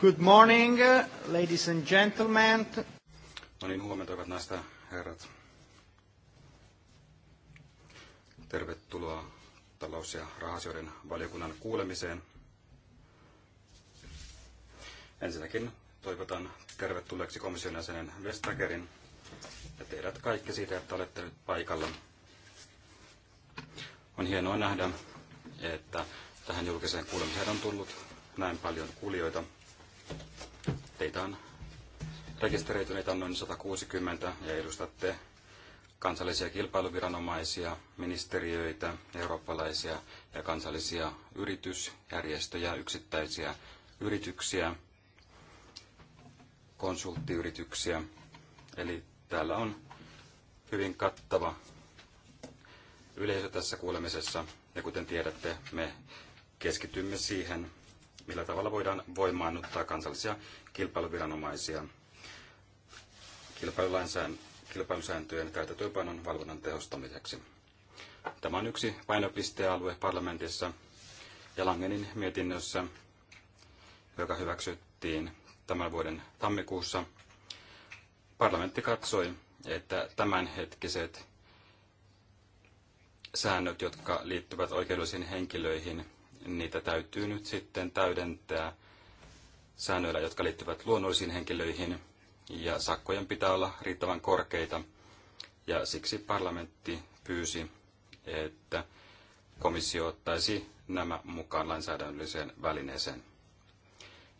Good morning, ladies and gentlemen. No niin, huomenta hyvät naiset herrat. Tervetuloa talous- ja rahasioiden valiokunnan kuulemiseen. Ensinnäkin toivotan tervetulleeksi komission jäsenen Vestagerin ja teidät kaikki siitä, että olette nyt paikalla. On hienoa nähdä, että tähän julkiseen kuulemiseen on tullut näin paljon kuulijoita – Teitä on rekisteröityneitä on noin 160 ja edustatte kansallisia kilpailuviranomaisia, ministeriöitä, eurooppalaisia ja kansallisia yritysjärjestöjä, yksittäisiä yrityksiä, konsulttiyrityksiä. Eli täällä on hyvin kattava yleisö tässä kuulemisessa. Ja kuten tiedätte, me keskitymme siihen, millä tavalla voidaan voimaannuttaa kansallisia kilpailuviranomaisia kilpailusääntöjen täytäntöönpanon valvonnan tehostamiseksi. Tämä on yksi painopistealue parlamentissa ja Langenin mietinnössä, joka hyväksyttiin tämän vuoden tammikuussa. Parlamentti katsoi, että tämänhetkiset säännöt, jotka liittyvät oikeudellisiin henkilöihin niitä täytyy nyt sitten täydentää säännöillä, jotka liittyvät luonnollisiin henkilöihin, ja sakkojen pitää olla riittävän korkeita, ja siksi parlamentti pyysi, että komissio ottaisi nämä mukaan lainsäädännölliseen välineeseen.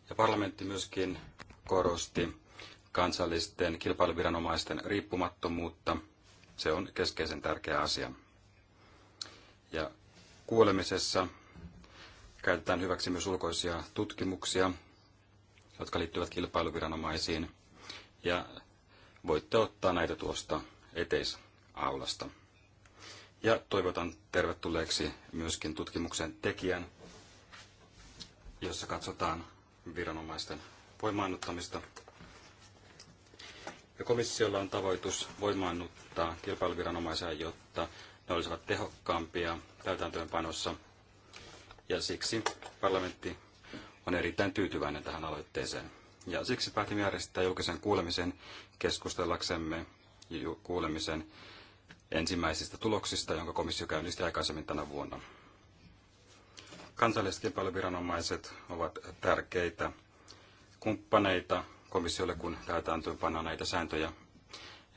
Ja parlamentti myöskin korosti kansallisten kilpailuviranomaisten riippumattomuutta. Se on keskeisen tärkeä asia. Ja kuulemisessa Käytetään hyväksi myös ulkoisia tutkimuksia, jotka liittyvät kilpailuviranomaisiin. Ja voitte ottaa näitä tuosta eteisaulasta. Ja toivotan tervetulleeksi myöskin tutkimuksen tekijän, jossa katsotaan viranomaisten voimaannuttamista. Ja komissiolla on tavoitus voimaannuttaa kilpailuviranomaisia, jotta ne olisivat tehokkaampia täytäntöönpanossa ja siksi parlamentti on erittäin tyytyväinen tähän aloitteeseen. Ja siksi päätimme järjestää julkisen kuulemisen keskustellaksemme kuulemisen ensimmäisistä tuloksista, jonka komissio käynnisti aikaisemmin tänä vuonna. Kansalliset kilpailuviranomaiset ovat tärkeitä kumppaneita komissiolle, kun täytäntöönpannaan näitä sääntöjä.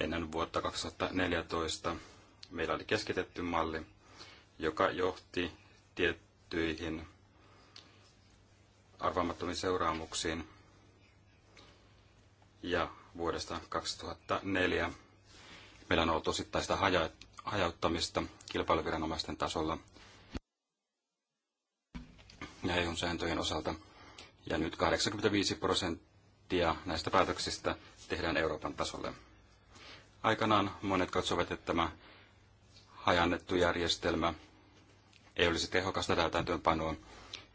Ennen vuotta 2014 meillä oli keskitetty malli, joka johti tiettyyn tiettyihin arvaamattomiin seuraamuksiin. Ja vuodesta 2004 meillä on ollut osittaista haja- hajauttamista kilpailuviranomaisten tasolla ja EU-sääntöjen osalta. Ja nyt 85 prosenttia näistä päätöksistä tehdään Euroopan tasolle. Aikanaan monet katsovat, että tämä hajannettu järjestelmä – ei olisi tehokasta täytäntöönpanoa,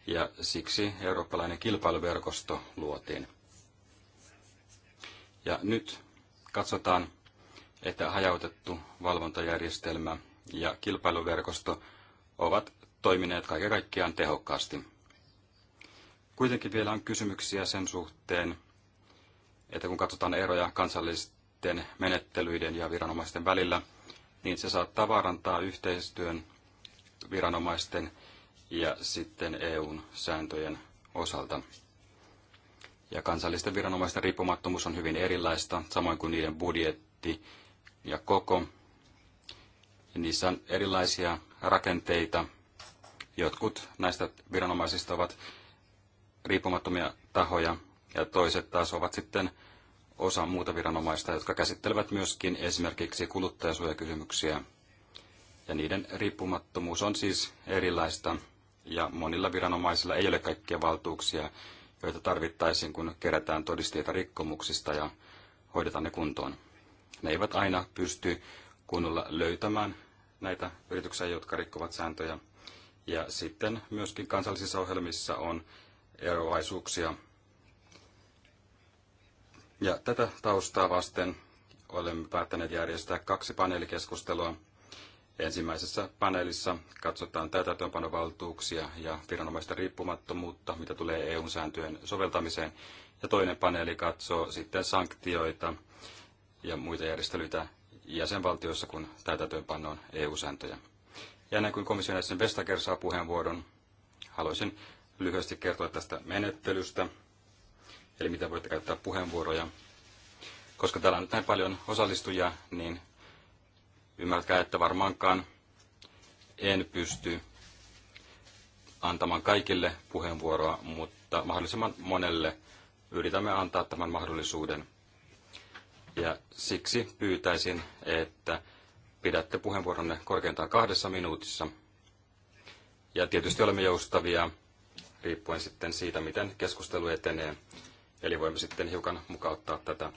ja siksi eurooppalainen kilpailuverkosto luotiin. Ja nyt katsotaan, että hajautettu valvontajärjestelmä ja kilpailuverkosto ovat toimineet kaiken kaikkiaan tehokkaasti. Kuitenkin vielä on kysymyksiä sen suhteen, että kun katsotaan eroja kansallisten menettelyiden ja viranomaisten välillä, niin se saattaa vaarantaa yhteistyön viranomaisten ja sitten EUn sääntöjen osalta. Ja kansallisten viranomaisten riippumattomuus on hyvin erilaista, samoin kuin niiden budjetti ja koko. Ja niissä on erilaisia rakenteita. Jotkut näistä viranomaisista ovat riippumattomia tahoja ja toiset taas ovat sitten osa muuta viranomaista, jotka käsittelevät myöskin esimerkiksi kuluttajasuojakysymyksiä ja niiden riippumattomuus on siis erilaista ja monilla viranomaisilla ei ole kaikkia valtuuksia, joita tarvittaisiin, kun kerätään todisteita rikkomuksista ja hoidetaan ne kuntoon. Ne eivät aina pysty kunnolla löytämään näitä yrityksiä, jotka rikkovat sääntöjä. Ja sitten myöskin kansallisissa ohjelmissa on eroaisuuksia. Ja tätä taustaa vasten olemme päättäneet järjestää kaksi paneelikeskustelua – Ensimmäisessä paneelissa katsotaan täytäntöönpanovaltuuksia ja viranomaisten riippumattomuutta, mitä tulee EU-sääntöjen soveltamiseen. Ja toinen paneeli katsoo sitten sanktioita ja muita järjestelyitä jäsenvaltioissa, kun täytäntöönpannaan EU-sääntöjä. Ja ennen kuin komission jäsen Vestager saa puheenvuoron, haluaisin lyhyesti kertoa tästä menettelystä, eli miten voitte käyttää puheenvuoroja. Koska täällä on nyt näin paljon osallistujia, niin ymmärtää, että varmaankaan en pysty antamaan kaikille puheenvuoroa, mutta mahdollisimman monelle yritämme antaa tämän mahdollisuuden. Ja siksi pyytäisin, että pidätte puheenvuoronne korkeintaan kahdessa minuutissa. Ja tietysti olemme joustavia riippuen sitten siitä, miten keskustelu etenee. Eli voimme sitten hiukan mukauttaa tätä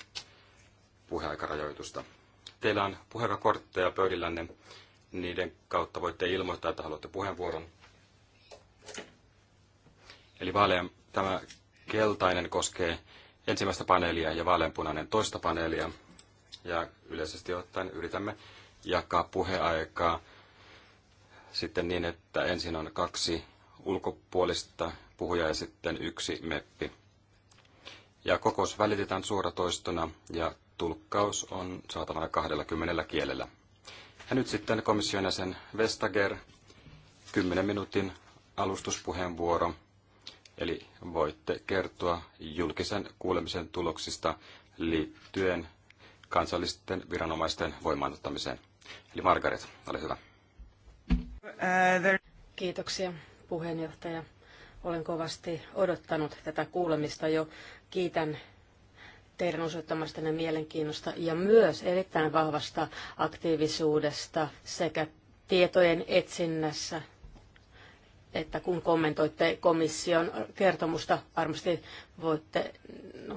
puheaikarajoitusta. Teillä on puheenvuorokortteja pöydillänne. Niiden kautta voitte ilmoittaa, että haluatte puheenvuoron. Eli vaalea, tämä keltainen koskee ensimmäistä paneelia ja vaaleanpunainen toista paneelia. Ja yleisesti ottaen yritämme jakaa puheaikaa sitten niin, että ensin on kaksi ulkopuolista puhujaa ja sitten yksi meppi. Ja kokous välitetään suoratoistona ja tulkkaus on saatavana 20 kielellä. Ja nyt sitten komission jäsen Vestager, 10 minuutin alustuspuheenvuoro. Eli voitte kertoa julkisen kuulemisen tuloksista liittyen kansallisten viranomaisten voimaanottamiseen. Eli Margaret, ole hyvä. Kiitoksia puheenjohtaja. Olen kovasti odottanut tätä kuulemista jo. Kiitän teidän osoittamastanne mielenkiinnosta ja myös erittäin vahvasta aktiivisuudesta sekä tietojen etsinnässä että kun kommentoitte komission kertomusta, varmasti voitte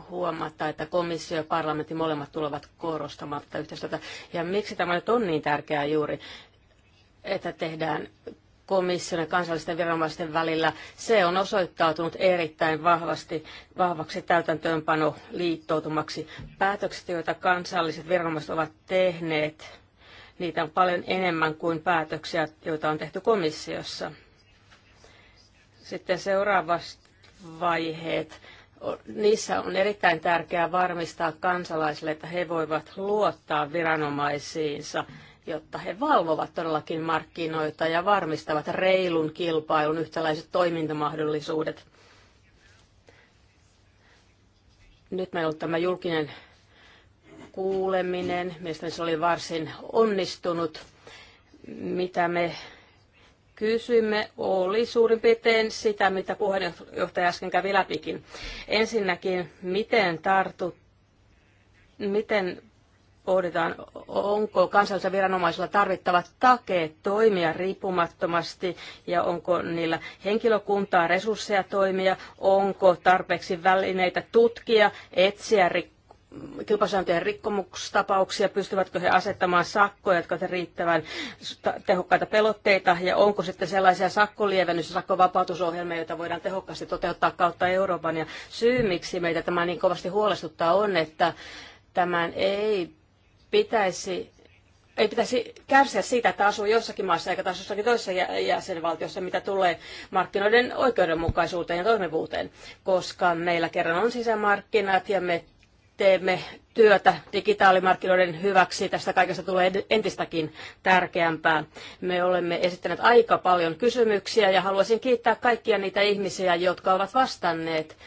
huomata, että komissio ja parlamentti molemmat tulevat korostamaan tätä yhteistyötä. Ja miksi tämä nyt on niin tärkeää juuri, että tehdään komission ja kansallisten viranomaisten välillä. Se on osoittautunut erittäin vahvasti, vahvaksi täytäntöönpano liittoutumaksi. Päätökset, joita kansalliset viranomaiset ovat tehneet, niitä on paljon enemmän kuin päätöksiä, joita on tehty komissiossa. Sitten seuraavat vaiheet. Niissä on erittäin tärkeää varmistaa kansalaisille, että he voivat luottaa viranomaisiinsa jotta he valvovat todellakin markkinoita ja varmistavat reilun kilpailun yhtäläiset toimintamahdollisuudet. Nyt meillä on tämä julkinen kuuleminen. Mielestäni se oli varsin onnistunut. Mitä me kysymme oli suurin piirtein sitä, mitä puheenjohtaja äsken kävi läpikin. Ensinnäkin, miten tartut, miten pohditaan, onko kansallisilla viranomaisilla tarvittavat takeet toimia riippumattomasti ja onko niillä henkilökuntaa, resursseja toimia, onko tarpeeksi välineitä tutkia, etsiä rikkoja kilpailusääntöjen rikkomustapauksia, pystyvätkö he asettamaan sakkoja, jotka ovat riittävän tehokkaita pelotteita, ja onko sitten sellaisia sakkolievennys- ja sakkovapautusohjelmia, joita voidaan tehokkaasti toteuttaa kautta Euroopan. Ja syy, miksi meitä tämä niin kovasti huolestuttaa, on, että tämän ei pitäisi ei pitäisi kärsiä siitä, että asuu jossakin maassa eikä taas jossakin toisessa jäsenvaltiossa, mitä tulee markkinoiden oikeudenmukaisuuteen ja toimivuuteen, koska meillä kerran on sisämarkkinat ja me teemme työtä digitaalimarkkinoiden hyväksi. Tästä kaikesta tulee entistäkin tärkeämpää. Me olemme esittäneet aika paljon kysymyksiä ja haluaisin kiittää kaikkia niitä ihmisiä, jotka ovat vastanneet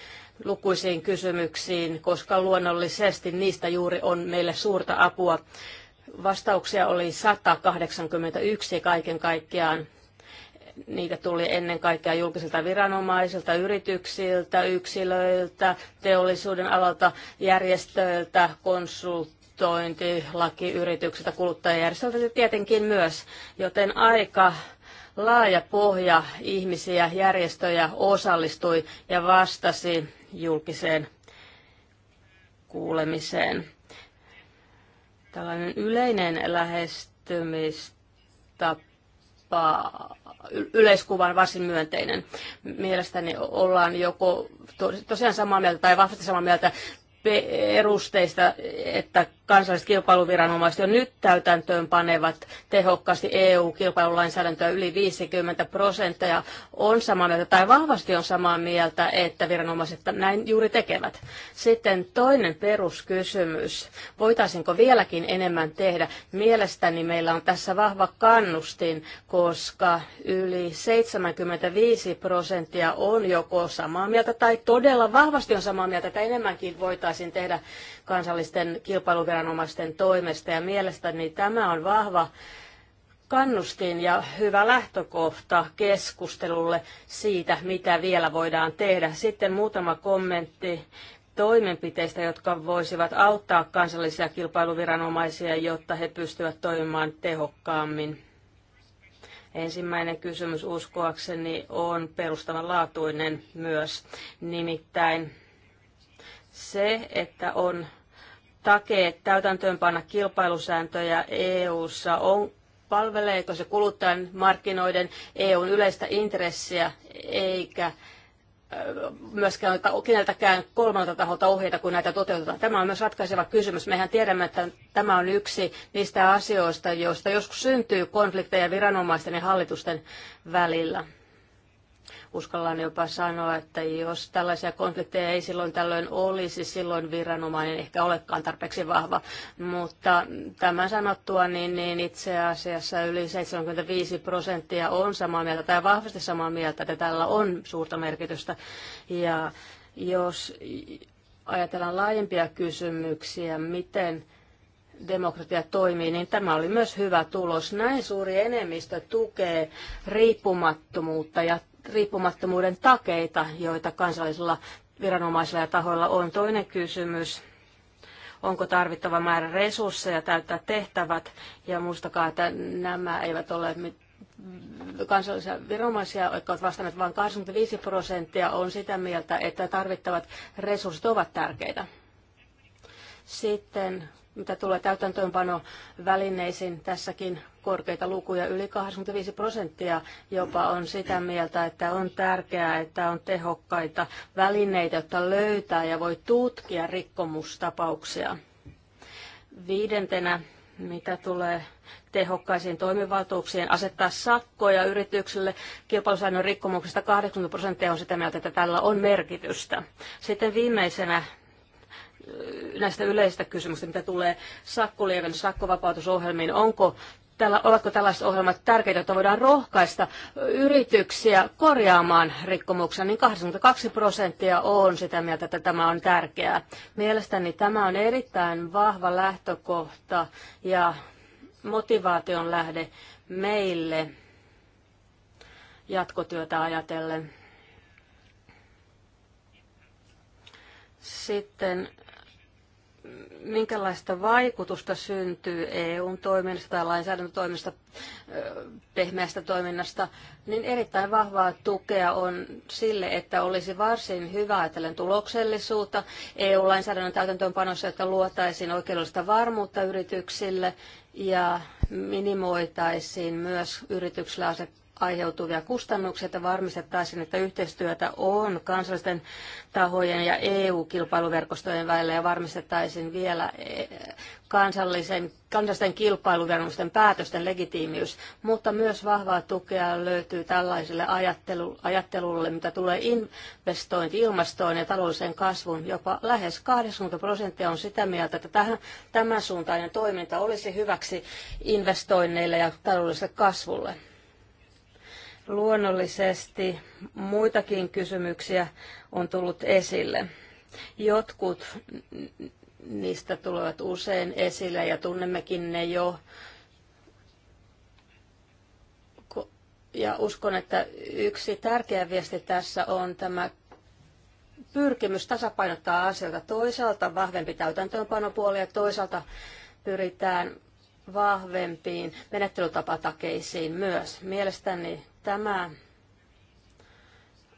lukuisiin kysymyksiin, koska luonnollisesti niistä juuri on meille suurta apua. Vastauksia oli 181 kaiken kaikkiaan. Niitä tuli ennen kaikkea julkisilta viranomaisilta, yrityksiltä, yksilöiltä, teollisuuden alalta, järjestöiltä, konsultointi, lakiyrityksiltä, kuluttajajärjestöiltä tietenkin myös. Joten aika laaja pohja ihmisiä, järjestöjä osallistui ja vastasi julkiseen kuulemiseen. Tällainen yleinen lähestymistapa, yleiskuva on varsin myönteinen. Mielestäni ollaan joko tosiaan samaa mieltä tai vahvasti samaa mieltä perusteista, että kansalliset kilpailuviranomaiset jo nyt täytäntöön panevat tehokkaasti EU-kilpailulainsäädäntöä yli 50 prosenttia on samaa mieltä tai vahvasti on samaa mieltä, että viranomaiset näin juuri tekevät. Sitten toinen peruskysymys. Voitaisinko vieläkin enemmän tehdä? Mielestäni meillä on tässä vahva kannustin, koska yli 75 prosenttia on joko samaa mieltä tai todella vahvasti on samaa mieltä, että enemmänkin voitaisiin tehdä kansallisten kilpailuviranomaisten toimesta ja mielestäni tämä on vahva kannustin ja hyvä lähtökohta keskustelulle siitä, mitä vielä voidaan tehdä. Sitten muutama kommentti toimenpiteistä, jotka voisivat auttaa kansallisia kilpailuviranomaisia, jotta he pystyvät toimimaan tehokkaammin. Ensimmäinen kysymys uskoakseni on perustavanlaatuinen myös, nimittäin se, että on takeet täytäntöönpanna kilpailusääntöjä EU-ssa, on, palveleeko se kuluttajan markkinoiden EUn yleistä intressiä, eikä myöskään keneltäkään kolmalta taholta ohjeita, kun näitä toteutetaan. Tämä on myös ratkaiseva kysymys. Mehän tiedämme, että tämä on yksi niistä asioista, joista joskus syntyy konflikteja viranomaisten ja hallitusten välillä. Uskallan jopa sanoa, että jos tällaisia konflikteja ei silloin tällöin olisi, silloin viranomainen ehkä olekaan tarpeeksi vahva. Mutta tämän sanottua, niin, niin itse asiassa yli 75 prosenttia on samaa mieltä tai vahvasti samaa mieltä, että tällä on suurta merkitystä. Ja jos ajatellaan laajempia kysymyksiä, miten demokratia toimii, niin tämä oli myös hyvä tulos. Näin suuri enemmistö tukee riippumattomuutta ja riippumattomuuden takeita, joita kansallisilla viranomaisilla ja tahoilla on. Toinen kysymys, onko tarvittava määrä resursseja täyttää tehtävät, ja muistakaa, että nämä eivät ole mit- kansallisia viranomaisia, jotka ovat vastanneet, vain 85 prosenttia on sitä mieltä, että tarvittavat resurssit ovat tärkeitä. Sitten mitä tulee täytäntöönpano välineisiin, tässäkin korkeita lukuja. Yli 85 prosenttia jopa on sitä mieltä, että on tärkeää, että on tehokkaita välineitä, jotta löytää ja voi tutkia rikkomustapauksia. Viidentenä mitä tulee tehokkaisiin toimivaltuuksiin, asettaa sakkoja yrityksille. Kilpailusäännön rikkomuksesta 80 prosenttia on sitä mieltä, että tällä on merkitystä. Sitten viimeisenä näistä yleisistä kysymyksistä, mitä tulee sakkolievennys, sakkovapautusohjelmiin, onko tällä, ovatko tällaiset ohjelmat tärkeitä, että voidaan rohkaista yrityksiä korjaamaan rikkomuksia, niin 82 prosenttia on sitä mieltä, että tämä on tärkeää. Mielestäni tämä on erittäin vahva lähtökohta ja motivaation lähde meille jatkotyötä ajatellen. Sitten minkälaista vaikutusta syntyy EUn toiminnasta tai lainsäädäntötoiminnasta, pehmeästä toiminnasta, niin erittäin vahvaa tukea on sille, että olisi varsin hyvä ajatellen tuloksellisuutta EU-lainsäädännön täytäntöönpanossa, että luotaisiin oikeudellista varmuutta yrityksille ja minimoitaisiin myös yrityksille asettaa aiheutuvia kustannuksia, että varmistettaisiin, että yhteistyötä on kansallisten tahojen ja EU-kilpailuverkostojen välillä ja varmistettaisiin vielä eh, kansallisen, kansallisten kilpailuviranomaisten päätösten legitiimiys, mutta myös vahvaa tukea löytyy tällaiselle ajattelulle, mitä tulee investointi ilmastoon ja taloudelliseen kasvuun. Jopa lähes 80 prosenttia on sitä mieltä, että tähän, tämän suuntainen toiminta olisi hyväksi investoinneille ja taloudelliselle kasvulle. Luonnollisesti muitakin kysymyksiä on tullut esille. Jotkut niistä tulevat usein esille ja tunnemmekin ne jo. Ja uskon, että yksi tärkeä viesti tässä on tämä pyrkimys tasapainottaa asioita. Toisaalta vahvempi täytäntöönpanopuoli ja toisaalta pyritään vahvempiin menettelytapatakeisiin myös. Mielestäni Tämä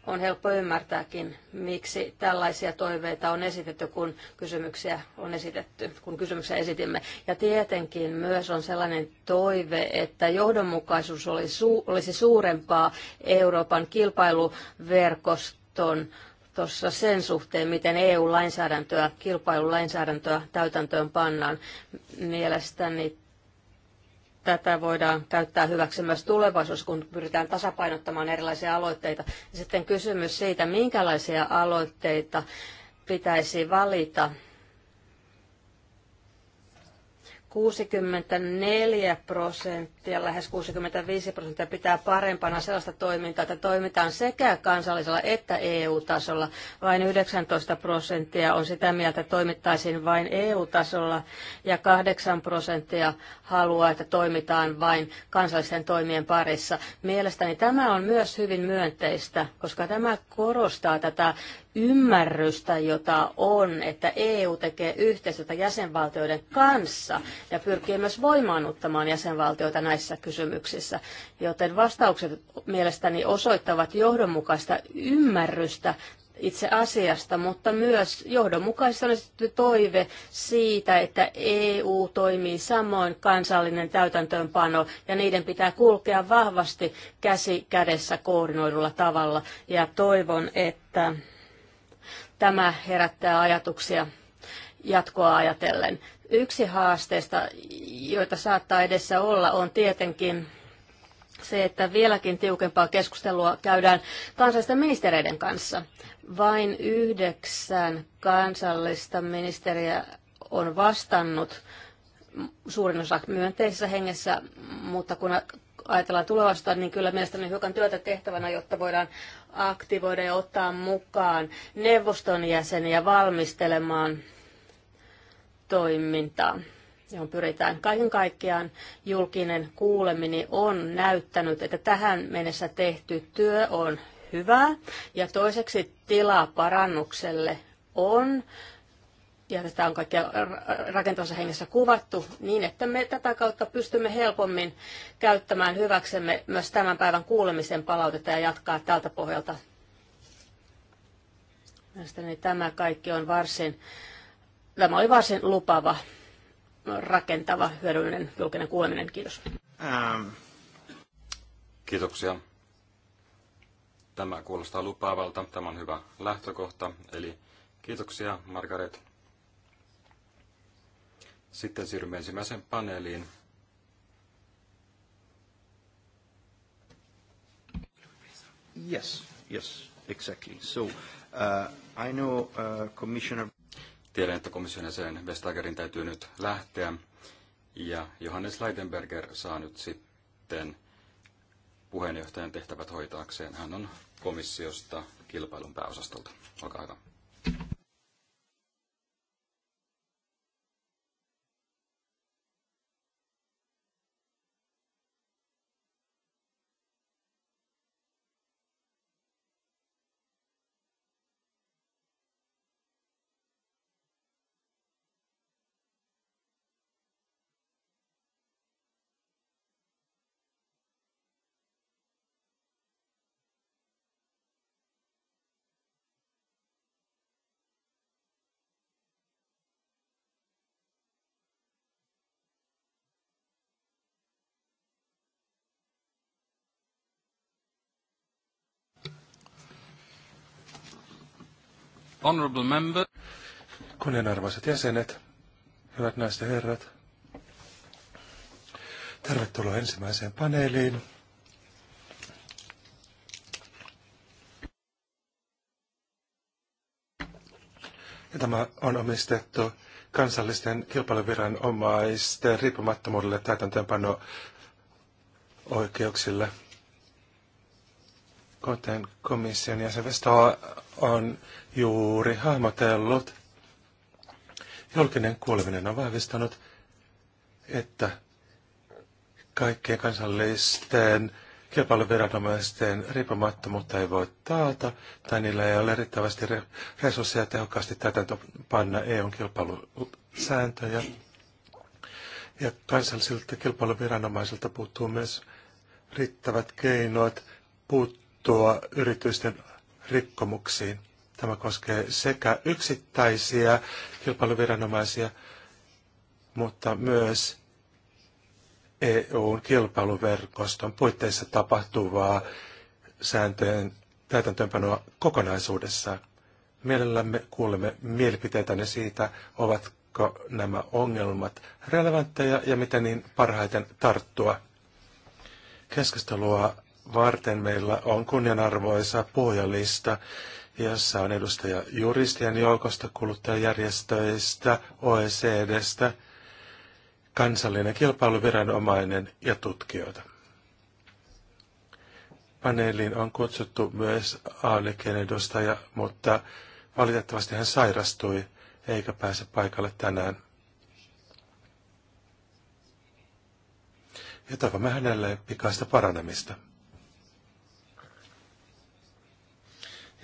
on helppo ymmärtääkin, miksi tällaisia toiveita on esitetty, kun kysymyksiä on esitetty, kun kysymyksiä esitimme. Ja tietenkin myös on sellainen toive, että johdonmukaisuus olisi suurempaa Euroopan kilpailuverkoston tuossa sen suhteen, miten EU-lainsäädäntöä, kilpailulainsäädäntöä täytäntöön pannaan. Mielestäni tätä voidaan käyttää hyväksi myös tulevaisuudessa, kun pyritään tasapainottamaan erilaisia aloitteita. Ja sitten kysymys siitä, minkälaisia aloitteita pitäisi valita 64 prosenttia, lähes 65 prosenttia pitää parempana sellaista toimintaa, että toimitaan sekä kansallisella että EU-tasolla. Vain 19 prosenttia on sitä mieltä, että toimittaisiin vain EU-tasolla ja 8 prosenttia haluaa, että toimitaan vain kansallisten toimien parissa. Mielestäni tämä on myös hyvin myönteistä, koska tämä korostaa tätä ymmärrystä, jota on, että EU tekee yhteistyötä jäsenvaltioiden kanssa ja pyrkii myös voimaannuttamaan jäsenvaltioita näissä kysymyksissä. Joten vastaukset mielestäni osoittavat johdonmukaista ymmärrystä itse asiasta, mutta myös johdonmukaista on toive siitä, että EU toimii samoin kansallinen täytäntöönpano ja niiden pitää kulkea vahvasti käsi kädessä koordinoidulla tavalla. Ja toivon, että Tämä herättää ajatuksia jatkoa ajatellen. Yksi haasteista, joita saattaa edessä olla, on tietenkin se, että vieläkin tiukempaa keskustelua käydään kansallisten ministereiden kanssa. Vain yhdeksän kansallista ministeriä on vastannut suurin osa myönteisessä hengessä, mutta kun ajatellaan tulevaisuutta, niin kyllä mielestäni on hiukan työtä tehtävänä, jotta voidaan aktivoida ja ottaa mukaan neuvoston jäseniä valmistelemaan toimintaa johon pyritään. Kaiken kaikkiaan julkinen kuuleminen on näyttänyt, että tähän mennessä tehty työ on hyvää ja toiseksi tilaa parannukselle on ja tätä on kaikkia rakentavassa hengessä kuvattu niin, että me tätä kautta pystymme helpommin käyttämään hyväksemme myös tämän päivän kuulemisen palautetta ja jatkaa tältä pohjalta. Mielestäni tämä kaikki on varsin, tämä oli varsin lupava, rakentava, hyödyllinen julkinen kuuleminen. Kiitos. Ähm. Kiitoksia. Tämä kuulostaa lupaavalta. Tämä on hyvä lähtökohta. Eli kiitoksia, Margaret. Sitten siirrymme ensimmäiseen paneeliin. Yes, yes, exactly. So, uh, I know, uh, commissioner... Tiedän, että komission jäsen Vestagerin täytyy nyt lähteä. Ja Johannes Leitenberger saa nyt sitten puheenjohtajan tehtävät hoitaakseen. Hän on komissiosta kilpailun pääosastolta. Olkaa hyvä. Honorable member. Kunnianarvoiset jäsenet, hyvät naiset ja herrat. Tervetuloa ensimmäiseen paneeliin. Ja tämä on omistettu kansallisten kilpailuviranomaisten riippumattomuudelle täytäntöönpano oikeuksille kuten komission jäsen Vestoa on juuri hahmotellut, julkinen kuuleminen on vahvistanut, että kaikkien kansallisten kilpailuviranomaisten riippumattomuutta ei voi taata, tai niillä ei ole riittävästi resursseja tehokkaasti täytäntö panna EUn kilpailusääntöjä. Ja kansallisilta kilpailuviranomaisilta puuttuu myös riittävät keinot puuttua puuttua yritysten rikkomuksiin. Tämä koskee sekä yksittäisiä kilpailuviranomaisia, mutta myös EUn kilpailuverkoston puitteissa tapahtuvaa sääntöjen täytäntöönpanoa kokonaisuudessaan. Mielellämme kuulemme mielipiteitäne siitä, ovatko nämä ongelmat relevantteja ja miten niin parhaiten tarttua. Keskustelua varten meillä on kunnianarvoisa puhujalista, jossa on edustaja juristien joukosta, kuluttajajärjestöistä, OECDstä, kansallinen kilpailuviranomainen ja tutkijoita. Paneeliin on kutsuttu myös ALKen edustaja, mutta valitettavasti hän sairastui eikä pääse paikalle tänään. Ja toivomme hänelle pikaista paranemista.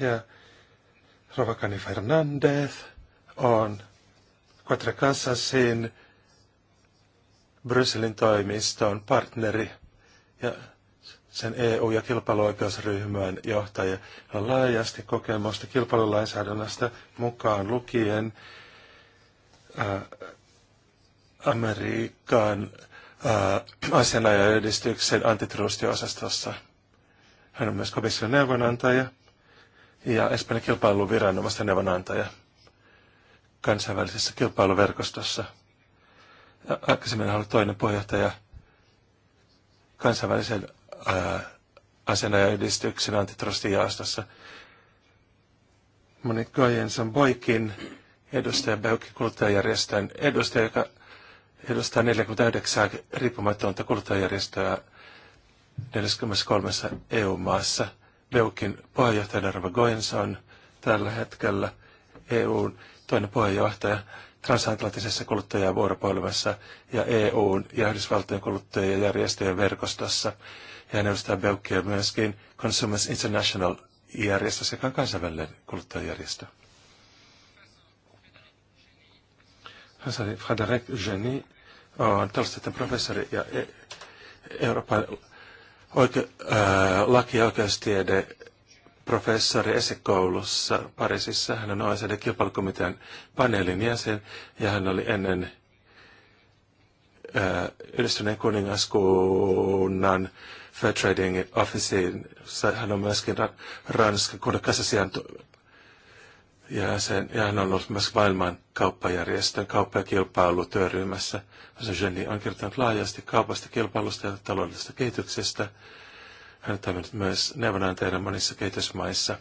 ja Rovakani Fernandez on Quatre Casasin Brysselin toimiston partneri ja sen EU- ja kilpailuoikeusryhmän johtaja on laajasti kokemusta kilpailulainsäädännöstä mukaan lukien äh, Amerikan äh, asianajajärjestyksen antitrustiosastossa. Hän on myös komission neuvonantaja ja Espanjan kilpailuviranomaisten neuvonantaja kansainvälisessä kilpailuverkostossa. Aikaisemmin oli toinen puheenjohtaja kansainvälisen asianajayhdistyksen antitrustin jaostossa. Moni Goyenson Boikin edustaja Beukin kuluttajajärjestön edustaja, joka edustaa 49 riippumatonta kuluttajajärjestöä 43 EU-maassa – Deukin puheenjohtaja Rava Goensa on tällä hetkellä EUn toinen puheenjohtaja transatlanttisessa kuluttajavuoropuhelimessa ja EUn ja Yhdysvaltojen kuluttajajärjestöjen verkostossa. Ja hän edustaa Beukia myöskin Consumers International järjestö sekä kansainvälinen kuluttajajärjestö. Hansari Frederic Eugeni on talousteiden professori ja e- Euroopan oike- äh, laki- ja oikeustiede professori esikoulussa Pariisissa. Hän on OECD-kilpailukomitean paneelin jäsen ja hän oli ennen äh, yhdistyneen kuningaskunnan Fair Trading Officein. Hän on myöskin Ranskan kuningasasian ja, sen, ja hän on ollut myös maailman kauppajärjestön kauppa- ja kilpailutyöryhmässä. Jenny on kertonut laajasti kaupasta, kilpailusta ja taloudellisesta kehityksestä. Hän on toiminut myös neuvonantajana monissa kehitysmaissa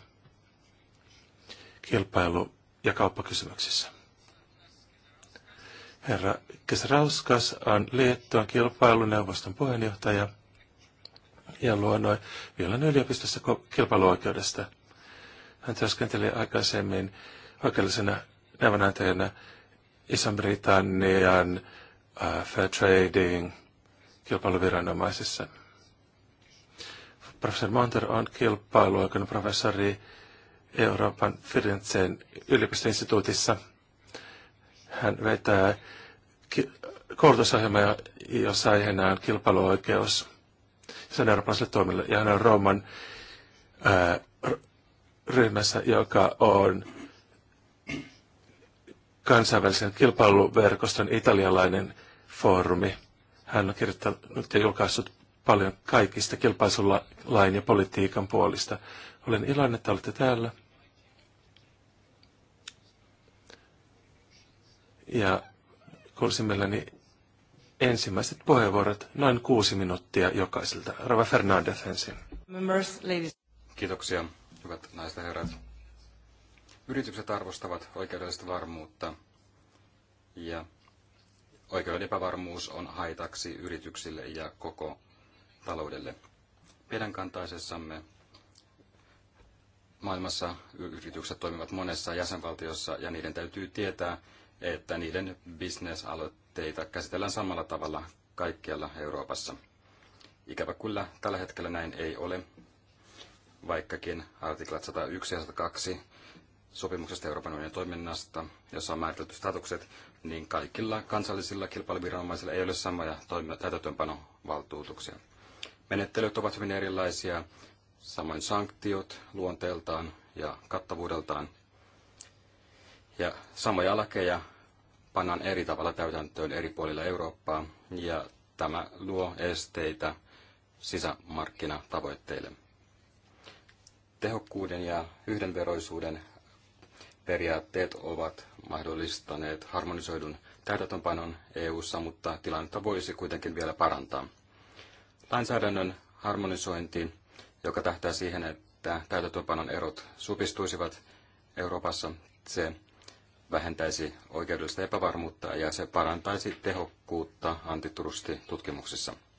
kilpailu- ja kauppakysymyksissä. Herra Kesrauskas on Liettuan kilpailuneuvoston puheenjohtaja ja luonnoi vielä yliopistossa kilpailuoikeudesta – hän työskenteli aikaisemmin oikeellisena neuvonantajana Iso-Britannian uh, Fair Trading kilpailuviranomaisissa. Professori Monter on kilpailuoikeuden professori Euroopan Firenzeen yliopistoinstituutissa. Hän vetää ki- koulutusohjelmaa, jossa aiheena on kilpailuoikeus. Se on eurooppalaisille toimille ja hän on Rooman äh, ryhmässä, joka on kansainvälisen kilpailuverkoston italialainen foorumi. Hän on kirjoittanut ja julkaissut paljon kaikista kilpailulain ja politiikan puolista. Olen iloinen, että olette täällä. Ja kuulisin mielelläni ensimmäiset puheenvuorot, noin kuusi minuuttia jokaiselta. Rava Fernandez ensin. Kiitoksia hyvät naiset ja herrat. Yritykset arvostavat oikeudellista varmuutta ja oikeuden epävarmuus on haitaksi yrityksille ja koko taloudelle. Meidän kantaisessamme maailmassa yritykset toimivat monessa jäsenvaltiossa ja niiden täytyy tietää, että niiden bisnesaloitteita käsitellään samalla tavalla kaikkialla Euroopassa. Ikävä kyllä tällä hetkellä näin ei ole vaikkakin artiklat 101 ja 102 sopimuksesta Euroopan unionin toiminnasta, jossa on määritelty statukset, niin kaikilla kansallisilla kilpailuviranomaisilla ei ole samoja täytäntöönpanovaltuutuksia. Menettelyt ovat hyvin erilaisia, samoin sanktiot luonteeltaan ja kattavuudeltaan. Ja samoja lakeja pannaan eri tavalla täytäntöön eri puolilla Eurooppaa, ja tämä luo esteitä sisämarkkinatavoitteille. Tehokkuuden ja yhdenveroisuuden periaatteet ovat mahdollistaneet harmonisoidun täytäntöönpanon EU-ssa, mutta tilannetta voisi kuitenkin vielä parantaa. Lainsäädännön harmonisointi, joka tähtää siihen, että täytäntöönpanon erot supistuisivat Euroopassa, se vähentäisi oikeudellista epävarmuutta ja se parantaisi tehokkuutta antitrustitutkimuksissa. tutkimuksissa.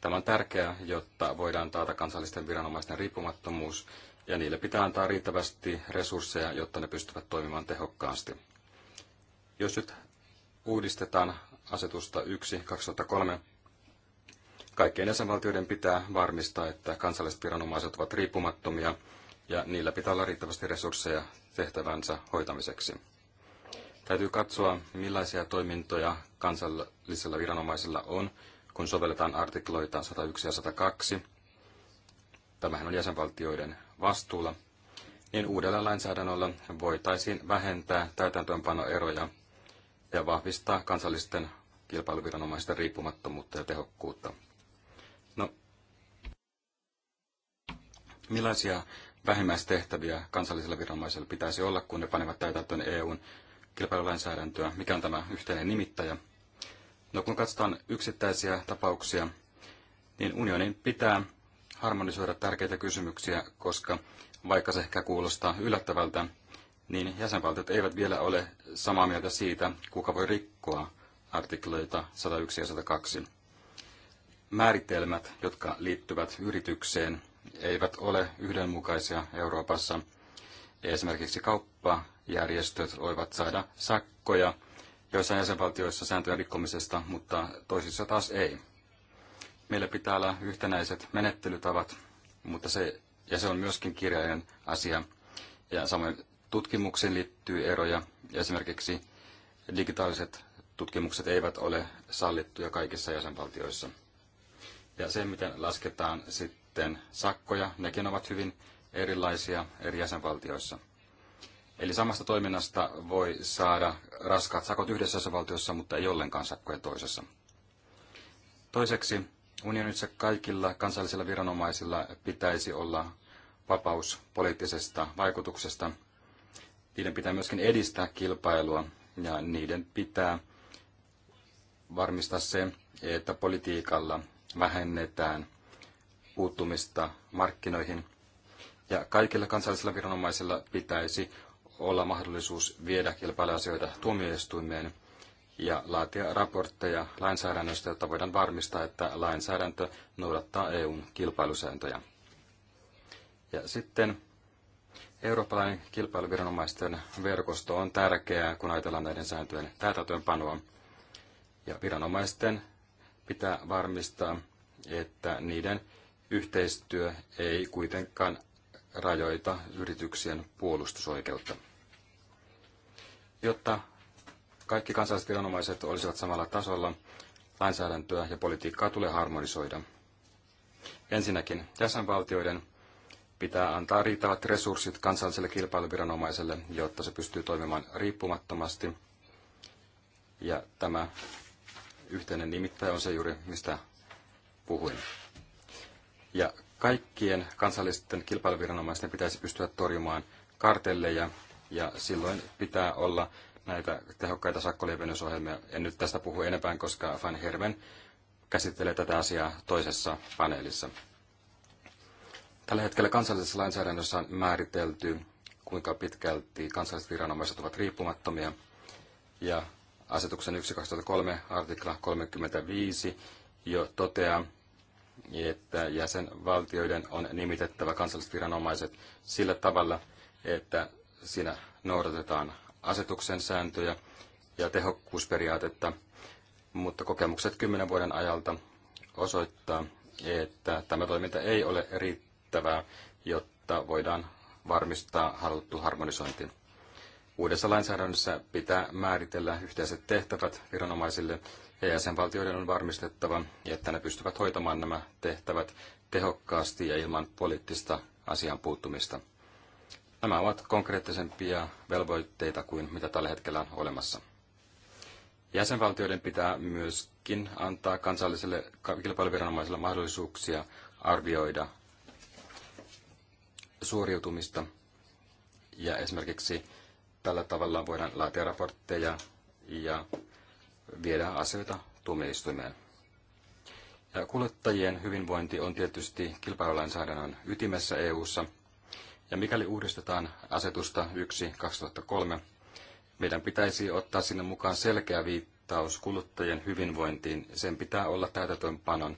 Tämä on tärkeää, jotta voidaan taata kansallisten viranomaisten riippumattomuus, ja niille pitää antaa riittävästi resursseja, jotta ne pystyvät toimimaan tehokkaasti. Jos nyt uudistetaan asetusta 1-2003, kaikkien jäsenvaltioiden pitää varmistaa, että kansalliset viranomaiset ovat riippumattomia, ja niillä pitää olla riittävästi resursseja tehtävänsä hoitamiseksi. Täytyy katsoa, millaisia toimintoja kansallisilla viranomaisilla on, kun sovelletaan artikloita 101 ja 102, tämähän on jäsenvaltioiden vastuulla, niin uudella lainsäädännöllä voitaisiin vähentää täytäntöönpanoeroja ja vahvistaa kansallisten kilpailuviranomaisten riippumattomuutta ja tehokkuutta. No, millaisia vähimmäistehtäviä kansallisilla viranomaisilla pitäisi olla, kun ne panevat täytäntöön EUn kilpailulainsäädäntöä? Mikä on tämä yhteinen nimittäjä? No kun katsotaan yksittäisiä tapauksia, niin unionin pitää harmonisoida tärkeitä kysymyksiä, koska vaikka se ehkä kuulostaa yllättävältä, niin jäsenvaltiot eivät vielä ole samaa mieltä siitä, kuka voi rikkoa artikloita 101 ja 102. Määritelmät, jotka liittyvät yritykseen, eivät ole yhdenmukaisia Euroopassa. Esimerkiksi kauppajärjestöt voivat saada sakkoja joissain jäsenvaltioissa sääntöjen rikkomisesta, mutta toisissa taas ei. Meillä pitää olla yhtenäiset menettelytavat, mutta se, ja se on myöskin kirjallinen asia. Ja samoin tutkimuksiin liittyy eroja. Esimerkiksi digitaaliset tutkimukset eivät ole sallittuja kaikissa jäsenvaltioissa. Ja se, miten lasketaan sitten sakkoja, nekin ovat hyvin erilaisia eri jäsenvaltioissa. Eli samasta toiminnasta voi saada raskaat sakot yhdessä osavaltiossa, mutta ei ollenkaan sakkoja toisessa. Toiseksi unionissa kaikilla kansallisilla viranomaisilla pitäisi olla vapaus poliittisesta vaikutuksesta. Niiden pitää myöskin edistää kilpailua ja niiden pitää varmistaa se, että politiikalla vähennetään puuttumista markkinoihin. Ja kaikilla kansallisilla viranomaisilla pitäisi olla mahdollisuus viedä kilpailuasioita tuomioistuimeen ja laatia raportteja lainsäädännöstä, jotta voidaan varmistaa, että lainsäädäntö noudattaa EUn kilpailusääntöjä. Ja sitten eurooppalainen kilpailuviranomaisten verkosto on tärkeää, kun ajatellaan näiden sääntöjen täytäntöönpanoa. Ja viranomaisten pitää varmistaa, että niiden yhteistyö ei kuitenkaan rajoita yrityksien puolustusoikeutta. Jotta kaikki kansalliset viranomaiset olisivat samalla tasolla, lainsäädäntöä ja politiikkaa tulee harmonisoida. Ensinnäkin jäsenvaltioiden pitää antaa riittävät resurssit kansalliselle kilpailuviranomaiselle, jotta se pystyy toimimaan riippumattomasti. Ja tämä yhteinen nimittäjä on se juuri, mistä puhuin. Ja kaikkien kansallisten kilpailuviranomaisten pitäisi pystyä torjumaan kartelleja ja silloin pitää olla näitä tehokkaita sakkolievennysohjelmia. En nyt tästä puhu enempää, koska Van Herven käsittelee tätä asiaa toisessa paneelissa. Tällä hetkellä kansallisessa lainsäädännössä on määritelty, kuinka pitkälti kansalliset viranomaiset ovat riippumattomia. Ja asetuksen 1.2.3 artikla 35 jo toteaa, että jäsenvaltioiden on nimitettävä kansalliset viranomaiset sillä tavalla, että Siinä noudatetaan asetuksen sääntöjä ja tehokkuusperiaatetta, mutta kokemukset kymmenen vuoden ajalta osoittaa, että tämä toiminta ei ole riittävää, jotta voidaan varmistaa haluttu harmonisointi. Uudessa lainsäädännössä pitää määritellä yhteiset tehtävät viranomaisille ja jäsenvaltioiden on varmistettava, että ne pystyvät hoitamaan nämä tehtävät tehokkaasti ja ilman poliittista asian puuttumista. Nämä ovat konkreettisempia velvoitteita kuin mitä tällä hetkellä on olemassa. Jäsenvaltioiden pitää myöskin antaa kansalliselle kilpailuviranomaisille mahdollisuuksia arvioida suoriutumista. Ja esimerkiksi tällä tavalla voidaan laatia raportteja ja viedä asioita tuomioistuimeen. Ja kuluttajien hyvinvointi on tietysti kilpailulainsäädännön ytimessä EU:ssa, ja mikäli uudistetaan asetusta 1-2003, meidän pitäisi ottaa sinne mukaan selkeä viittaus kuluttajien hyvinvointiin. Sen pitää olla täytäntöönpanon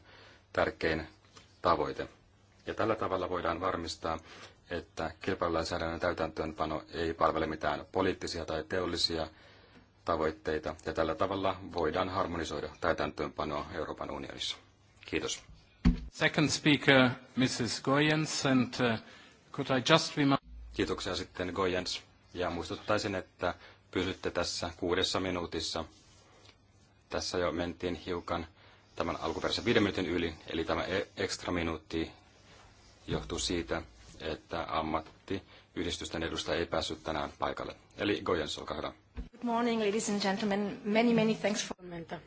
tärkein tavoite. Ja tällä tavalla voidaan varmistaa, että kilpailulainsäädännön täytäntöönpano ei palvele mitään poliittisia tai teollisia tavoitteita, ja tällä tavalla voidaan harmonisoida täytäntöönpanoa Euroopan unionissa. Kiitos. Second speaker, Mrs. Goyens, and uh, Kiitoksia sitten Gojens. Ja muistuttaisin, että pysytte tässä kuudessa minuutissa. Tässä jo mentiin hiukan tämän alkuperäisen viiden minuutin yli, eli tämä e- ekstra minuutti johtuu siitä, että ammattiyhdistysten edustaja ei päässyt tänään paikalle. Eli Gojens, olkaa hyvä. Good morning, ladies and gentlemen. Many, many thanks for...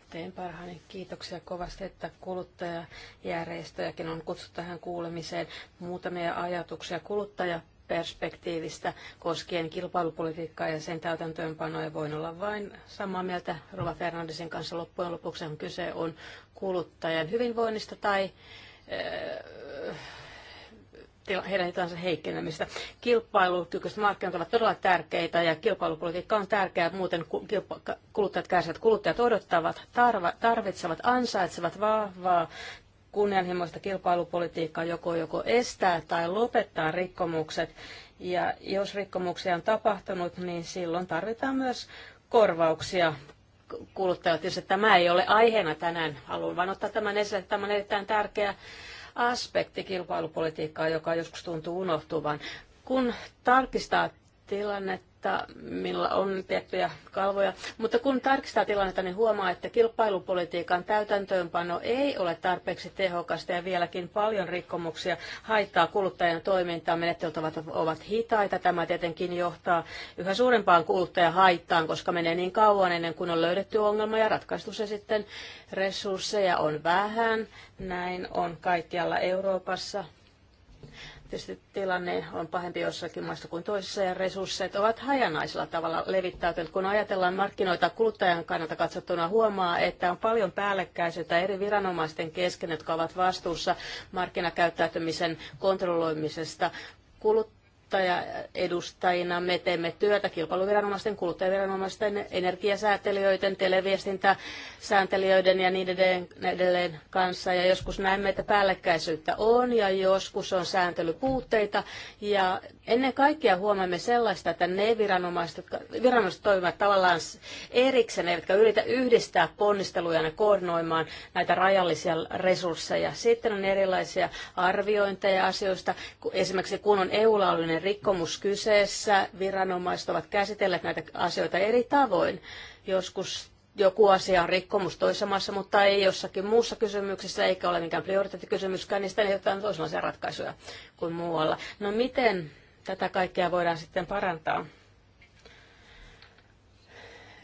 Teen parhaani. Kiitoksia kovasti, että kuluttajajärjestöjäkin on kutsuttu tähän kuulemiseen. Muutamia ajatuksia kuluttajaperspektiivistä koskien kilpailupolitiikkaa ja sen täytäntöönpanoja. Voin olla vain samaa mieltä Rova Fernandesin kanssa. Loppujen lopuksi on kyse on kuluttajan hyvinvoinnista tai eh, heidän tilansa heikkenemistä. Kilpailukykyiset markkinat ovat todella tärkeitä ja kilpailupolitiikka on tärkeää, muuten kuluttajat kärsivät. Kuluttajat odottavat, tarva, tarvitsevat, ansaitsevat vahvaa kunnianhimoista kilpailupolitiikkaa joko joko estää tai lopettaa rikkomukset. Ja jos rikkomuksia on tapahtunut, niin silloin tarvitaan myös korvauksia kuluttajat. Jos tämä ei ole aiheena tänään, haluan vain ottaa tämän esille, tämä on erittäin tärkeä aspekti kilpailupolitiikkaa, joka joskus tuntuu unohtuvan. Kun tarkistaa tilanne, että minulla on tiettyjä kalvoja. Mutta kun tarkistaa tilannetta, niin huomaa, että kilpailupolitiikan täytäntöönpano ei ole tarpeeksi tehokasta ja vieläkin paljon rikkomuksia haittaa kuluttajan toimintaa. Menettelyt ovat, ovat hitaita. Tämä tietenkin johtaa yhä suurempaan kuluttajahaittaan, koska menee niin kauan ennen kuin on löydetty ongelma ja ratkaistu se sitten. Resursseja on vähän. Näin on kaikkialla Euroopassa. Tietysti tilanne on pahempi jossakin maassa kuin toisessa ja resurssit ovat hajanaisella tavalla levittäytyneet. Kun ajatellaan markkinoita kuluttajan kannalta katsottuna, huomaa, että on paljon päällekkäisyyttä eri viranomaisten kesken, jotka ovat vastuussa markkinakäyttäytymisen kontrolloimisesta. Kulut- kuluttajaedustajina me teemme työtä kilpailuviranomaisten, kuluttajaviranomaisten, energiasäätelijöiden, televiestintäsääntelijöiden ja niin edelleen kanssa. Ja joskus näemme, että päällekkäisyyttä on ja joskus on sääntelypuutteita. Ja ennen kaikkea huomaamme sellaista, että ne viranomaiset, jotka, viranomaiset toimivat tavallaan erikseen, eivätkä yritä yhdistää ponnisteluja ja koordinoimaan näitä rajallisia resursseja. Sitten on erilaisia arviointeja asioista, esimerkiksi kun on EU-laajuinen taloudellinen rikkomus kyseessä. Viranomaiset ovat käsitelleet näitä asioita eri tavoin. Joskus joku asia on rikkomus toisessa maassa, mutta ei jossakin muussa kysymyksessä, eikä ole mikään prioriteettikysymyskään, niin sitten ehdotetaan toisenlaisia ratkaisuja kuin muualla. No miten tätä kaikkea voidaan sitten parantaa?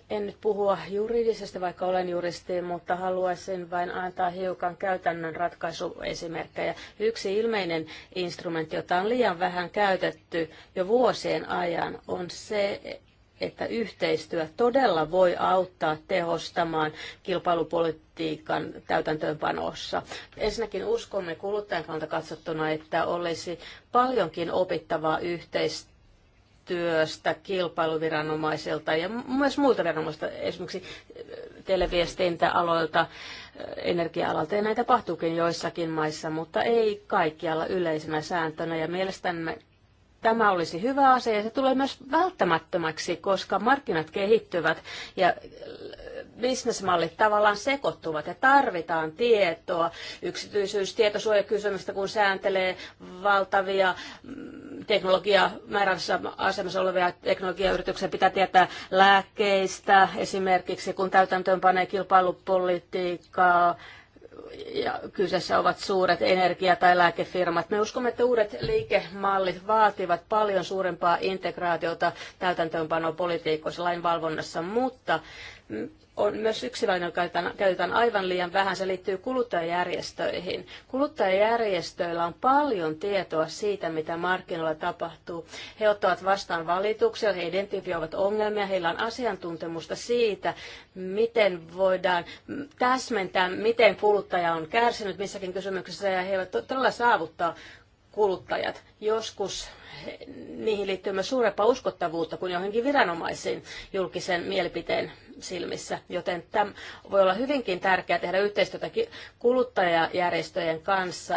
En nyt puhua juridisesti, vaikka olen juristi, mutta haluaisin vain antaa hiukan käytännön ratkaisuesimerkkejä. Yksi ilmeinen instrumentti, jota on liian vähän käytetty jo vuosien ajan, on se, että yhteistyö todella voi auttaa tehostamaan kilpailupolitiikan täytäntöönpanossa. Ensinnäkin uskomme kuluttajan kannalta katsottuna, että olisi paljonkin opittavaa yhteistyötä yhteistyöstä kilpailuviranomaiselta ja myös muilta viranomaisilta, esimerkiksi televiestintäaloilta, energia-alalta, ja näitä tapahtuukin joissakin maissa, mutta ei kaikkialla yleisenä sääntönä, ja mielestämme tämä olisi hyvä asia ja se tulee myös välttämättömäksi, koska markkinat kehittyvät ja bisnesmallit tavallaan sekoittuvat ja tarvitaan tietoa yksityisyys tietosuojakysymystä, kun sääntelee valtavia mm, teknologia, määrässä asemassa olevia teknologiayrityksiä. Pitää tietää lääkkeistä esimerkiksi, kun täytäntöön panee kilpailupolitiikkaa, ja kyseessä ovat suuret energia- tai lääkefirmat. Me uskomme, että uudet liikemallit vaativat paljon suurempaa integraatiota täytäntöönpanopolitiikoissa lainvalvonnassa, mutta on myös yksi väline, joka käytetään aivan liian vähän. Se liittyy kuluttajajärjestöihin. Kuluttajajärjestöillä on paljon tietoa siitä, mitä markkinoilla tapahtuu. He ottavat vastaan valituksia, he identifioivat ongelmia, heillä on asiantuntemusta siitä, miten voidaan täsmentää, miten kuluttaja on kärsinyt missäkin kysymyksessä, ja he eivät todella saavuttaa kuluttajat. Joskus niihin liittyy myös suurempaa uskottavuutta kuin johonkin viranomaisiin julkisen mielipiteen silmissä. Joten tämä voi olla hyvinkin tärkeää tehdä yhteistyötä kuluttajajärjestöjen kanssa,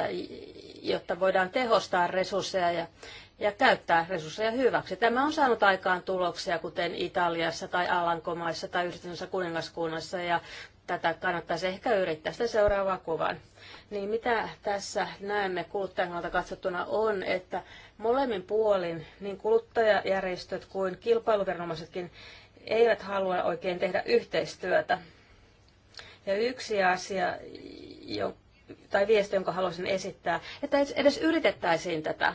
jotta voidaan tehostaa resursseja ja ja käyttää resursseja hyväksi. Tämä on saanut aikaan tuloksia, kuten Italiassa tai Alankomaissa tai yhdistyneessä kuningaskunnassa, ja tätä kannattaisi ehkä yrittää sitä seuraavaan kuvan. Niin mitä tässä näemme kuluttajan kannalta katsottuna on, että Molemmin puolin niin kuluttajajärjestöt kuin kilpailuviranomaisetkin eivät halua oikein tehdä yhteistyötä. Ja yksi asia, jo, tai viesti, jonka haluaisin esittää, että edes yritettäisiin tätä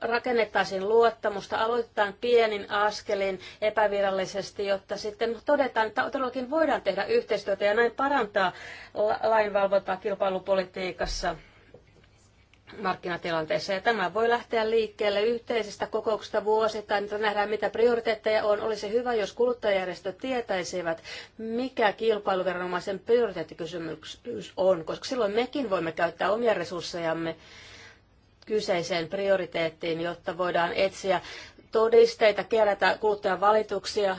rakennettaisiin luottamusta, aloitetaan pienin askelin epävirallisesti, jotta sitten todetaan, että todellakin voidaan tehdä yhteistyötä ja näin parantaa lainvalvontaa kilpailupolitiikassa markkinatilanteessa. Ja tämä voi lähteä liikkeelle yhteisestä kokouksesta vuosittain, että nähdään mitä prioriteetteja on. Olisi hyvä, jos kuluttajajärjestöt tietäisivät, mikä kilpailuviranomaisen prioriteettikysymys on, koska silloin mekin voimme käyttää omia resurssejamme kyseiseen prioriteettiin, jotta voidaan etsiä todisteita, kerätä kuluttajan valituksia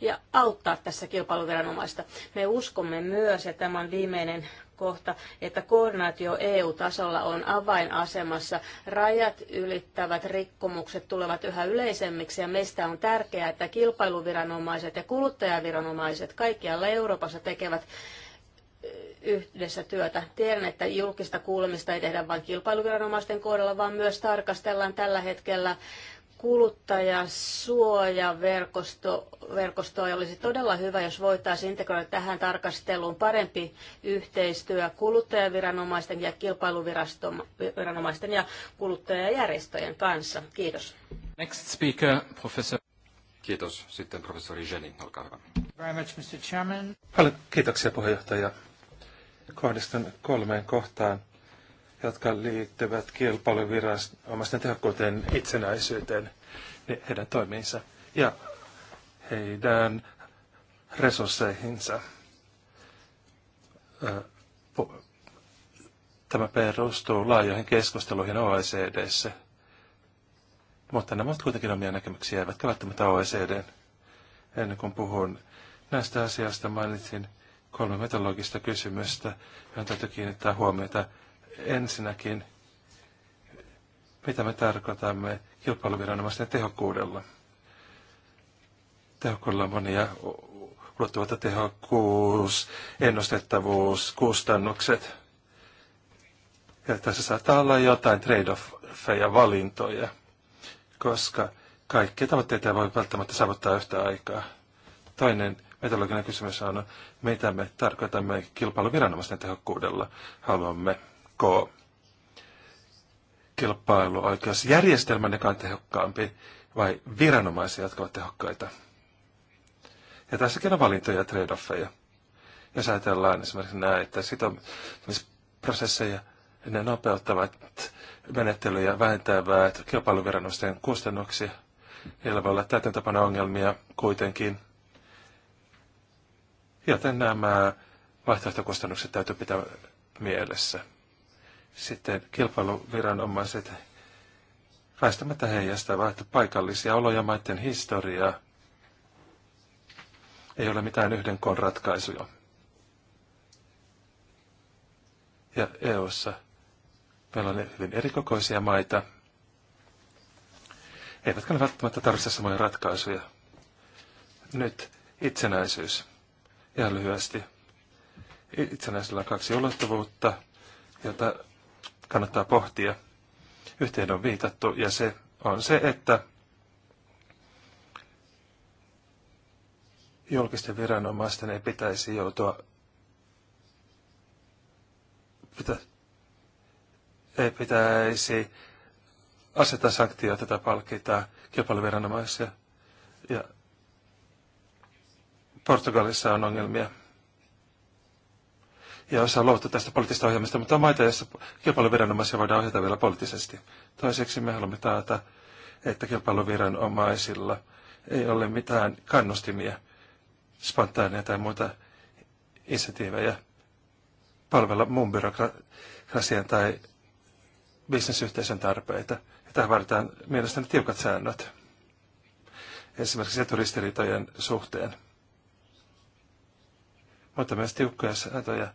ja auttaa tässä kilpailuviranomaista. Me uskomme myös, ja tämä on viimeinen kohta, että koordinaatio EU-tasolla on avainasemassa. Rajat ylittävät rikkomukset tulevat yhä yleisemmiksi ja meistä on tärkeää, että kilpailuviranomaiset ja kuluttajaviranomaiset kaikkialla Euroopassa tekevät yhdessä työtä. Tiedän, että julkista kuulemista ei tehdä vain kilpailuviranomaisten kohdalla, vaan myös tarkastellaan tällä hetkellä kuluttajasuojaverkosto ja olisi todella hyvä, jos voitaisiin integroida tähän tarkasteluun parempi yhteistyö kuluttajaviranomaisten ja kilpailuviranomaisten ja kuluttajajärjestöjen kanssa. Kiitos. Next speaker, professor. Kiitos. Sitten professori Jenning, olkaa hyvä. Very much, Mr. Chairman. Paljon kiitoksia puheenjohtaja. Kohdistan kolmeen kohtaan jotka liittyvät kilpailuviranomaisten tehokkuuteen, itsenäisyyteen, niin heidän toimiinsa ja heidän resursseihinsa. Tämä perustuu laajoihin keskusteluihin OECDssä, mutta nämä ovat kuitenkin omia näkemyksiä, eivätkä välttämättä OECDn. Ennen kuin puhun näistä asioista, mainitsin kolme metallogista kysymystä, johon täytyy kiinnittää huomiota Ensinnäkin, mitä me tarkoitamme kilpailuviranomaisten tehokkuudella? Tehokkuudella on monia ulottuvuutta tehokkuus, ennustettavuus, kustannukset. Ja tässä saattaa olla jotain trade-offeja, valintoja, koska kaikkia tavoitteita ei voi välttämättä saavuttaa yhtä aikaa. Toinen metodologinen kysymys on, mitä me tarkoitamme kilpailuviranomaisten tehokkuudella. Haluamme rikkoo järjestelmän, joka on tehokkaampi, vai viranomaisia, jotka ovat tehokkaita. Ja tässäkin on valintoja ja trade-offeja. Jos ajatellaan esimerkiksi näin, että sitomisprosesseja ne nopeuttavat menettelyjä vähentävät kilpailuviranomaisten kustannuksia. Niillä voi olla täytäntöpano ongelmia kuitenkin. Joten nämä vaihtoehtokustannukset täytyy pitää mielessä sitten kilpailuviranomaiset väistämättä heijastavat paikallisia oloja maiden historiaa. Ei ole mitään yhden koon ratkaisuja. Ja EU:ssa meillä on hyvin erikokoisia maita, eivätkä ne välttämättä tarvitse samoja ratkaisuja. Nyt itsenäisyys. Ihan lyhyesti. Itsenäisellä on kaksi ulottuvuutta, jota kannattaa pohtia. Yhteen on viitattu ja se on se, että julkisten viranomaisten ei pitäisi joutua pitä, ei pitäisi asettaa sanktioita tai palkita kilpailuviranomaisia. Ja Portugalissa on ongelmia ja osaa luovuttu tästä poliittisesta ohjelmasta, mutta on maita, joissa kilpailuviranomaisia voidaan ohjata vielä poliittisesti. Toiseksi me haluamme taata, että kilpailuviranomaisilla ei ole mitään kannustimia, spontaaneja tai muita insentiivejä palvella muun byrokratian tai bisnesyhteisön tarpeita. Ja tähän vaaditaan mielestäni tiukat säännöt, esimerkiksi eturistiriitojen suhteen. Mutta myös tiukkoja sääntöjä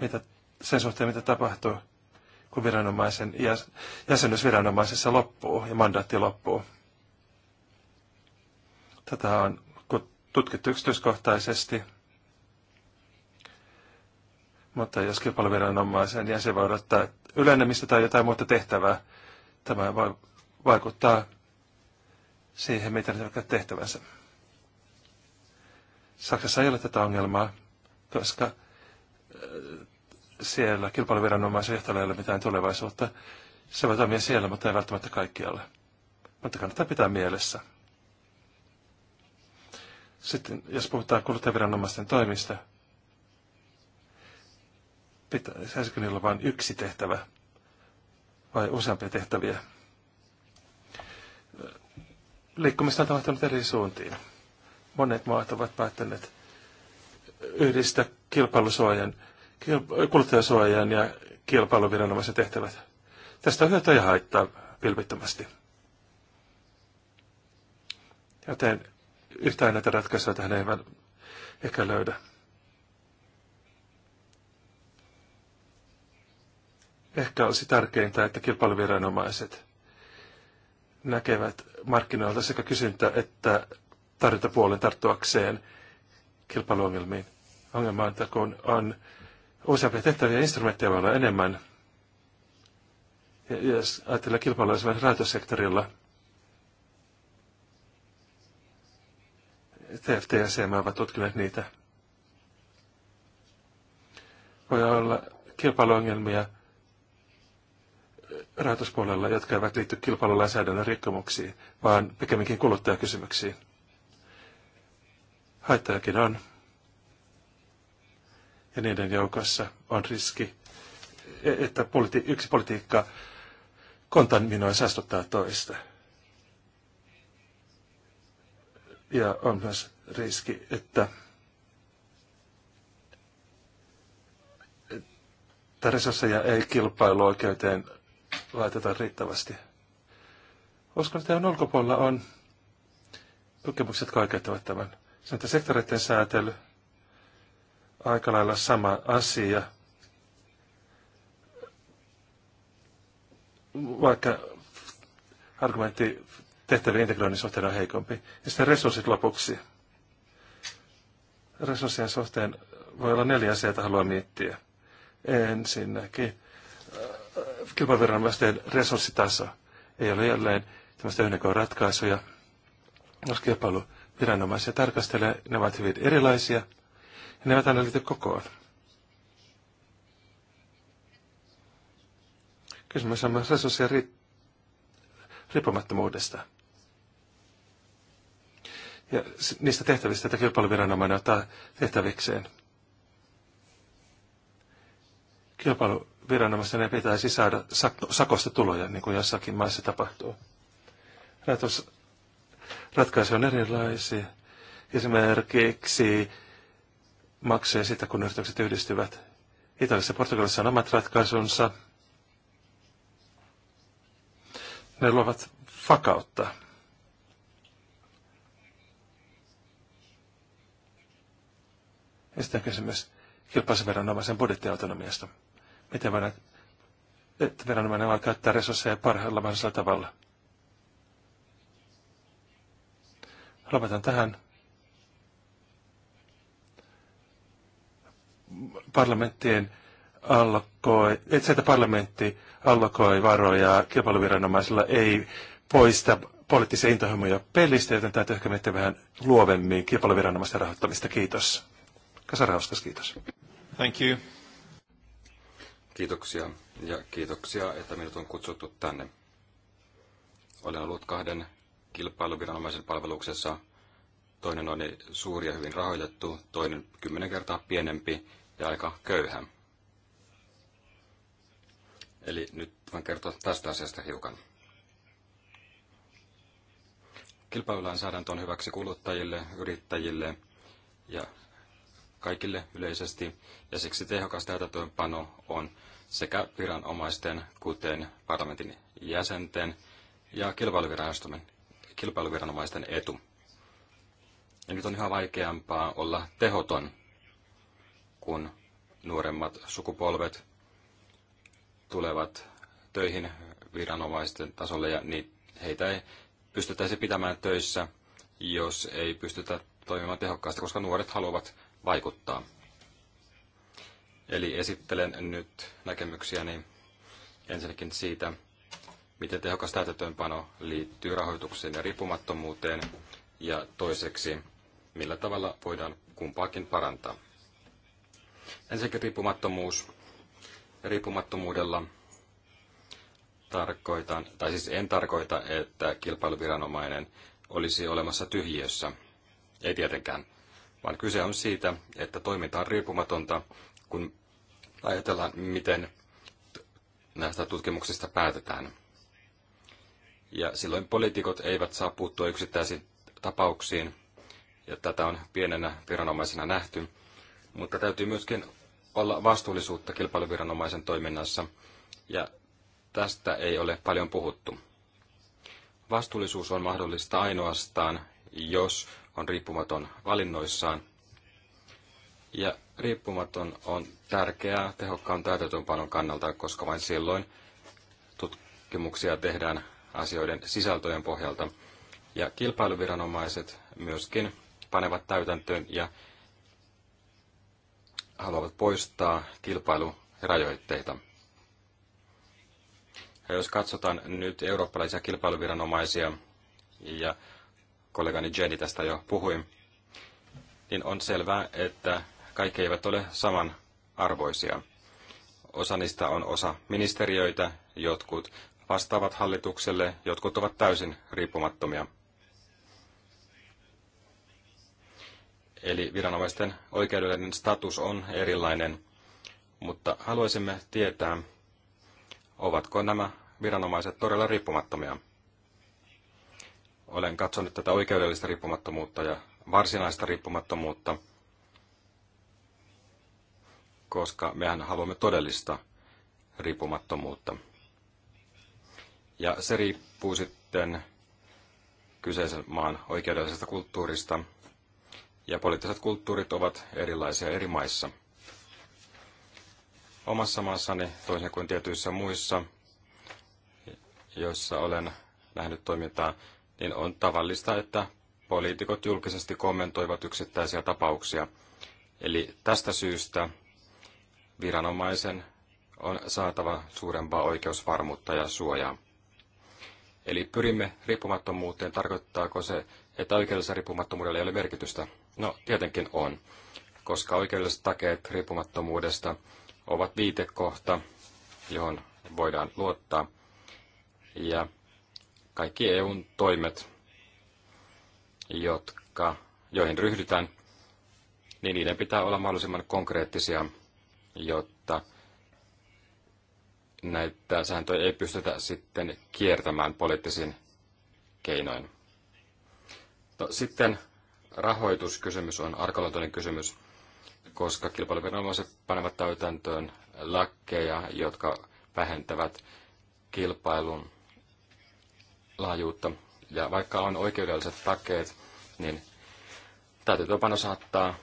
mitä, sen suhteen, mitä tapahtuu, kun viranomaisen jäs, viranomaisessa loppuu ja mandaatti loppuu. Tätä on tutkittu yksityiskohtaisesti, mutta jos kilpailuviranomaisen jäsen voi odottaa ylennemistä tai jotain muuta tehtävää, tämä voi vaikuttaa siihen, miten ne tehtävänsä. Saksassa ei ole tätä ongelmaa, koska siellä kilpailuviranomaisen johtajalla ei ole mitään tulevaisuutta. Se voi toimia siellä, mutta ei välttämättä kaikkialle. Mutta kannattaa pitää mielessä. Sitten jos puhutaan kuluttajaviranomaisten toimista, pitäisikö niillä vain yksi tehtävä vai useampia tehtäviä? Liikkumista on tapahtunut eri suuntiin. Monet maat ovat päättäneet yhdistää kilpailusuojan kuluttajasuojan ja kilpailuviranomaisen tehtävät. Tästä on hyötyä ja haittaa vilpittömästi. Joten yhtään näitä ratkaisuja tähän ei ehkä löydä. Ehkä olisi tärkeintä, että kilpailuviranomaiset näkevät markkinoilta sekä kysyntä että tarjontapuolen tarttuakseen kilpailuongelmiin. Ongelma on, että kun on useampia tehtäviä instrumentteja voi olla enemmän. Ja jos ajatellaan kilpailua esimerkiksi rahoitussektorilla, TFT ja CM ovat tutkineet niitä. Voi olla kilpailuongelmia rahoituspuolella, jotka eivät liitty kilpailulainsäädännön rikkomuksiin, vaan pikemminkin kuluttajakysymyksiin. Haittajakin on ja niiden joukossa on riski, että politi- yksi politiikka kontaminoi saastuttaa toista. Ja on myös riski, että, resursseja ei kilpailuoikeuteen laiteta riittävästi. Uskon, että on ulkopuolella on tutkimukset, jotka oikeuttavat tämän. Sanotaan sektoreiden säätely, aika lailla sama asia. Vaikka argumentti tehtävien integroinnin suhteen on heikompi. Ja sitten resurssit lopuksi. Resurssien suhteen voi olla neljä asiaa, joita haluaa miettiä. Ensinnäkin äh, kilpaviranomaisten resurssitaso. Ei ole jälleen tämmöistä yhden ratkaisuja. Jos kilpailuviranomaisia tarkastelee, ne ovat hyvin erilaisia – ja ne eivät aina liity kokoon. Kysymys on myös resurssien ri- riippumattomuudesta. Ja niistä tehtävistä, joita kilpailuviranomainen ottaa tehtävikseen. kilpailuviranomaisen ei pitäisi saada sakosta tuloja, niin kuin jossakin maissa tapahtuu. ratkaisuja on erilaisia. Esimerkiksi maksoja sitä, kun yritykset yhdistyvät. Italiassa ja Portugalissa on omat ratkaisunsa. Ne luovat vakautta. Ja sitten kysymys kilpailuviranomaisen budjettiautonomiasta. Miten voidaan, että viranomainen voi käyttää resursseja parhaalla mahdollisella tavalla. Lopetan tähän. parlamenttien allokoi, että se, että parlamentti allokoi varoja kilpailuviranomaisilla ei poista poliittisia intohimoja pelistä, joten täytyy ehkä miettiä vähän luovemmin kilpailuviranomaisten rahoittamista. Kiitos. Kasarauskas, kiitos. Thank you. Kiitoksia ja kiitoksia, että minut on kutsuttu tänne. Olen ollut kahden kilpailuviranomaisen palveluksessa. Toinen oli suuri ja hyvin rahoitettu, toinen kymmenen kertaa pienempi ja aika köyhä. Eli nyt voin kertoa tästä asiasta hiukan. Kilpailulainsäädäntö on hyväksi kuluttajille, yrittäjille ja kaikille yleisesti, ja siksi tehokas täytäntöönpano on sekä viranomaisten, kuten parlamentin jäsenten ja kilpailuviranomaisten etu. Ja nyt on yhä vaikeampaa olla tehoton kun nuoremmat sukupolvet tulevat töihin viranomaisten tasolle ja heitä ei pystyttäisi pitämään töissä, jos ei pystytä toimimaan tehokkaasti, koska nuoret haluavat vaikuttaa. Eli esittelen nyt näkemyksiäni ensinnäkin siitä, miten tehokas täytäntöönpano liittyy rahoitukseen ja riippumattomuuteen, ja toiseksi, millä tavalla voidaan kumpaakin parantaa. Ensinnäkin riippumattomuus. Riippumattomuudella tarkoitan, tai siis en tarkoita, että kilpailuviranomainen olisi olemassa tyhjiössä. Ei tietenkään, vaan kyse on siitä, että toiminta on riippumatonta, kun ajatellaan, miten näistä tutkimuksista päätetään. Ja silloin poliitikot eivät saa puuttua yksittäisiin tapauksiin, ja tätä on pienenä viranomaisena nähty mutta täytyy myöskin olla vastuullisuutta kilpailuviranomaisen toiminnassa, ja tästä ei ole paljon puhuttu. Vastuullisuus on mahdollista ainoastaan, jos on riippumaton valinnoissaan, ja riippumaton on tärkeää tehokkaan täytäntöönpanon kannalta, koska vain silloin tutkimuksia tehdään asioiden sisältöjen pohjalta. Ja kilpailuviranomaiset myöskin panevat täytäntöön ja haluavat poistaa kilpailurajoitteita. Ja jos katsotaan nyt eurooppalaisia kilpailuviranomaisia, ja kollegani Jenny tästä jo puhui, niin on selvää, että kaikki eivät ole saman arvoisia. Osa niistä on osa ministeriöitä, jotkut vastaavat hallitukselle, jotkut ovat täysin riippumattomia. Eli viranomaisten oikeudellinen status on erilainen, mutta haluaisimme tietää, ovatko nämä viranomaiset todella riippumattomia. Olen katsonut tätä oikeudellista riippumattomuutta ja varsinaista riippumattomuutta, koska mehän haluamme todellista riippumattomuutta. Ja se riippuu sitten kyseisen maan oikeudellisesta kulttuurista – ja poliittiset kulttuurit ovat erilaisia eri maissa. Omassa maassani, toisin kuin tietyissä muissa, joissa olen nähnyt toimintaa, niin on tavallista, että poliitikot julkisesti kommentoivat yksittäisiä tapauksia. Eli tästä syystä viranomaisen on saatava suurempaa oikeusvarmuutta ja suojaa. Eli pyrimme riippumattomuuteen, tarkoittaako se että oikeudellisella riippumattomuudella ei ole merkitystä? No, tietenkin on, koska oikeudelliset takeet riippumattomuudesta ovat viitekohta, johon voidaan luottaa. Ja kaikki EUn toimet, jotka, joihin ryhdytään, niin niiden pitää olla mahdollisimman konkreettisia, jotta näitä sääntöjä ei pystytä sitten kiertämään poliittisin keinoin. No, sitten rahoituskysymys on arkaluontoinen kysymys, koska kilpailuviranomaiset panevat täytäntöön lakkeja, jotka vähentävät kilpailun laajuutta. Ja vaikka on oikeudelliset takeet, niin täytäntöpano saattaa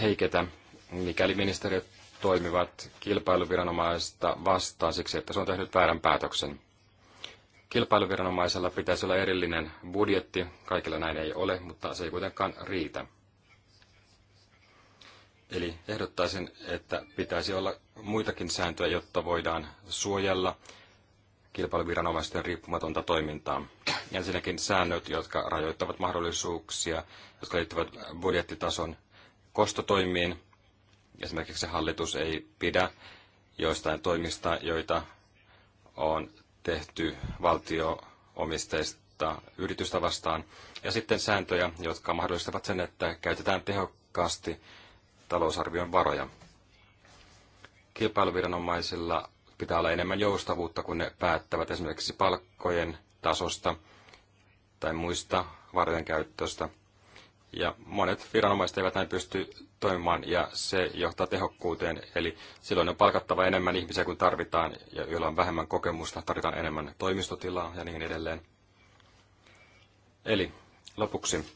heiketä, mikäli ministeriöt toimivat kilpailuviranomaista vastaan siksi, että se on tehnyt väärän päätöksen. Kilpailuviranomaisella pitäisi olla erillinen budjetti, kaikilla näin ei ole, mutta se ei kuitenkaan riitä. Eli ehdottaisin, että pitäisi olla muitakin sääntöjä, jotta voidaan suojella kilpailuviranomaisten riippumatonta toimintaa. Ensinnäkin säännöt, jotka rajoittavat mahdollisuuksia, jotka liittyvät budjettitason kostotoimiin. Esimerkiksi hallitus ei pidä joistain toimista, joita on tehty valtioomisteista yritystä vastaan, ja sitten sääntöjä, jotka mahdollistavat sen, että käytetään tehokkaasti talousarvion varoja. Kilpailuviranomaisilla pitää olla enemmän joustavuutta, kun ne päättävät esimerkiksi palkkojen tasosta tai muista varojen käyttöstä – ja monet viranomaiset eivät näin pysty toimimaan ja se johtaa tehokkuuteen. Eli silloin on palkattava enemmän ihmisiä kuin tarvitaan ja joilla on vähemmän kokemusta, tarvitaan enemmän toimistotilaa ja niin edelleen. Eli lopuksi.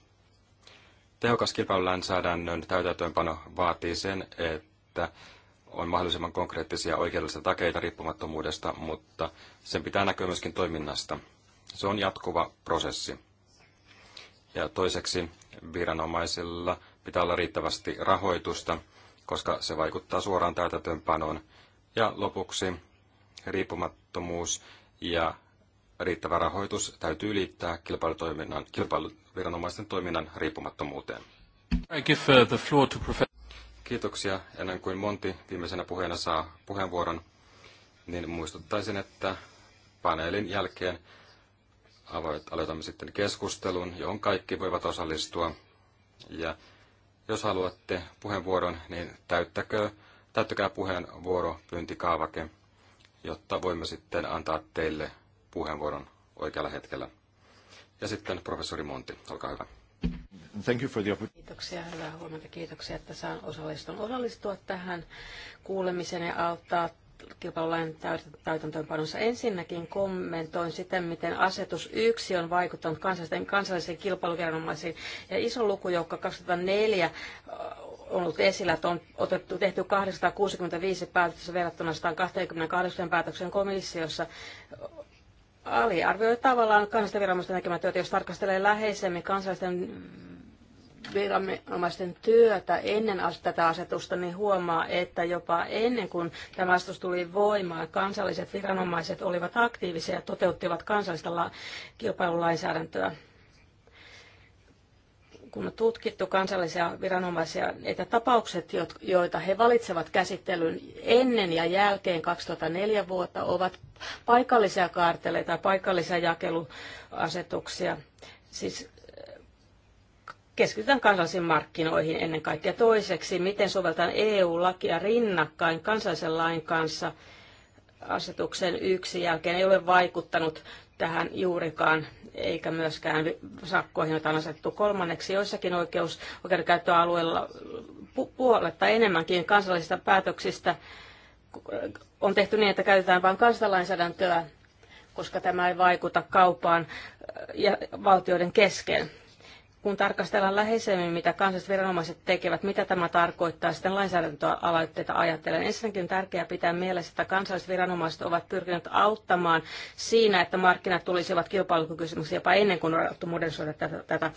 Tehokas kilpailulainsäädännön täytäntöönpano vaatii sen, että on mahdollisimman konkreettisia oikeudellisia takeita riippumattomuudesta, mutta sen pitää näkyä myöskin toiminnasta. Se on jatkuva prosessi. Ja toiseksi viranomaisilla pitää olla riittävästi rahoitusta, koska se vaikuttaa suoraan täytäntöönpanoon. Ja lopuksi riippumattomuus ja riittävä rahoitus täytyy liittää kilpailutoiminnan, kilpailuviranomaisten toiminnan riippumattomuuteen. I give uh, the floor to Kiitoksia. Ennen kuin Monti viimeisenä puheena saa puheenvuoron, niin muistuttaisin, että paneelin jälkeen aloitamme sitten keskustelun, johon kaikki voivat osallistua. Ja jos haluatte puheenvuoron, niin täyttäkö, täyttäkää puheenvuoro pyyntikaavake, jotta voimme sitten antaa teille puheenvuoron oikealla hetkellä. Ja sitten professori Monti, olkaa hyvä. Thank you for the Kiitoksia, hyvää huomenta. Kiitoksia, että saan osallistua, osallistua tähän kuulemiseen ja auttaa kilpailulain täytäntöönpanossa. Ensinnäkin kommentoin sitä, miten asetus 1 on vaikuttanut kansallisiin, kansallisiin kilpailuviranomaisiin. Ja iso luku, joka 2004 äh, on ollut esillä, että on otettu, tehty 865 päätöstä verrattuna 128 päätöksen komissiossa aliarvioi tavallaan kansallisten viranomaisten näkemät työtä, jos tarkastelee läheisemmin kansallisten viranomaisten työtä ennen tätä asetusta, niin huomaa, että jopa ennen kuin tämä asetus tuli voimaan, kansalliset viranomaiset olivat aktiivisia ja toteuttivat kansallista la- kilpailulainsäädäntöä. Kun on tutkittu kansallisia viranomaisia, että tapaukset, joita he valitsevat käsittelyn ennen ja jälkeen 2004 vuotta, ovat paikallisia kaarteleita tai paikallisia jakeluasetuksia. Siis keskitytään kansallisiin markkinoihin ennen kaikkea. Toiseksi, miten sovelletaan EU-lakia rinnakkain kansallisen lain kanssa asetuksen yksi jälkeen ei ole vaikuttanut tähän juurikaan, eikä myöskään sakkoihin, joita on asettu kolmanneksi. Joissakin oikeus oikeudenkäyttöalueilla pu- puolet tai enemmänkin kansallisista päätöksistä on tehty niin, että käytetään vain kansalainsäädäntöä, koska tämä ei vaikuta kaupaan ja valtioiden kesken kun tarkastellaan läheisemmin, mitä kansalliset viranomaiset tekevät, mitä tämä tarkoittaa sitten lainsäädäntöaloitteita ajatellen. Ensinnäkin on tärkeää pitää mielessä, että kansalliset viranomaiset ovat pyrkineet auttamaan siinä, että markkinat tulisivat kilpailukykyisemmiksi jopa ennen kuin on alettu modernisoida tätä, tätä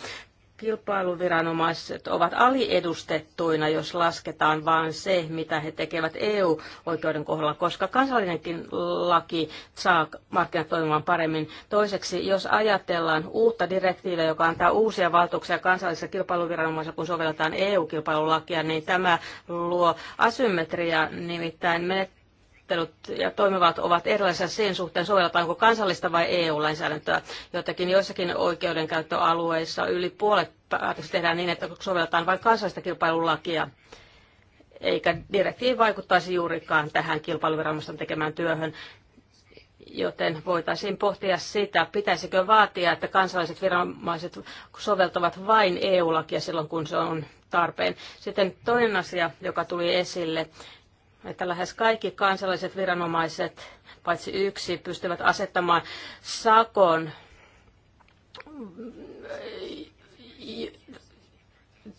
kilpailuviranomaiset ovat aliedustettuina, jos lasketaan vain se, mitä he tekevät EU-oikeuden kohdalla, koska kansallinenkin laki saa markkinat toimimaan paremmin. Toiseksi, jos ajatellaan uutta direktiiviä, joka antaa uusia valtuuksia kansallisessa kilpailuviranomaisessa, kun sovelletaan EU-kilpailulakia, niin tämä luo asymmetriaa, nimittäin menet menettelyt ja toimivat ovat erilaisia sen suhteen, sovelletaanko kansallista vai EU-lainsäädäntöä. Jotakin joissakin oikeudenkäyttöalueissa yli puolet päätöksistä tehdään niin, että sovelletaan vain kansallista kilpailulakia eikä direktiivi vaikuttaisi juurikaan tähän kilpailuviranomaisten tekemään työhön joten voitaisiin pohtia sitä, pitäisikö vaatia, että kansalliset viranomaiset soveltavat vain EU-lakia silloin, kun se on tarpeen. Sitten toinen asia, joka tuli esille, että lähes kaikki kansalliset viranomaiset, paitsi yksi, pystyvät asettamaan sakon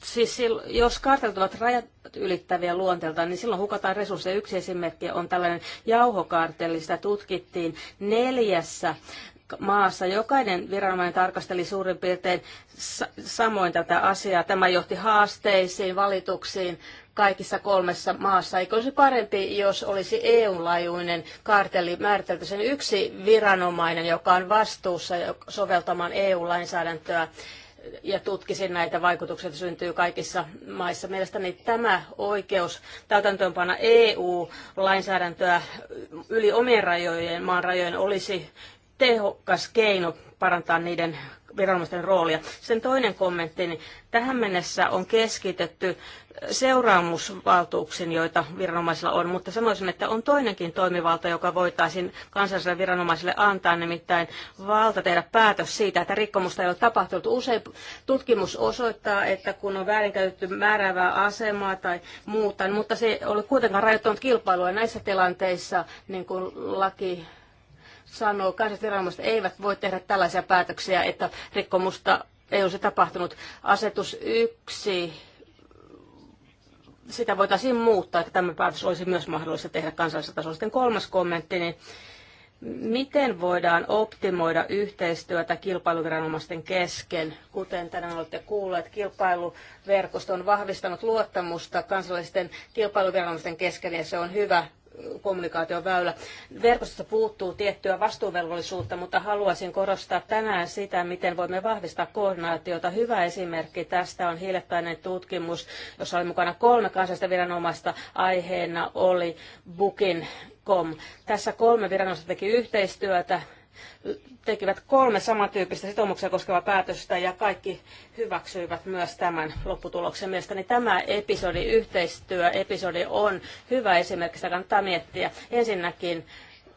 Siis jos kartelit ovat rajat ylittäviä luonteelta, niin silloin hukataan resursseja. Yksi esimerkki on tällainen jauhokartelli, sitä tutkittiin neljässä maassa. Jokainen viranomainen tarkasteli suurin piirtein samoin tätä asiaa. Tämä johti haasteisiin, valituksiin, kaikissa kolmessa maassa. Eikö olisi parempi, jos olisi EU-laajuinen kartelli määritelty sen yksi viranomainen, joka on vastuussa soveltamaan EU-lainsäädäntöä ja tutkisin näitä vaikutuksia, joita syntyy kaikissa maissa. Mielestäni tämä oikeus täytäntöönpana EU-lainsäädäntöä yli omien rajojen, maan rajojen olisi tehokas keino parantaa niiden viranomaisten roolia. Sen toinen kommentti, niin tähän mennessä on keskitetty seuraamusvaltuuksiin, joita viranomaisilla on, mutta sanoisin, että on toinenkin toimivalta, joka voitaisiin kansalliselle viranomaisille antaa, nimittäin valta tehdä päätös siitä, että rikkomusta ei ole tapahtunut. Usein tutkimus osoittaa, että kun on väärinkäytetty määräävää asemaa tai muuta, niin, mutta se ei ole kuitenkaan rajoittanut kilpailua näissä tilanteissa, niin kuin laki sanoo, kansalliset eivät voi tehdä tällaisia päätöksiä, että rikkomusta ei olisi tapahtunut. Asetus yksi sitä voitaisiin muuttaa, että tämä päätös olisi myös mahdollista tehdä kansallisessa tasolla. Sitten kolmas kommentti, niin miten voidaan optimoida yhteistyötä kilpailuviranomaisten kesken? Kuten tänään olette kuulleet, kilpailuverkosto on vahvistanut luottamusta kansallisten kilpailuviranomaisten kesken ja se on hyvä kommunikaatioväylä. Verkostosta puuttuu tiettyä vastuuvelvollisuutta, mutta haluaisin korostaa tänään sitä, miten voimme vahvistaa koordinaatiota. Hyvä esimerkki tästä on hiljattainen tutkimus, jossa oli mukana kolme kansallista viranomaista. Aiheena oli Booking.com. Tässä kolme viranomaista teki yhteistyötä tekivät kolme samantyyppistä sitoumuksia koskevaa päätöstä ja kaikki hyväksyivät myös tämän lopputuloksen. Mielestäni tämä episodi, yhteistyöepisodi on hyvä esimerkki, sitä kannattaa miettiä. Ensinnäkin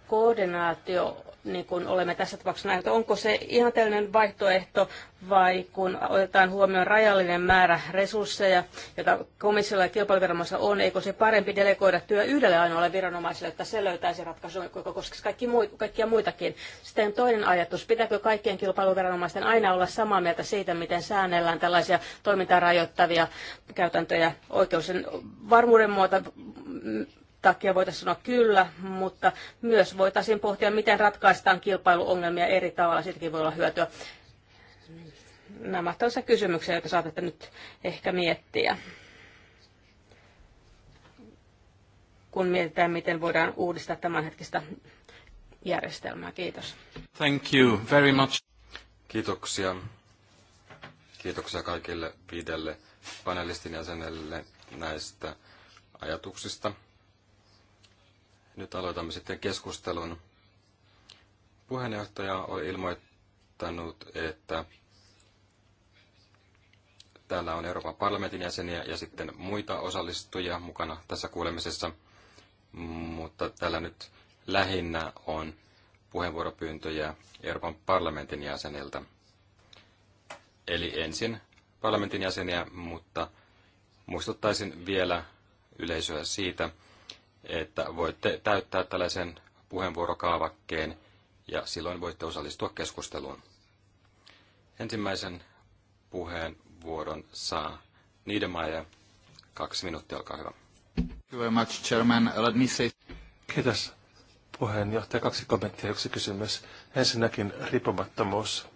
koordinaatio niin kuin olemme tässä tapauksessa nähneet. Onko se ihan tällainen vaihtoehto vai kun otetaan huomioon rajallinen määrä resursseja, jota komissiolla ja kilpailuviranomaisella on, eikö se parempi delegoida työ yhdelle ainoalle viranomaiselle, että se löytäisi ratkaisun, joka koskisi kaikki mui, kaikkia muitakin. Sitten toinen ajatus, pitääkö kaikkien kilpailuviranomaisten aina olla samaa mieltä siitä, miten säännellään tällaisia toimintaa rajoittavia käytäntöjä oikeus varmuuden muuta takia voitaisiin sanoa kyllä, mutta myös voitaisiin pohtia, miten ratkaistaan kilpailuongelmia eri tavalla. Siitäkin voi olla hyötyä. Nämä ovat kysymyksiä, joita saatatte nyt ehkä miettiä. kun mietitään, miten voidaan uudistaa tämänhetkistä järjestelmää. Kiitos. Thank you very much. Kiitoksia. Kiitoksia kaikille viidelle panelistin jäsenelle näistä ajatuksista. Nyt aloitamme sitten keskustelun. Puheenjohtaja on ilmoittanut, että täällä on Euroopan parlamentin jäseniä ja sitten muita osallistujia mukana tässä kuulemisessa, mutta täällä nyt lähinnä on puheenvuoropyyntöjä Euroopan parlamentin jäseniltä. Eli ensin parlamentin jäseniä, mutta muistuttaisin vielä yleisöä siitä, että voitte täyttää tällaisen puheenvuorokaavakkeen ja silloin voitte osallistua keskusteluun. Ensimmäisen puheenvuoron saa Niedemaja. Kaksi minuuttia, olkaa hyvä. Kiitos puheenjohtaja. Kaksi kommenttia ja yksi kysymys. Ensinnäkin riippumattomuus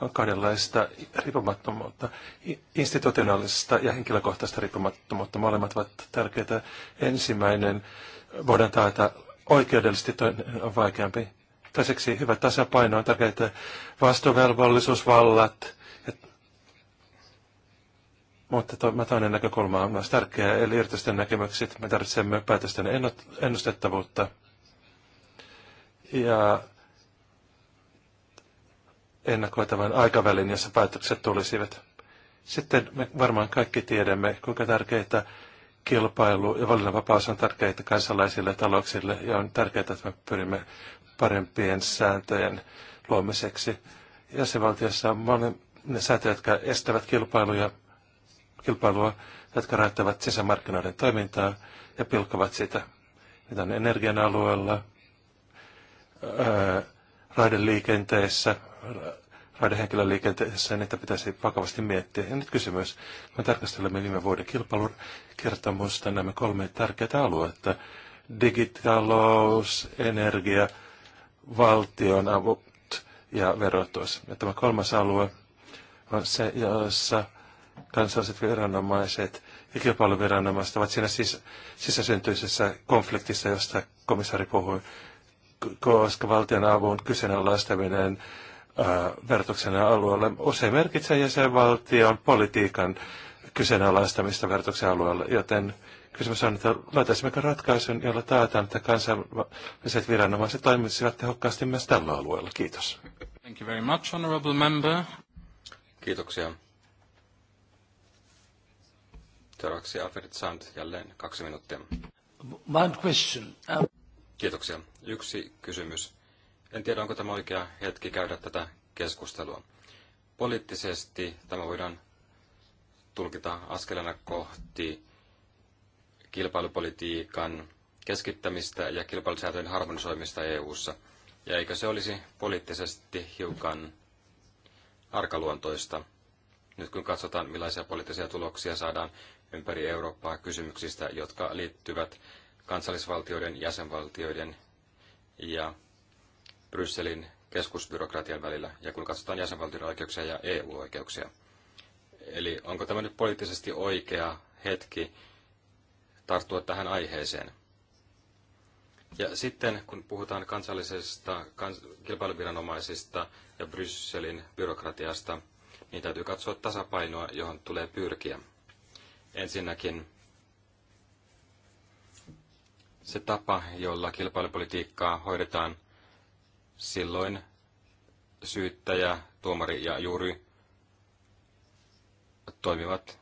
on kahdenlaista riippumattomuutta, institutionaalista ja henkilökohtaista riippumattomuutta. Molemmat ovat tärkeitä. Ensimmäinen voidaan taata oikeudellisesti, toinen on vaikeampi. Toiseksi hyvä tasapaino on tärkeää vastuvelvollisuus, vallat. Mutta to, toinen näkökulma on myös tärkeä, eli yritysten näkemykset. Me tarvitsemme päätösten ennustettavuutta. Ja ennakoitavan aikavälin, jossa päätökset tulisivat. Sitten me varmaan kaikki tiedämme, kuinka tärkeitä kilpailu ja valinnanvapaus on tärkeitä kansalaisille ja talouksille ja on tärkeää, että me pyrimme parempien sääntöjen luomiseksi. Jäsenvaltiossa on monen ne sääntöjä, jotka estävät kilpailuja, kilpailua, jotka rajoittavat sisämarkkinoiden toimintaa ja pilkkavat sitä. Niitä on energian alueella, liikenteessä raidehenkilöliikenteessä, niin niitä pitäisi vakavasti miettiä. Ja nyt kysymys. Me tarkastelemme viime vuoden kilpailukertomusta nämä kolme tärkeää aluetta. Digitalous, energia, valtion avut ja verotus. Ja tämä kolmas alue on se, jossa kansalliset viranomaiset ja kilpailuviranomaiset ovat siinä sis- sisäsyntyisessä konfliktissa, josta komissaari puhui, koska valtion avun kyseenalaistaminen Äh, verotuksen alueelle usein merkitsee jäsenvaltion politiikan kyseenalaistamista verotuksen alueelle, joten kysymys on, että löytäisimmekö ratkaisun, jolla taataan, että kansainväliset viranomaiset toimisivat tehokkaasti myös tällä alueella. Kiitos. Thank you very much, honorable member. Kiitoksia. Seuraavaksi Alfred Sand, jälleen kaksi minuuttia. One question. Uh, Kiitoksia. Yksi kysymys. En tiedä, onko tämä oikea hetki käydä tätä keskustelua. Poliittisesti tämä voidaan tulkita askelena kohti kilpailupolitiikan keskittämistä ja kilpailusääntöjen harmonisoimista EU:ssa. Ja eikö se olisi poliittisesti hiukan arkaluontoista, nyt kun katsotaan millaisia poliittisia tuloksia saadaan ympäri Eurooppaa kysymyksistä, jotka liittyvät kansallisvaltioiden, jäsenvaltioiden ja Brysselin keskusbyrokratian välillä ja kun katsotaan jäsenvaltioiden oikeuksia ja EU-oikeuksia. Eli onko tämä nyt poliittisesti oikea hetki tarttua tähän aiheeseen? Ja sitten kun puhutaan kansallisesta kans- kilpailuviranomaisista ja Brysselin byrokratiasta, niin täytyy katsoa tasapainoa, johon tulee pyrkiä. Ensinnäkin se tapa, jolla kilpailupolitiikkaa hoidetaan, silloin syyttäjä, tuomari ja juuri toimivat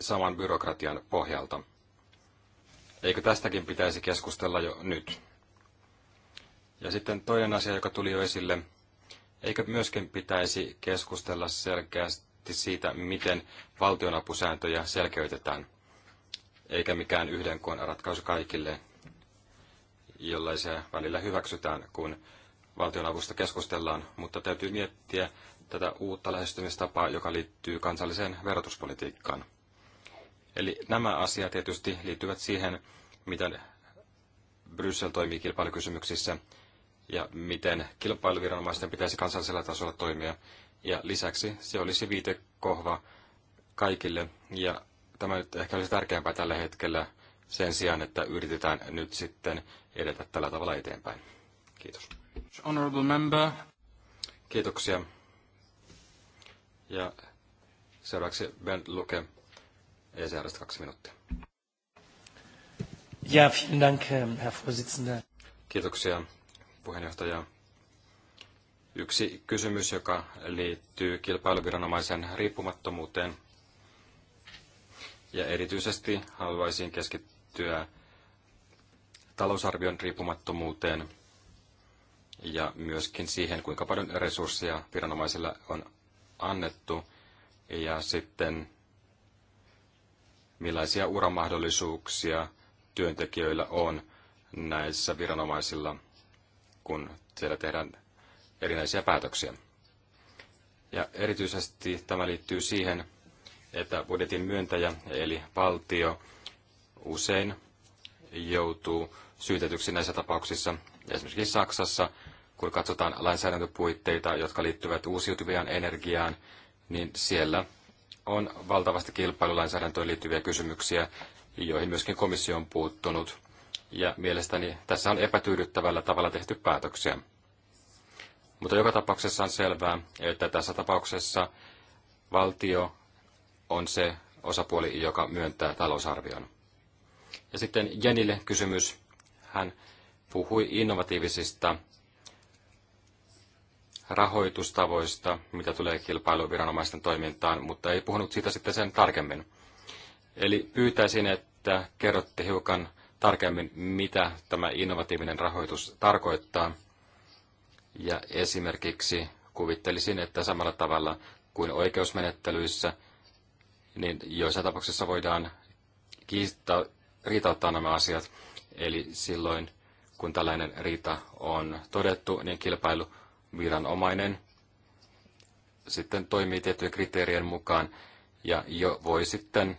saman byrokratian pohjalta. Eikö tästäkin pitäisi keskustella jo nyt? Ja sitten toinen asia, joka tuli jo esille, eikö myöskin pitäisi keskustella selkeästi siitä, miten valtionapusääntöjä selkeytetään, eikä mikään yhden koon ratkaisu kaikille, jollaisia välillä hyväksytään, kun valtionavusta keskustellaan, mutta täytyy miettiä tätä uutta lähestymistapaa, joka liittyy kansalliseen verotuspolitiikkaan. Eli nämä asiat tietysti liittyvät siihen, miten Bryssel toimii kilpailukysymyksissä ja miten kilpailuviranomaisten pitäisi kansallisella tasolla toimia. Ja lisäksi se olisi viitekohva kaikille ja tämä nyt ehkä olisi tärkeämpää tällä hetkellä sen sijaan, että yritetään nyt sitten edetä tällä tavalla eteenpäin. Kiitos. Honorable member. Kiitoksia. Ja seuraavaksi Ben Luke, ECR, kaksi minuuttia. Ja, vielen Dank, ähm, Herr Vorsitzender. Kiitoksia, puheenjohtaja. Yksi kysymys, joka liittyy kilpailuviranomaisen riippumattomuuteen. Ja erityisesti haluaisin keskittyä talousarvion riippumattomuuteen – ja myöskin siihen, kuinka paljon resursseja viranomaisille on annettu ja sitten millaisia uramahdollisuuksia työntekijöillä on näissä viranomaisilla, kun siellä tehdään erinäisiä päätöksiä. Ja erityisesti tämä liittyy siihen, että budjetin myöntäjä eli valtio usein joutuu syytetyksi näissä tapauksissa. Esimerkiksi Saksassa kun katsotaan lainsäädäntöpuitteita, jotka liittyvät uusiutuvien energiaan, niin siellä on valtavasti kilpailulainsäädäntöön liittyviä kysymyksiä, joihin myöskin komissio on puuttunut. Ja mielestäni tässä on epätyydyttävällä tavalla tehty päätöksiä. Mutta joka tapauksessa on selvää, että tässä tapauksessa valtio on se osapuoli, joka myöntää talousarvion. Ja sitten Jenille kysymys. Hän puhui innovatiivisista rahoitustavoista, mitä tulee kilpailuviranomaisten toimintaan, mutta ei puhunut siitä sitten sen tarkemmin. Eli pyytäisin, että kerrotte hiukan tarkemmin, mitä tämä innovatiivinen rahoitus tarkoittaa. Ja esimerkiksi kuvittelisin, että samalla tavalla kuin oikeusmenettelyissä, niin joissain tapauksissa voidaan kiistää, riitauttaa nämä asiat. Eli silloin, kun tällainen riita on todettu, niin kilpailu viranomainen sitten toimii tiettyjen kriteerien mukaan ja jo voi sitten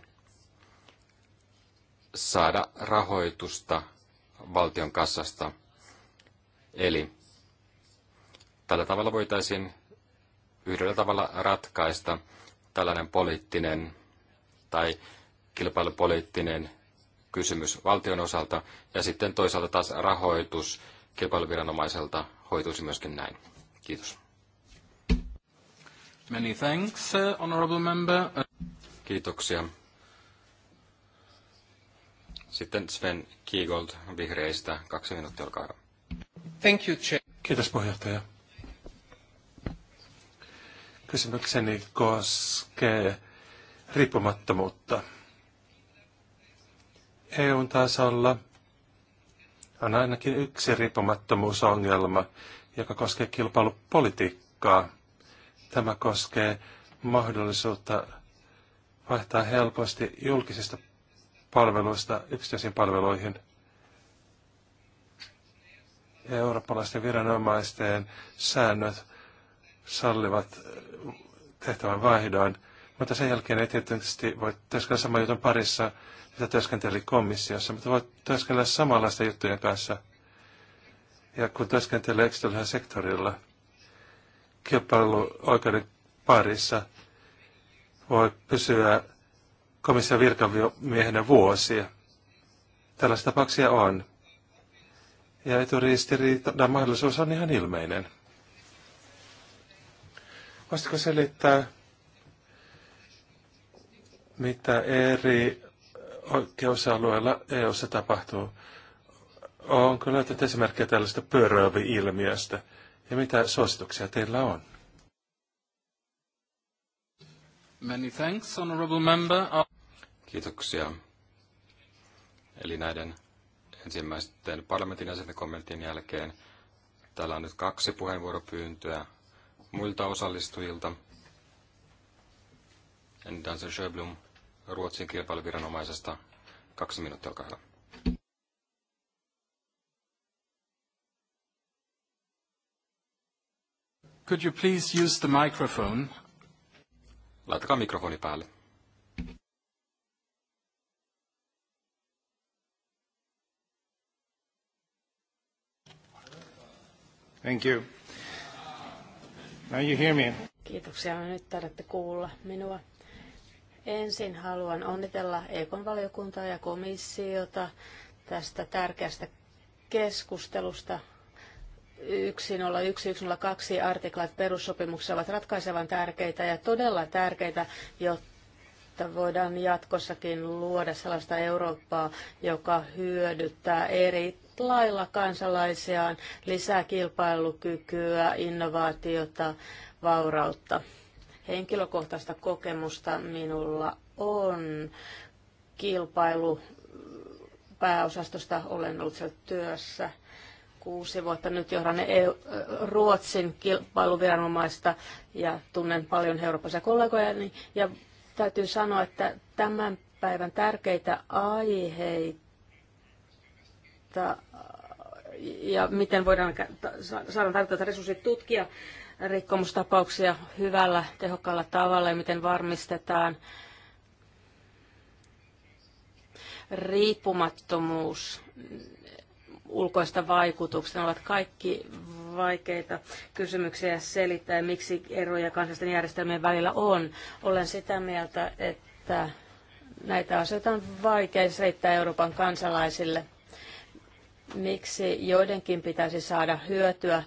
saada rahoitusta valtion kassasta. Eli tällä tavalla voitaisiin yhdellä tavalla ratkaista tällainen poliittinen tai kilpailupoliittinen kysymys valtion osalta, ja sitten toisaalta taas rahoitus kilpailuviranomaiselta hoituisi myöskin näin. Kiitos. Many thanks, uh, honorable member. Kiitoksia. Sitten Sven Kiegold vihreistä. Kaksi minuuttia, olkaa hyvä. Thank you, Chair. Kiitos puheenjohtaja. Kysymykseni koskee riippumattomuutta. EUn tasolla on ainakin yksi riippumattomuusongelma, joka koskee kilpailupolitiikkaa. Tämä koskee mahdollisuutta vaihtaa helposti julkisista palveluista yksityisiin palveluihin. eurooppalaisten viranomaisten säännöt sallivat tehtävän vaihdoin, mutta sen jälkeen ei tietysti voi työskennellä saman jutun parissa, mitä työskenteli komissiossa, mutta voi työskennellä samanlaisten juttujen kanssa – ja kun työskentelee yksityisellä sektorilla kilpailuoikeuden parissa, voi pysyä komission virkamiehenä vuosia. Tällaisia tapauksia on. Ja eturistiriitan mahdollisuus on ihan ilmeinen. Voisitko selittää, mitä eri oikeusalueilla EU-ssa tapahtuu? Onko löytänyt esimerkkejä tällaista pyöröovi-ilmiöstä? Ja mitä suosituksia teillä on? Many thanks, honorable member. Kiitoksia. Eli näiden ensimmäisten parlamentin jäsenten kommenttien jälkeen täällä on nyt kaksi puheenvuoropyyntöä muilta osallistujilta. Danse Sjöblom Ruotsin kilpailuviranomaisesta. Kaksi minuuttia, olkaa hyvä. Could you please use the microphone? Laitakaa mikrofoni päälle. Thank you. Now you hear me. Kiitoksia. Nyt taidatte kuulla minua. Ensin haluan onnitella Ekon valiokuntaa ja komissiota tästä tärkeästä keskustelusta 101, artiklat perussopimuksessa ovat ratkaisevan tärkeitä ja todella tärkeitä, jotta voidaan jatkossakin luoda sellaista Eurooppaa, joka hyödyttää eri lailla kansalaisiaan, lisää kilpailukykyä, innovaatiota, vaurautta. Henkilökohtaista kokemusta minulla on kilpailu pääosastosta olen ollut siellä työssä – kuusi vuotta nyt johdan EU, Ruotsin kilpailuviranomaista ja tunnen paljon eurooppalaisia kollegoja. Ja täytyy sanoa, että tämän päivän tärkeitä aiheita ja miten voidaan saada tarvittavat resurssit tutkia rikkomustapauksia hyvällä, tehokkaalla tavalla ja miten varmistetaan riippumattomuus ulkoista vaikutuksista. ovat kaikki vaikeita kysymyksiä selittää, miksi eroja kansallisten järjestelmien välillä on. Olen sitä mieltä, että näitä asioita on vaikea selittää Euroopan kansalaisille. Miksi joidenkin pitäisi saada hyötyä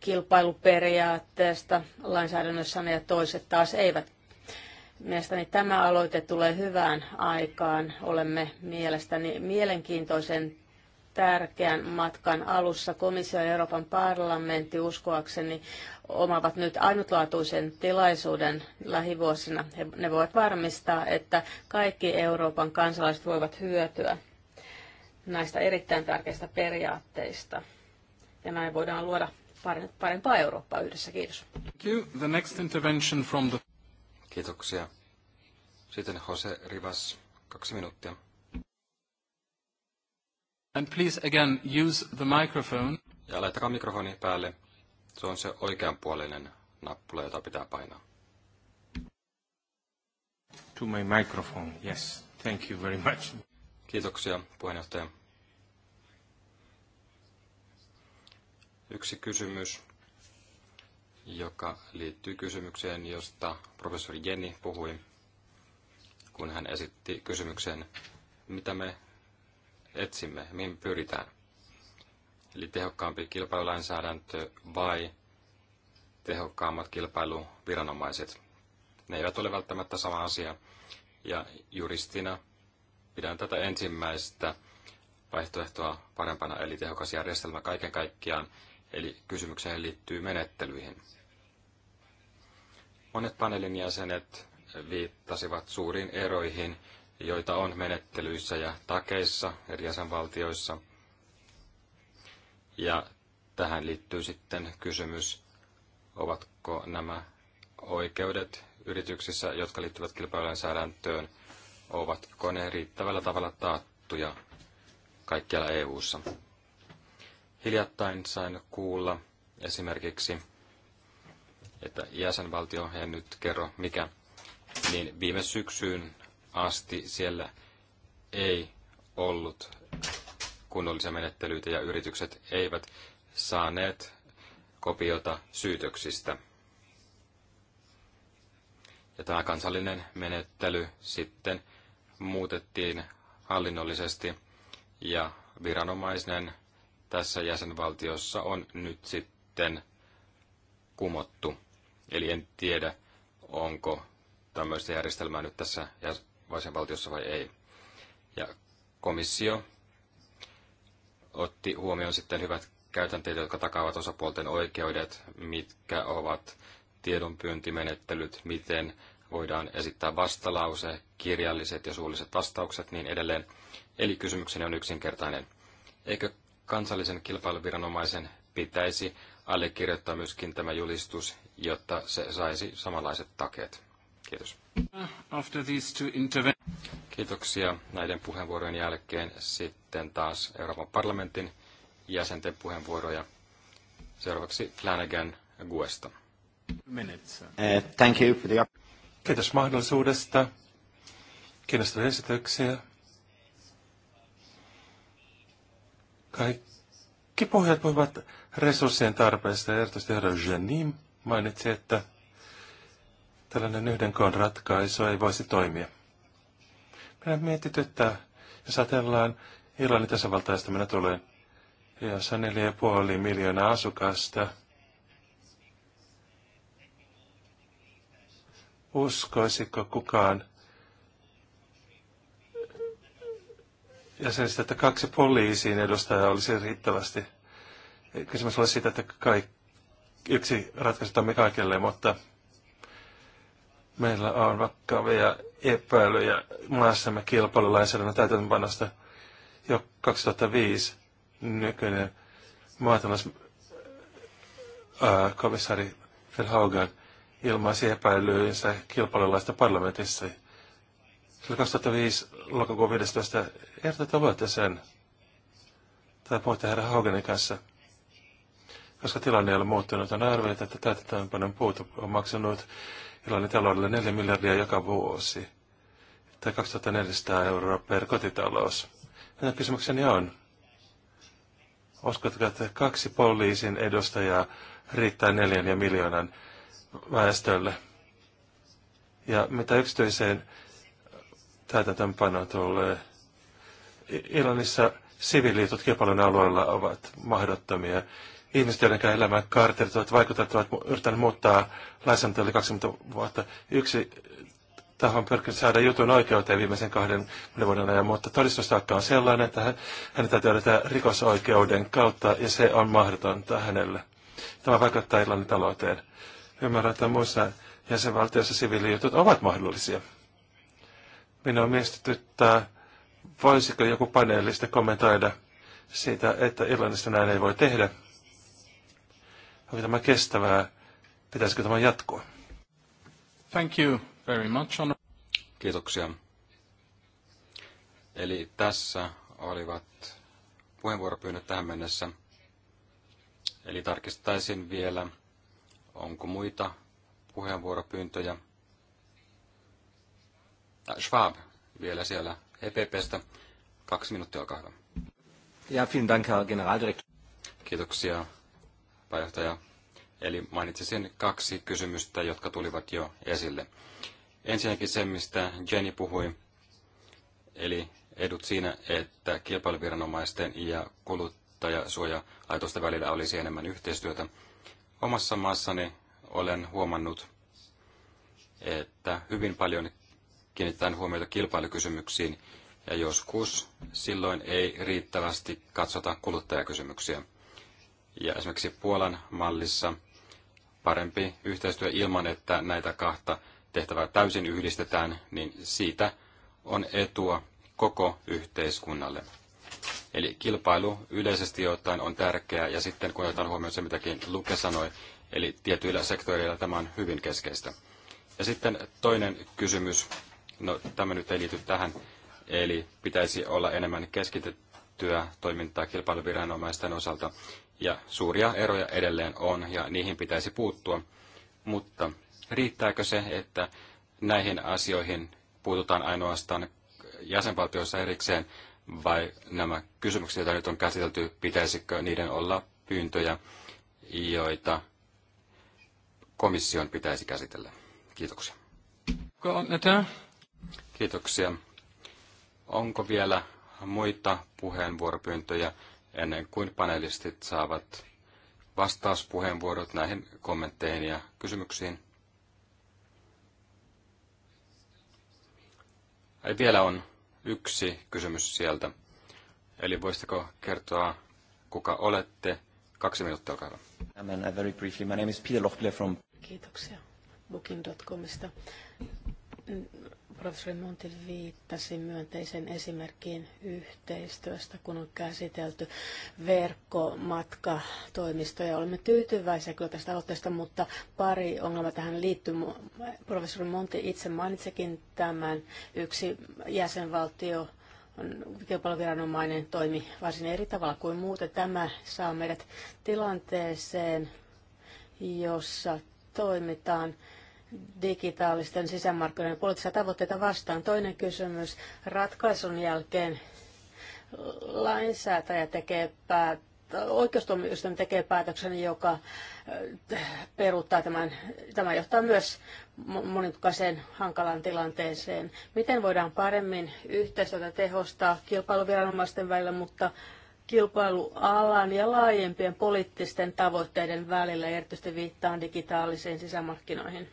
kilpailuperiaatteesta lainsäädännössä ja toiset taas eivät. Mielestäni tämä aloite tulee hyvään aikaan. Olemme mielestäni mielenkiintoisen tärkeän matkan alussa. Komissio ja Euroopan parlamentti uskoakseni omavat nyt ainutlaatuisen tilaisuuden lähivuosina. ne voivat varmistaa, että kaikki Euroopan kansalaiset voivat hyötyä näistä erittäin tärkeistä periaatteista. Ja näin voidaan luoda parempaa Eurooppaa yhdessä. Kiitos. The next intervention from the... Kiitoksia. Sitten Jose Rivas, kaksi minuuttia. And please again use the microphone. Ja laittakaa mikrofoni päälle. Se on se oikeanpuoleinen nappula, jota pitää painaa. To my microphone, yes. Thank you very much. Kiitoksia, puheenjohtaja. Yksi kysymys, joka liittyy kysymykseen, josta professori Jenni puhui, kun hän esitti kysymyksen, mitä me etsimme, mihin pyritään. Eli tehokkaampi kilpailulainsäädäntö vai tehokkaammat kilpailuviranomaiset. Ne eivät ole välttämättä sama asia. Ja juristina pidän tätä ensimmäistä vaihtoehtoa parempana, eli tehokas järjestelmä kaiken kaikkiaan, eli kysymykseen liittyy menettelyihin. Monet paneelin jäsenet viittasivat suuriin eroihin joita on menettelyissä ja takeissa eri jäsenvaltioissa. Ja tähän liittyy sitten kysymys, ovatko nämä oikeudet yrityksissä, jotka liittyvät kilpailulainsäädäntöön, ovatko ne riittävällä tavalla taattuja kaikkialla EU-ssa. Hiljattain sain kuulla esimerkiksi, että jäsenvaltio, en nyt kerro mikä, niin viime syksyyn asti siellä ei ollut kunnollisia menettelyitä ja yritykset eivät saaneet kopiota syytöksistä. Ja tämä kansallinen menettely sitten muutettiin hallinnollisesti ja viranomaisen tässä jäsenvaltiossa on nyt sitten kumottu. Eli en tiedä, onko tämmöistä järjestelmää nyt tässä valtiossa vai ei. Ja komissio otti huomioon sitten hyvät käytänteet, jotka takaavat osapuolten oikeudet, mitkä ovat tiedonpyyntimenettelyt, miten voidaan esittää vastalause, kirjalliset ja suulliset vastaukset, niin edelleen. Eli kysymykseni on yksinkertainen. Eikö kansallisen kilpailuviranomaisen pitäisi allekirjoittaa myöskin tämä julistus, jotta se saisi samanlaiset takeet? Kiitos. After these two Kiitoksia näiden puheenvuorojen jälkeen. Sitten taas Euroopan parlamentin jäsenten puheenvuoroja. Seuraavaksi Flanagan Guesta. Minutes. Uh, thank you for the... Kiitos mahdollisuudesta. Kiinnostavia esityksiä. Kaikki puhujat puhuvat resurssien tarpeesta ja erityisesti herra Janin mainitsi, että Tällainen yhden koon ratkaisu ei voisi toimia. Minä mietityttää, jos ajatellaan Irlannin tasavaltaista minä tulen, jossa 4,5 miljoonaa asukasta uskoisiko kukaan Ja sitä, että kaksi poliisiin edustajaa olisi riittävästi. Kysymys olisi siitä, että kaikki, yksi ratkaisu toimii kaikille, mutta Meillä on vakavia epäilyjä maassamme kilpailulainsäädännön täytäntöönpanosta jo 2005 nykyinen maatalouskomissaari Hogan ilmaisi epäilyynsä kilpailulaista parlamentissa. Sillä 2005 lokakuun 15. Erta tavoitte sen. Tai puhutte herra Hoganin kanssa. Koska tilanne ei ole muuttunut, on arvioitu, että täytäntöönpanon puutu on maksanut Irlannin taloudelle 4 miljardia joka vuosi, tai 2400 euroa per kotitalous. Minun kysymykseni on, uskotko, että kaksi poliisin edustajaa riittää neljän ja miljoonan väestölle? Ja mitä yksityiseen täytäntöönpanoon tulee? Irlannissa siviiliitot kilpailun alueella ovat mahdottomia ihmiset, joiden elämän kaartelit ovat vaikuttaneet, ovat yrittäneet muuttaa lainsäädäntöä yli 20 vuotta. Yksi taho on pyrkinyt saada jutun oikeuteen viimeisen kahden vuoden ajan, mutta todistustaakka on sellainen, että hänet täytyy löytää rikosoikeuden kautta, ja se on mahdotonta hänelle. Tämä vaikuttaa Irlannin talouteen. Ymmärrän, että muissa jäsenvaltioissa siviilijutut ovat mahdollisia. Minua miestityttää, voisiko joku paneelista kommentoida siitä, että Irlannista näin ei voi tehdä – Onko tämä kestävää? Pitäisikö tämä jatkoa? Thank you very much. On... Kiitoksia. Eli tässä olivat puheenvuoropyynnöt tähän mennessä. Eli tarkistaisin vielä, onko muita puheenvuoropyyntöjä. Ah, Schwab vielä siellä EPPstä. Kaksi minuuttia, olkaa hyvä. Ja, vielen Dank, Herr Generaldirektor. Kiitoksia pääjohtaja. Eli mainitsisin kaksi kysymystä, jotka tulivat jo esille. Ensinnäkin se, mistä Jenny puhui, eli edut siinä, että kilpailuviranomaisten ja kuluttajasuoja-laitosten välillä olisi enemmän yhteistyötä. Omassa maassani olen huomannut, että hyvin paljon kiinnitetään huomiota kilpailukysymyksiin ja joskus silloin ei riittävästi katsota kuluttajakysymyksiä. Ja esimerkiksi Puolan mallissa parempi yhteistyö ilman, että näitä kahta tehtävää täysin yhdistetään, niin siitä on etua koko yhteiskunnalle. Eli kilpailu yleisesti ottaen on tärkeää, ja sitten kun otetaan huomioon se, mitäkin Luke sanoi, eli tietyillä sektoreilla tämä on hyvin keskeistä. Ja sitten toinen kysymys, no tämä nyt ei liity tähän, eli pitäisi olla enemmän keskitettyä toimintaa kilpailuviranomaisten osalta. Ja suuria eroja edelleen on ja niihin pitäisi puuttua. Mutta riittääkö se, että näihin asioihin puututaan ainoastaan jäsenvaltioissa erikseen vai nämä kysymykset, joita nyt on käsitelty, pitäisikö niiden olla pyyntöjä, joita komission pitäisi käsitellä? Kiitoksia. Kiitoksia. Onko vielä muita puheenvuoropyyntöjä ennen kuin panelistit saavat vastauspuheenvuorot näihin kommentteihin ja kysymyksiin. Ai vielä on yksi kysymys sieltä. Eli voisitteko kertoa, kuka olette? Kaksi minuuttia, olkaa hyvä. Uh, very briefly, my name is Peter from... Kiitoksia. Booking.comista professori Monti viittasi myönteisen esimerkkiin yhteistyöstä, kun on käsitelty verkkomatkatoimistoja. Olemme tyytyväisiä kyllä tästä aloitteesta, mutta pari ongelmaa tähän liittyy. Professori Monti itse mainitsikin tämän. Yksi jäsenvaltio kilpailuviranomainen toimi varsin eri tavalla kuin muuten. Tämä saa meidät tilanteeseen, jossa toimitaan digitaalisten sisämarkkinoiden poliittisia tavoitteita vastaan. Toinen kysymys. Ratkaisun jälkeen lainsäätäjä tekee päät- oikeustuomioistuin tekee päätöksen, joka äh, peruuttaa tämän. Tämä johtaa myös monimutkaiseen hankalaan tilanteeseen. Miten voidaan paremmin yhteistyötä tehostaa kilpailuviranomaisten välillä, mutta kilpailualan ja laajempien poliittisten tavoitteiden välillä, erityisesti viittaan digitaalisiin sisämarkkinoihin.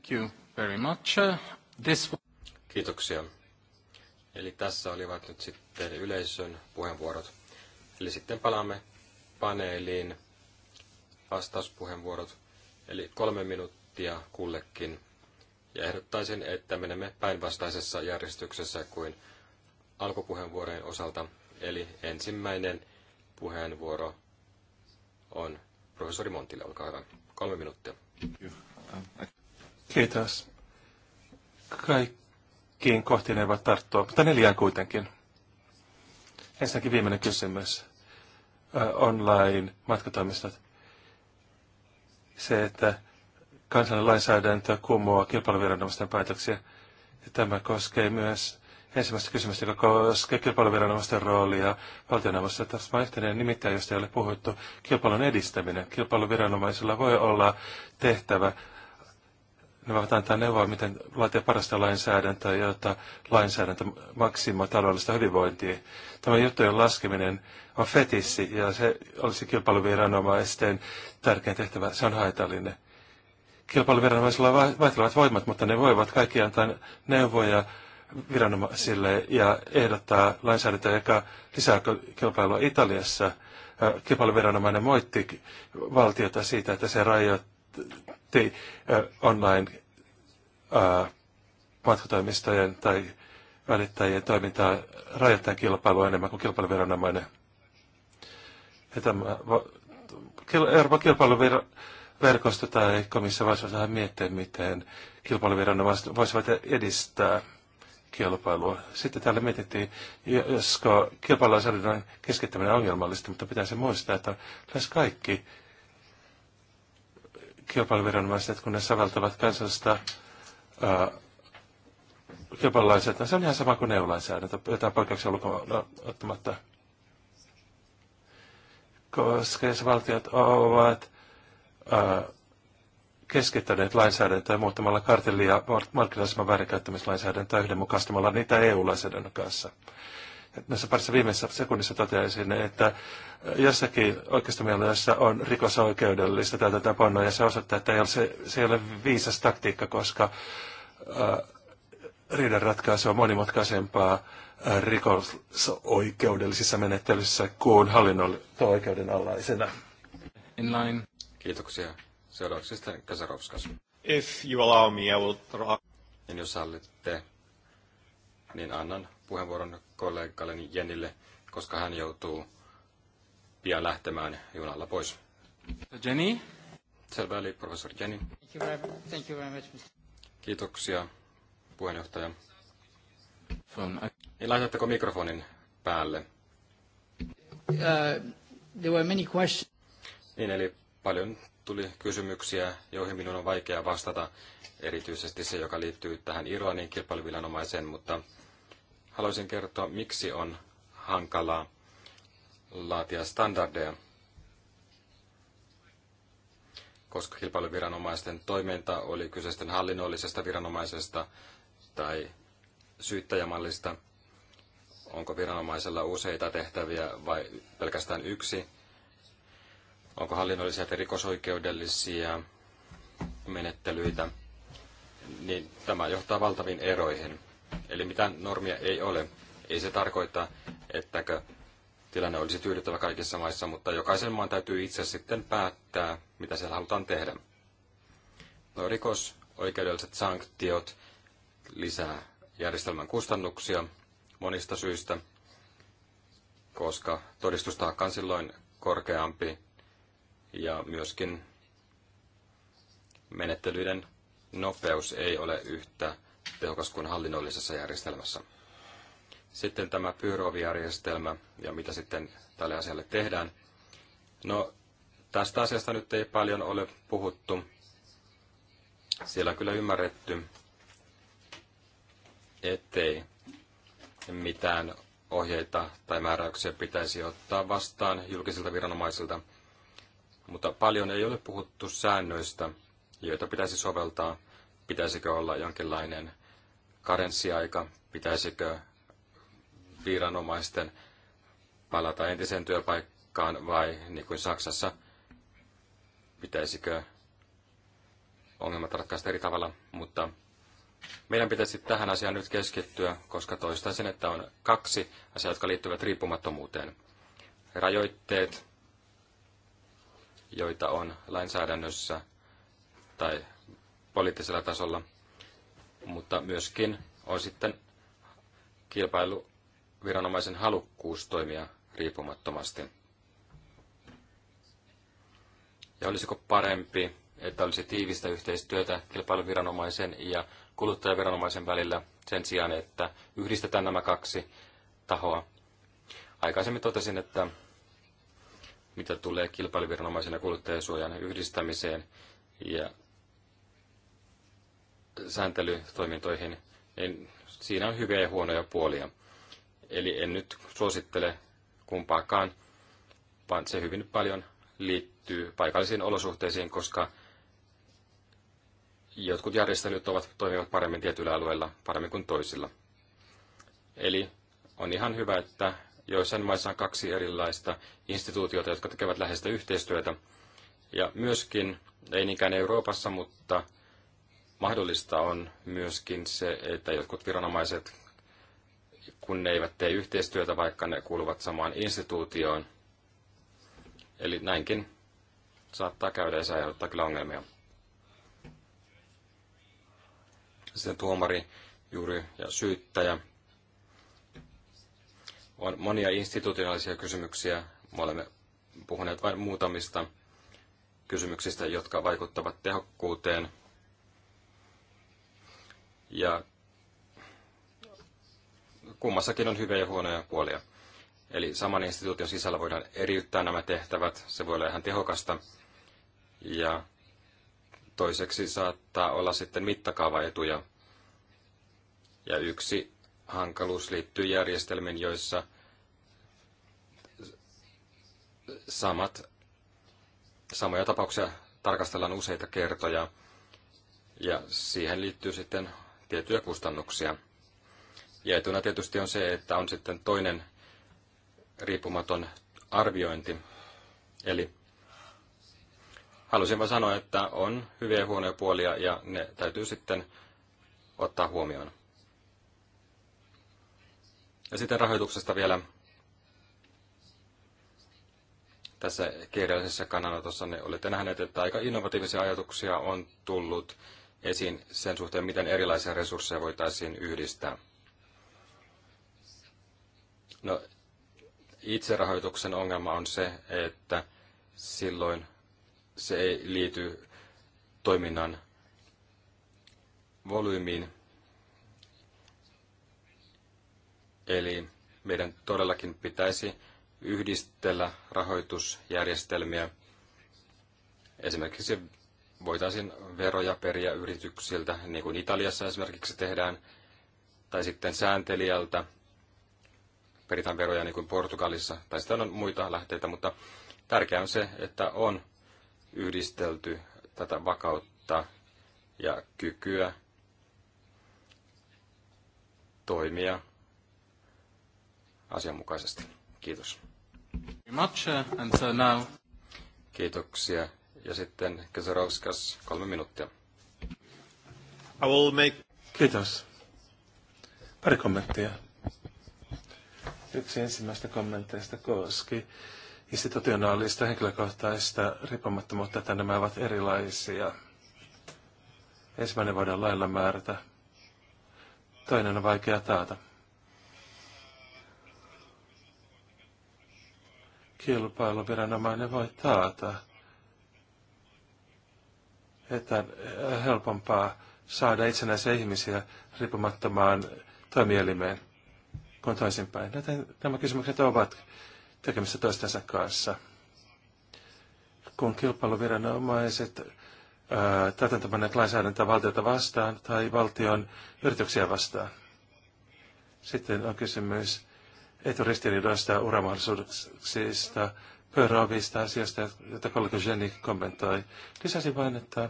Thank you very much. This... Kiitoksia. Eli tässä olivat nyt sitten yleisön puheenvuorot. Eli sitten palaamme paneeliin vastauspuheenvuorot, eli kolme minuuttia kullekin. Ja ehdottaisin, että menemme päinvastaisessa järjestyksessä kuin alkupuheenvuorojen osalta. Eli ensimmäinen puheenvuoro on professori Montille, olkaa hyvä. Kolme minuuttia. Um, Kiitos. Kaikkiin kohtiin ei voi tarttua, mutta neljään kuitenkin. Ensinnäkin viimeinen kysymys. Online-matkatoimistot. Se, että kansallinen lainsäädäntö kumoaa kilpailuviranomaisten päätöksiä. Ja tämä koskee myös ensimmäistä kysymystä, joka koskee kilpailuviranomaisten roolia valtioneuvostossa. Tässä on yhteinen nimittäin, josta ei ole puhuttu, kilpailun edistäminen. Kilpailuviranomaisilla voi olla tehtävä ne voivat antaa neuvoa, miten laatia parasta lainsäädäntöä, jotta lainsäädäntö maksimoi taloudellista hyvinvointia. Tämä juttujen laskeminen on fetissi ja se olisi kilpailuviranomaisten tärkein tehtävä. Se on haitallinen. Kilpailuviranomaisilla on vaihtelevat voimat, mutta ne voivat kaikki antaa neuvoja viranomaisille ja ehdottaa lainsäädäntöä, joka lisää kilpailua Italiassa. Äh, kilpailuviranomainen moitti valtiota siitä, että se rajoittaa te, äh, online äh, matkatoimistojen tai välittäjien toimintaa rajoittaa kilpailua enemmän kuin kilpailuviranomainen. Euroopan kilpailuverkosto tai komissio voisi vähän miettiä, miten kilpailuviranomaiset voisivat edistää kilpailua. Sitten täällä mietittiin, josko kilpailulainsäädännön keskittäminen on ongelmallista, mutta pitäisi muistaa, että lähes kaikki kilpailuviranomaiset, kun ne säveltävät kansallista kilpailulainsäädäntöä, se on ihan sama kuin EU-lainsäädäntö, jotain poikkeuksia ulkomailla ottamatta. Koska valtiot ovat keskittäneet lainsäädäntöä muuttamalla kartelli- ja markkinaisemman väärinkäyttämislainsäädäntöä yhdenmukaistamalla niitä EU-lainsäädännön kanssa näissä parissa viimeisessä sekunnissa toteaisin, että jossakin oikeistomielessä on rikosoikeudellista tätä pannoa, ja se osoittaa, että ei ole, se, se ei ole viisas taktiikka, koska äh, riidan ratkaisu on monimutkaisempaa äh, rikosoikeudellisissa menettelyissä kuin oikeuden alaisena. Inline. Kiitoksia. Seuraavaksi sitten Kasarovskas. If you allow me, I will try. Ja jos sallitte, niin annan puheenvuoron kollegalleni Jennille, koska hän joutuu pian lähtemään junalla pois. Jenny? Selvä, eli professori Jenny. Thank you very, thank you very much, Mr. Kiitoksia, puheenjohtaja. Niin laitatteko mikrofonin päälle? Uh, there were many questions. Niin, eli paljon tuli kysymyksiä, joihin minun on vaikea vastata, erityisesti se, joka liittyy tähän Irlannin kilpailuviranomaiseen, mutta Haluaisin kertoa, miksi on hankalaa laatia standardeja, koska kilpailuviranomaisten toiminta oli kyseisten hallinnollisesta viranomaisesta tai syyttäjämallista. Onko viranomaisella useita tehtäviä vai pelkästään yksi? Onko hallinnollisia tai rikosoikeudellisia menettelyitä? Niin tämä johtaa valtaviin eroihin. Eli mitään normia ei ole. Ei se tarkoita, että tilanne olisi tyydyttävä kaikissa maissa, mutta jokaisen maan täytyy itse sitten päättää, mitä siellä halutaan tehdä. No, rikos, oikeudelliset sanktiot lisää järjestelmän kustannuksia monista syistä, koska todistustaakka on silloin korkeampi ja myöskin menettelyiden nopeus ei ole yhtä tehokas kuin hallinnollisessa järjestelmässä. Sitten tämä pyöräovijärjestelmä ja mitä sitten tälle asialle tehdään. No, tästä asiasta nyt ei paljon ole puhuttu. Siellä on kyllä ymmärretty, ettei mitään ohjeita tai määräyksiä pitäisi ottaa vastaan julkisilta viranomaisilta, mutta paljon ei ole puhuttu säännöistä, joita pitäisi soveltaa, pitäisikö olla jonkinlainen karenssiaika, pitäisikö viranomaisten palata entiseen työpaikkaan vai niin kuin Saksassa, pitäisikö ongelmat ratkaista eri tavalla, mutta meidän pitäisi tähän asiaan nyt keskittyä, koska sen, että on kaksi asiaa, jotka liittyvät riippumattomuuteen. Rajoitteet, joita on lainsäädännössä tai poliittisella tasolla, mutta myöskin on sitten kilpailuviranomaisen halukkuus toimia riippumattomasti. Ja olisiko parempi, että olisi tiivistä yhteistyötä kilpailuviranomaisen ja kuluttajaviranomaisen välillä sen sijaan, että yhdistetään nämä kaksi tahoa. Aikaisemmin totesin, että mitä tulee kilpailuviranomaisen ja kuluttajasuojan yhdistämiseen ja sääntelytoimintoihin, niin siinä on hyviä ja huonoja puolia. Eli en nyt suosittele kumpaakaan, vaan se hyvin paljon liittyy paikallisiin olosuhteisiin, koska jotkut järjestelyt ovat, toimivat paremmin tietyillä alueilla, paremmin kuin toisilla. Eli on ihan hyvä, että joissain maissa on kaksi erilaista instituutiota, jotka tekevät läheistä yhteistyötä. Ja myöskin, ei niinkään Euroopassa, mutta Mahdollista on myöskin se, että jotkut viranomaiset, kun ne eivät tee yhteistyötä, vaikka ne kuuluvat samaan instituutioon, eli näinkin saattaa käydä ja se aiheuttaa kyllä ongelmia. Sitten tuomari, juuri ja syyttäjä. On monia institutionaalisia kysymyksiä. Me olemme puhuneet vain muutamista kysymyksistä, jotka vaikuttavat tehokkuuteen – ja kummassakin on hyviä ja huonoja puolia. Eli saman instituution sisällä voidaan eriyttää nämä tehtävät, se voi olla ihan tehokasta. Ja toiseksi saattaa olla sitten mittakaavaetuja. Ja yksi hankaluus liittyy järjestelmiin, joissa samat, samoja tapauksia tarkastellaan useita kertoja. Ja siihen liittyy sitten tiettyjä kustannuksia. Ja etuna tietysti on se, että on sitten toinen riippumaton arviointi. Eli halusin vain sanoa, että on hyviä ja huonoja puolia ja ne täytyy sitten ottaa huomioon. Ja sitten rahoituksesta vielä. Tässä kirjallisessa kannanotossa ne olette nähneet, että aika innovatiivisia ajatuksia on tullut esiin sen suhteen, miten erilaisia resursseja voitaisiin yhdistää. No, itserahoituksen ongelma on se, että silloin se ei liity toiminnan volyymiin. Eli meidän todellakin pitäisi yhdistellä rahoitusjärjestelmiä. Esimerkiksi voitaisiin veroja periä yrityksiltä, niin kuin Italiassa esimerkiksi tehdään, tai sitten sääntelijältä peritään veroja niin kuin Portugalissa, tai sitten on muita lähteitä, mutta tärkeää on se, että on yhdistelty tätä vakautta ja kykyä toimia asianmukaisesti. Kiitos. Much, and so now... Kiitoksia. Ja sitten Kesorauskas, kolme minuuttia. I will make... Kiitos. Pari kommenttia. Yksi ensimmäistä kommenteista koski institutionaalista henkilökohtaista riippumattomuutta, että nämä ovat erilaisia. Ensimmäinen voidaan lailla määrätä, toinen on vaikea taata. Kilpailuviranomainen voi taata että eh, helpompaa saada itsenäisiä ihmisiä riippumattomaan toimielimeen kuin toisinpäin. Nämä kysymykset ovat tekemistä toistensa kanssa. Kun kilpailuviranomaiset eh, täytäntöpaneet lainsäädäntöä valtiota vastaan tai valtion yrityksiä vastaan. Sitten on kysymys eturistiriidoista, uramahdollisuuksista, pyöräovista asiasta, jota kollega Jenny kommentoi. Lisäsin vain, että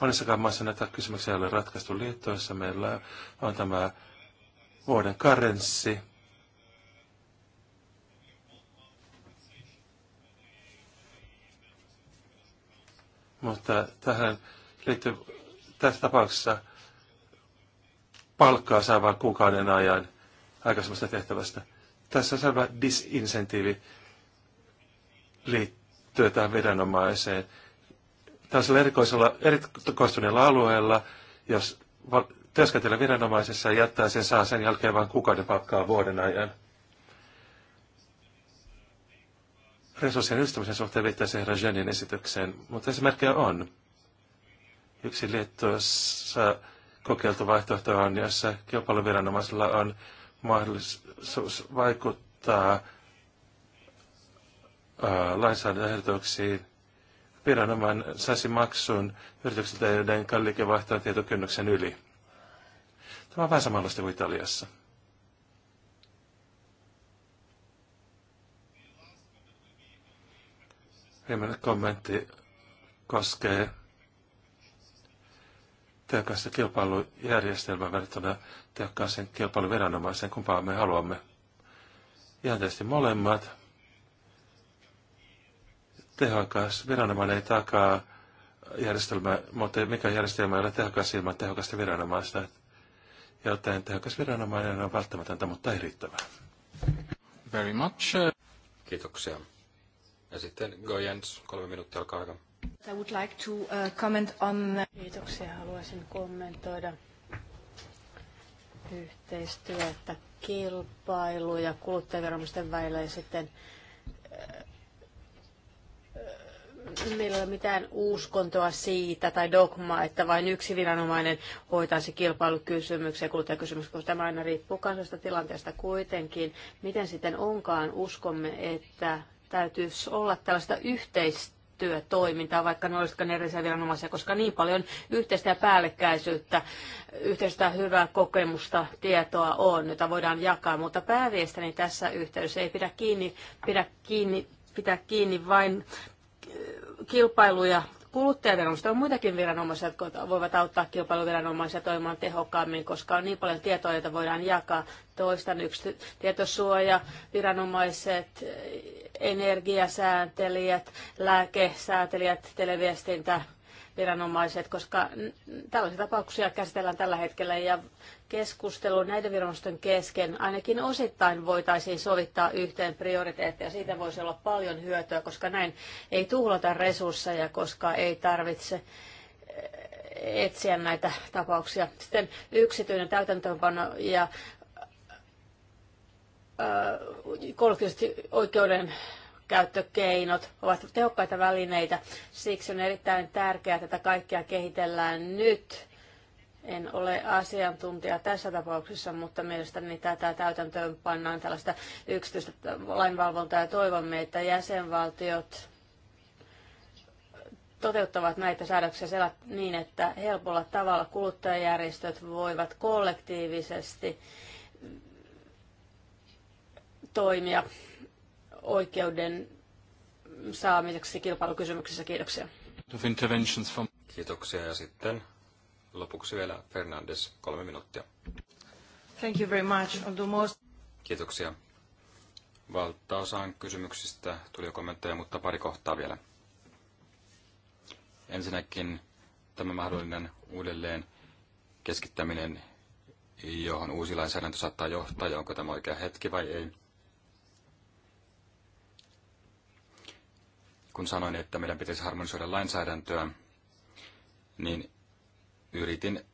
monessakaan maassa näitä kysymyksiä ei ole ratkaistu liittoissa. Meillä on tämä vuoden karenssi. Mutta tähän liittyy tässä tapauksessa palkkaa saavan kuukauden ajan aikaisemmasta tehtävästä tässä selvä disinsentiivi liittyä tähän viranomaiseen. Tällaisella erikoisella, erikoistuneella alueella, jos työskentelee viranomaisessa ja jättää sen, saa sen jälkeen vain kuukauden palkkaa vuoden ajan. Resurssien ystämisen suhteen viittaisi herra Jenin esitykseen, mutta esimerkkejä on. Yksi liittyessä kokeiltu vaihtoehto on, jossa kilpailuviranomaisilla on mahdollisuus vaikuttaa lainsäädäntöehdotuksiin. Viranomainen saisi maksun yrityksiltä, joiden liikevaihto vaihtaa tietokynnyksen yli. Tämä on vähän samanlaista kuin Italiassa. Viimeinen kommentti koskee tehokasta kilpailujärjestelmää verrattuna sen kilpailuviranomaiseen, kumpaa me haluamme. Ihan tietysti molemmat. Tehokas viranomainen ei takaa järjestelmä, mutta mikä järjestelmä ei ole tehokas ilman tehokasta viranomaista. Joten tehokas viranomainen on välttämätöntä, mutta ei riittävää. Very much. Kiitoksia. Ja sitten Gojens, kolme minuuttia, olkaa aika. I would like to uh, comment on... Kiitoksia, haluaisin kommentoida yhteistyötä kilpailu- ja kuluttajaviranomaisten välillä ja sitten äh, äh, meillä ei ole mitään uskontoa siitä tai dogmaa, että vain yksi viranomainen hoitaisi kilpailukysymyksiä ja kuluttajakysymyksiä, koska tämä aina riippuu kansallisesta tilanteesta kuitenkin. Miten sitten onkaan uskomme, että täytyisi olla tällaista yhteistyötä? yhteistyötoimintaa, vaikka ne olisivatkaan erillisiä viranomaisia, koska niin paljon yhteistä ja päällekkäisyyttä, yhteistä hyvää kokemusta, tietoa on, jota voidaan jakaa, mutta pääviestäni tässä yhteydessä ei pidä kiinni, pidä kiinni, pitää kiinni vain eh, kilpailuja kuluttajaviranomaiset, on muitakin viranomaisia, jotka voivat auttaa kilpailuviranomaisia toimimaan tehokkaammin, koska on niin paljon tietoa, joita voidaan jakaa. Toistan yksi tietosuoja, viranomaiset, energiasääntelijät, lääkesääntelijät, televiestintä, viranomaiset, koska tällaisia tapauksia käsitellään tällä hetkellä ja keskustelu näiden viranomaisten kesken ainakin osittain voitaisiin sovittaa yhteen prioriteetteja. Siitä voisi olla paljon hyötyä, koska näin ei tuhlata resursseja, koska ei tarvitse eh, etsiä näitä tapauksia. Sitten yksityinen täytäntöönpano ja kollektiivisesti oikeuden käyttökeinot ovat tehokkaita välineitä. Siksi on erittäin tärkeää, että tätä kaikkea kehitellään nyt. En ole asiantuntija tässä tapauksessa, mutta mielestäni tätä täytäntöön pannaan tällaista yksityistä lainvalvontaa ja toivomme, että jäsenvaltiot toteuttavat näitä säädöksiä niin, että helpolla tavalla kuluttajajärjestöt voivat kollektiivisesti toimia oikeuden saamiseksi kilpailukysymyksissä. Kiitoksia. Kiitoksia ja sitten lopuksi vielä Fernandes, kolme minuuttia. Thank you very much. On the most... Kiitoksia. Valtaosaan kysymyksistä tuli jo kommentteja, mutta pari kohtaa vielä. Ensinnäkin tämä mahdollinen uudelleen keskittäminen, johon uusi lainsäädäntö saattaa johtaa, ja onko tämä oikea hetki vai ei. kun sanoin, että meidän pitäisi harmonisoida lainsäädäntöä, niin yritin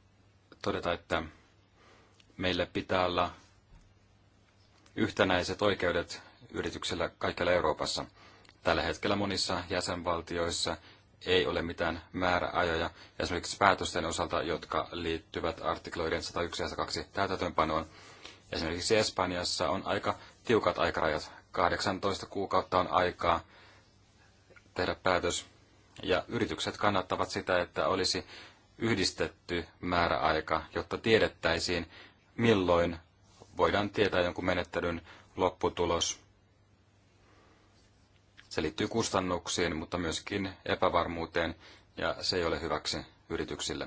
todeta, että meillä pitää olla yhtenäiset oikeudet yrityksellä kaikkialla Euroopassa. Tällä hetkellä monissa jäsenvaltioissa ei ole mitään määräajoja, esimerkiksi päätösten osalta, jotka liittyvät artikloiden 101 ja 102 täytäntöönpanoon. Esimerkiksi Espanjassa on aika tiukat aikarajat. 18 kuukautta on aikaa tehdä päätös. Ja yritykset kannattavat sitä, että olisi yhdistetty määräaika, jotta tiedettäisiin, milloin voidaan tietää jonkun menettelyn lopputulos. Se liittyy kustannuksiin, mutta myöskin epävarmuuteen, ja se ei ole hyväksi yrityksille.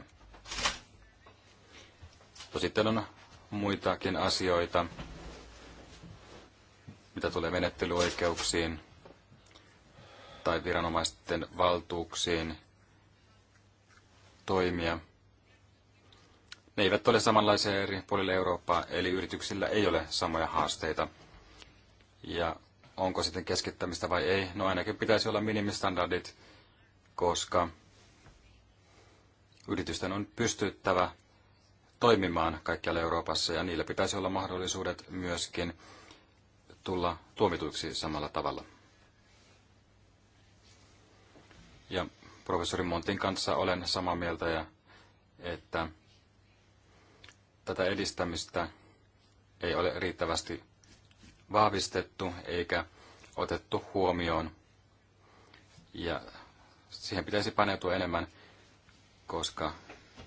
Mutta no, sitten on muitakin asioita, mitä tulee menettelyoikeuksiin, tai viranomaisten valtuuksiin toimia. Ne eivät ole samanlaisia eri puolille Eurooppaa, eli yrityksillä ei ole samoja haasteita. Ja onko sitten keskittämistä vai ei? No ainakin pitäisi olla minimistandardit, koska yritysten on pystyttävä toimimaan kaikkialla Euroopassa ja niillä pitäisi olla mahdollisuudet myöskin tulla tuomituiksi samalla tavalla. Ja professori Montin kanssa olen samaa mieltä, ja, että tätä edistämistä ei ole riittävästi vahvistettu eikä otettu huomioon. Ja siihen pitäisi paneutua enemmän, koska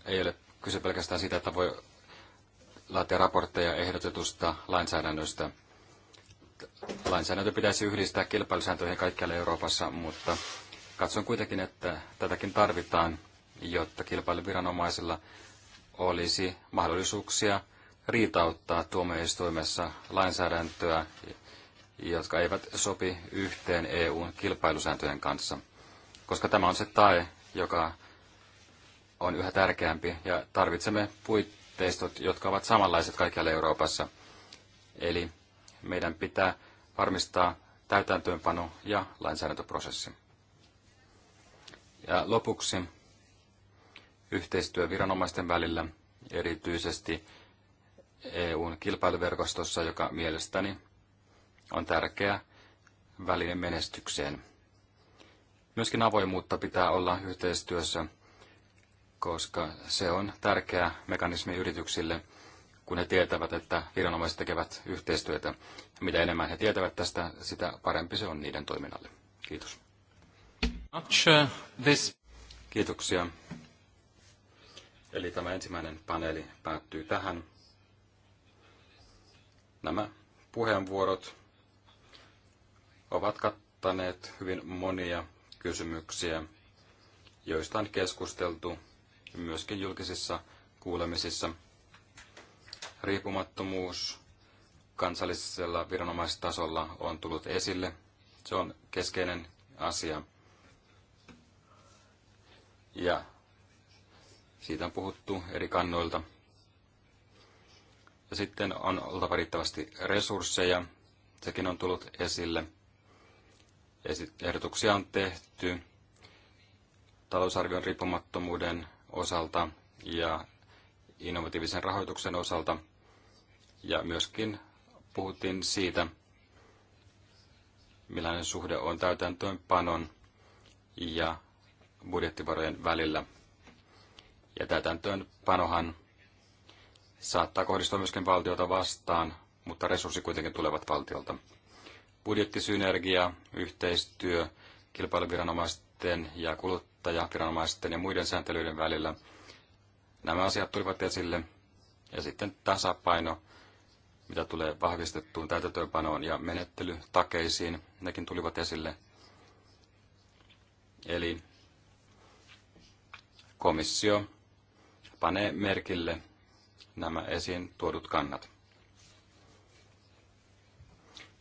ei ole kyse pelkästään siitä, että voi laatia raportteja ehdotetusta lainsäädännöstä. Lainsäädäntö pitäisi yhdistää kilpailusääntöihin kaikkialla Euroopassa, mutta katson kuitenkin, että tätäkin tarvitaan, jotta kilpailuviranomaisilla olisi mahdollisuuksia riitauttaa tuomioistuimessa lainsäädäntöä, jotka eivät sopi yhteen EUn kilpailusääntöjen kanssa. Koska tämä on se tae, joka on yhä tärkeämpi ja tarvitsemme puitteistot, jotka ovat samanlaiset kaikkialla Euroopassa. Eli meidän pitää varmistaa täytäntöönpano ja lainsäädäntöprosessi. Ja lopuksi yhteistyö viranomaisten välillä, erityisesti EUn kilpailuverkostossa, joka mielestäni on tärkeä väline menestykseen. Myöskin avoimuutta pitää olla yhteistyössä, koska se on tärkeä mekanismi yrityksille, kun he tietävät, että viranomaiset tekevät yhteistyötä. Mitä enemmän he tietävät tästä, sitä parempi se on niiden toiminnalle. Kiitos. Kiitoksia. Eli tämä ensimmäinen paneeli päättyy tähän. Nämä puheenvuorot ovat kattaneet hyvin monia kysymyksiä, joista on keskusteltu myöskin julkisissa kuulemisissa. Riippumattomuus kansallisella viranomaistasolla on tullut esille. Se on keskeinen asia ja siitä on puhuttu eri kannoilta. Ja sitten on oltava riittävästi resursseja, sekin on tullut esille. Ehdotuksia on tehty talousarvion riippumattomuuden osalta ja innovatiivisen rahoituksen osalta. Ja myöskin puhuttiin siitä, millainen suhde on täytäntöönpanon ja budjettivarojen välillä. Ja panohan saattaa kohdistua myöskin valtiota vastaan, mutta resurssit kuitenkin tulevat valtiolta. Budjettisynergia, yhteistyö kilpailuviranomaisten ja kuluttajaviranomaisten ja muiden sääntelyiden välillä. Nämä asiat tulivat esille. Ja sitten tasapaino, mitä tulee vahvistettuun täytäntöönpanoon ja menettelytakeisiin, nekin tulivat esille. Eli komissio panee merkille nämä esiin tuodut kannat.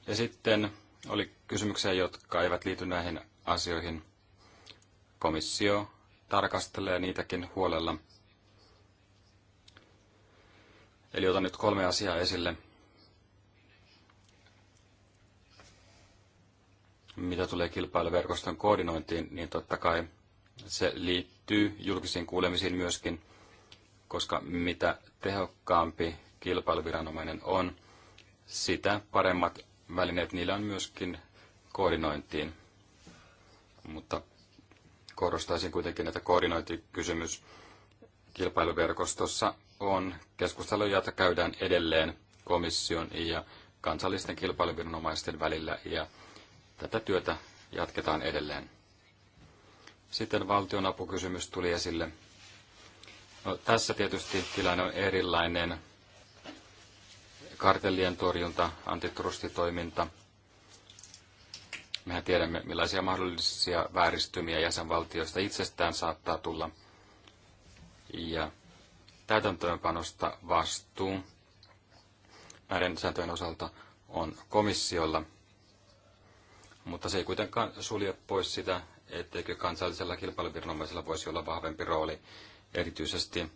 Ja sitten oli kysymyksiä, jotka eivät liity näihin asioihin. Komissio tarkastelee niitäkin huolella. Eli otan nyt kolme asiaa esille. Mitä tulee kilpailuverkoston koordinointiin, niin totta kai se liittyy liittyy julkisiin kuulemisiin myöskin, koska mitä tehokkaampi kilpailuviranomainen on, sitä paremmat välineet niillä on myöskin koordinointiin. Mutta korostaisin kuitenkin, että koordinointikysymys kilpailuverkostossa on keskustelu, jota käydään edelleen komission ja kansallisten kilpailuviranomaisten välillä, ja tätä työtä jatketaan edelleen. Sitten valtionapukysymys tuli esille. No, tässä tietysti tilanne on erilainen. Kartellien torjunta, antitrustitoiminta. Mehän tiedämme, millaisia mahdollisia vääristymiä jäsenvaltioista itsestään saattaa tulla. Ja täytäntöönpanosta vastuu näiden sääntöjen osalta on komissiolla, mutta se ei kuitenkaan sulje pois sitä, etteikö kansallisella kilpailuviranomaisella voisi olla vahvempi rooli, erityisesti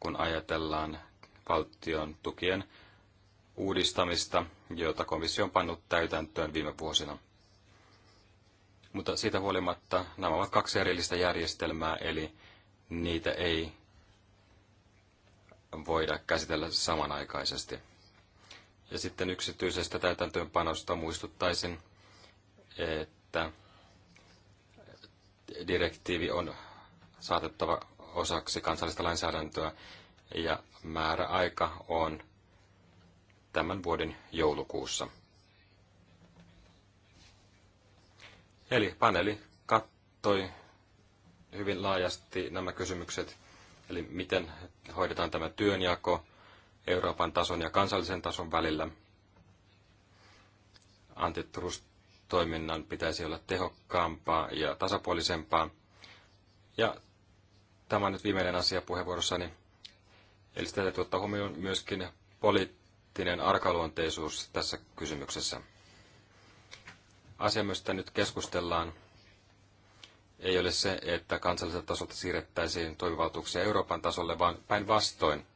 kun ajatellaan valtion tukien uudistamista, jota komissio on pannut täytäntöön viime vuosina. Mutta siitä huolimatta nämä ovat kaksi erillistä järjestelmää, eli niitä ei voida käsitellä samanaikaisesti. Ja sitten yksityisestä täytäntöönpanosta muistuttaisin, että direktiivi on saatettava osaksi kansallista lainsäädäntöä ja määräaika on tämän vuoden joulukuussa. Eli paneeli kattoi hyvin laajasti nämä kysymykset, eli miten hoidetaan tämä työnjako Euroopan tason ja kansallisen tason välillä. Antitrust toiminnan pitäisi olla tehokkaampaa ja tasapuolisempaa. Ja tämä on nyt viimeinen asia puheenvuorossani. Eli sitä täytyy ottaa huomioon myöskin poliittinen arkaluonteisuus tässä kysymyksessä. Asia, mistä nyt keskustellaan, ei ole se, että kansalliselta tasolta siirrettäisiin toimivaltuuksia Euroopan tasolle, vaan päinvastoin.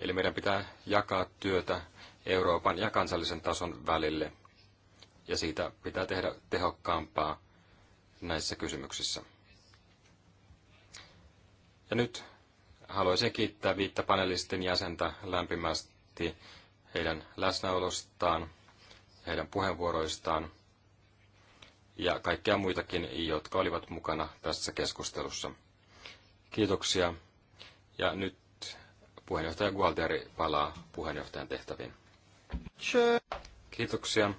Eli meidän pitää jakaa työtä Euroopan ja kansallisen tason välille ja siitä pitää tehdä tehokkaampaa näissä kysymyksissä. Ja nyt haluaisin kiittää viittä panelistin jäsentä lämpimästi heidän läsnäolostaan, heidän puheenvuoroistaan ja kaikkia muitakin, jotka olivat mukana tässä keskustelussa. Kiitoksia. Ja nyt puheenjohtaja Gualteri palaa puheenjohtajan tehtäviin. Kiitoksia.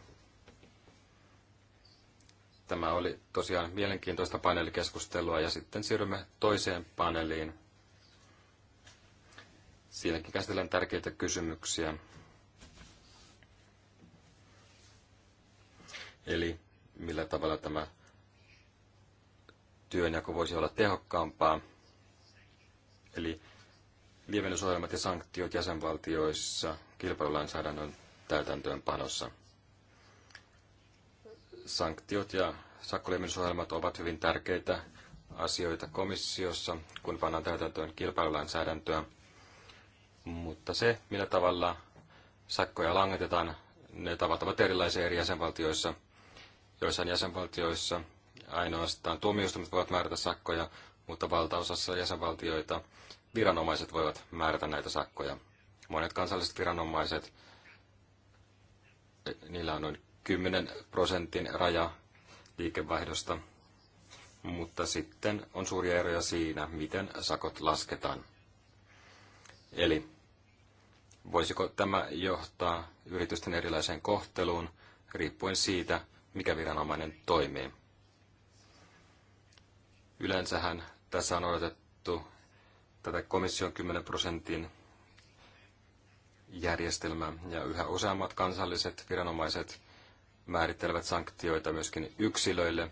Tämä oli tosiaan mielenkiintoista paneelikeskustelua ja sitten siirrymme toiseen paneeliin. Siinäkin käsitellään tärkeitä kysymyksiä. Eli millä tavalla tämä työnjako voisi olla tehokkaampaa. Eli lievennysohjelmat ja sanktiot jäsenvaltioissa kilpailulainsäädännön täytäntöönpanossa sanktiot ja sakkoleimillisohjelmat ovat hyvin tärkeitä asioita komissiossa, kun pannaan täytäntöön kilpailulainsäädäntöä. Mutta se, millä tavalla sakkoja langetetaan, ne tavat ovat erilaisia eri jäsenvaltioissa. Joissain jäsenvaltioissa ainoastaan tuomioistumat voivat määrätä sakkoja, mutta valtaosassa jäsenvaltioita viranomaiset voivat määrätä näitä sakkoja. Monet kansalliset viranomaiset, niillä on noin 10 prosentin raja liikevaihdosta, mutta sitten on suuria eroja siinä, miten sakot lasketaan. Eli voisiko tämä johtaa yritysten erilaiseen kohteluun riippuen siitä, mikä viranomainen toimii. Yleensähän tässä on odotettu tätä komission 10 prosentin järjestelmää ja yhä useammat kansalliset viranomaiset määrittelevät sanktioita myöskin yksilöille.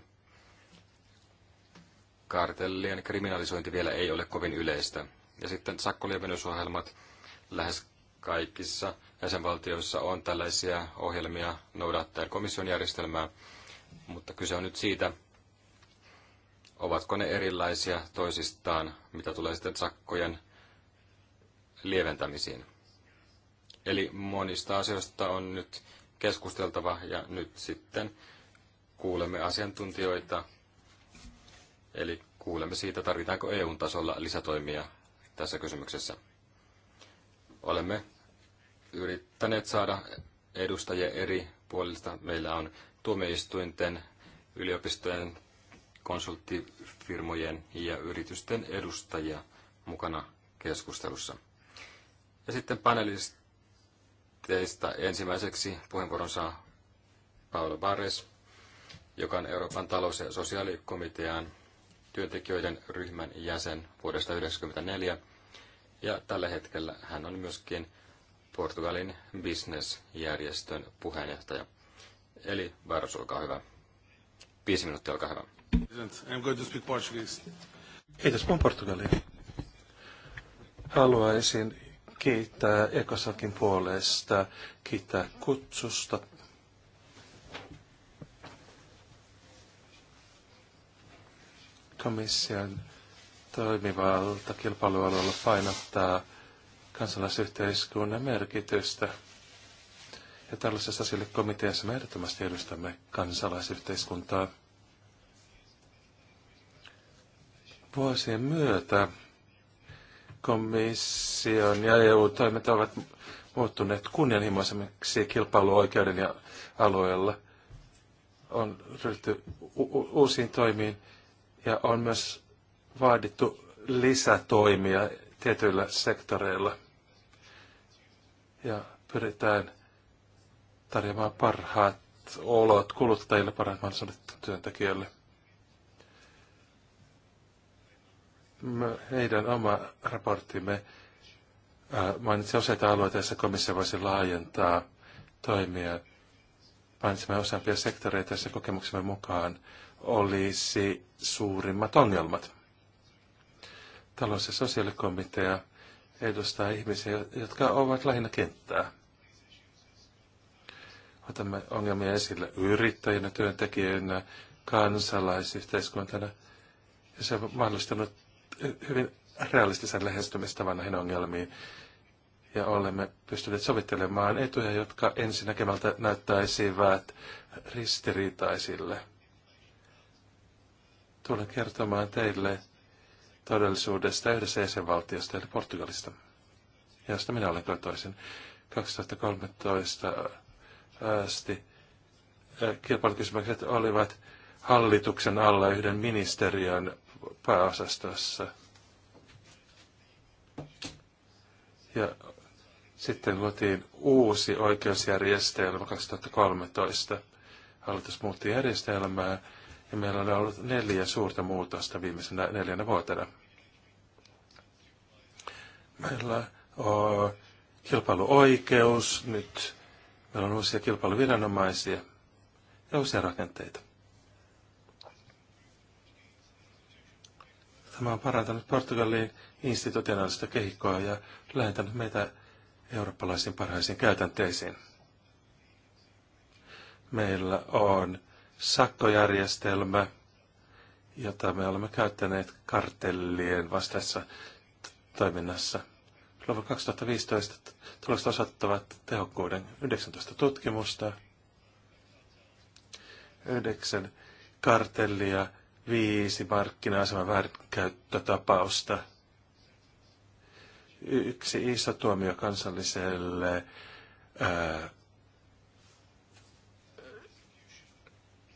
Kartellien kriminalisointi vielä ei ole kovin yleistä. Ja sitten sakkolievennysohjelmat lähes kaikissa jäsenvaltioissa on tällaisia ohjelmia noudattaen komission järjestelmää, mutta kyse on nyt siitä, ovatko ne erilaisia toisistaan, mitä tulee sitten sakkojen lieventämisiin. Eli monista asioista on nyt keskusteltava ja nyt sitten kuulemme asiantuntijoita. Eli kuulemme siitä, tarvitaanko EUn tasolla lisätoimia tässä kysymyksessä. Olemme yrittäneet saada edustajia eri puolilta. Meillä on tuomioistuinten, yliopistojen, konsulttifirmojen ja yritysten edustajia mukana keskustelussa. Ja sitten panelist aloitteista. Ensimmäiseksi puheenvuoron saa Paolo Barres, joka on Euroopan talous- ja sosiaalikomitean työntekijöiden ryhmän jäsen vuodesta 1994. Ja tällä hetkellä hän on myöskin Portugalin bisnesjärjestön puheenjohtaja. Eli Barros, olkaa hyvä. Viisi minuuttia, olkaa hyvä. I'm going to speak Portuguese. Kiitos, puhun portugalia. Haluaisin kiittää Ekosakin puolesta, kiittää kutsusta. Komission toimivalta kilpailualueella painottaa kansalaisyhteiskunnan merkitystä. Ja tällaisessa sille komiteassa me ehdottomasti edustamme kansalaisyhteiskuntaa. Vuosien myötä Komission ja EU-toimet ovat muuttuneet kunnianhimoisemmiksi kilpailuoikeuden ja alueella. On ryhdytty uusiin toimiin ja on myös vaadittu lisätoimia tietyillä sektoreilla. Ja pyritään tarjoamaan parhaat olot kuluttajille, parhaat mahdollisuudet työntekijöille. heidän oma raporttimme mainitsi useita alueita, joissa komissio voisi laajentaa toimia. Mainitsimme useampia sektoreita, joissa kokemuksemme mukaan olisi suurimmat ongelmat. Talous- ja sosiaalikomitea edustaa ihmisiä, jotka ovat lähinnä kenttää. Otamme ongelmia esille yrittäjinä, työntekijöinä, kansalaisyhteiskuntana. Ja se on mahdollistanut hyvin realistisen lähestymistavan näihin ongelmiin. Ja olemme pystyneet sovittelemaan etuja, jotka näkemältä näyttäisivät ristiriitaisille. Tulen kertomaan teille todellisuudesta yhdessä jäsenvaltiosta, eli Portugalista, josta minä olen kotoisin 2013 asti. Eh, kilpailukysymykset olivat hallituksen alla yhden ministeriön pääosastossa. Ja sitten luotiin uusi oikeusjärjestelmä 2013. Hallitus muutti järjestelmää ja meillä on ollut neljä suurta muutosta viimeisenä neljänä vuotena. Meillä on kilpailuoikeus nyt, meillä on uusia kilpailuviranomaisia ja uusia rakenteita. Tämä on parantanut Portugalin institutionaalista kehikkoa ja lähentänyt meitä eurooppalaisiin parhaisiin käytänteisiin. Meillä on sakkojärjestelmä, jota me olemme käyttäneet kartellien vastaessa toiminnassa. Luvun 2015 tulokset osoittavat tehokkuuden 19 tutkimusta, 9 kartellia viisi markkina-aseman väärinkäyttötapausta. Yksi iso tuomio kansalliselle ää,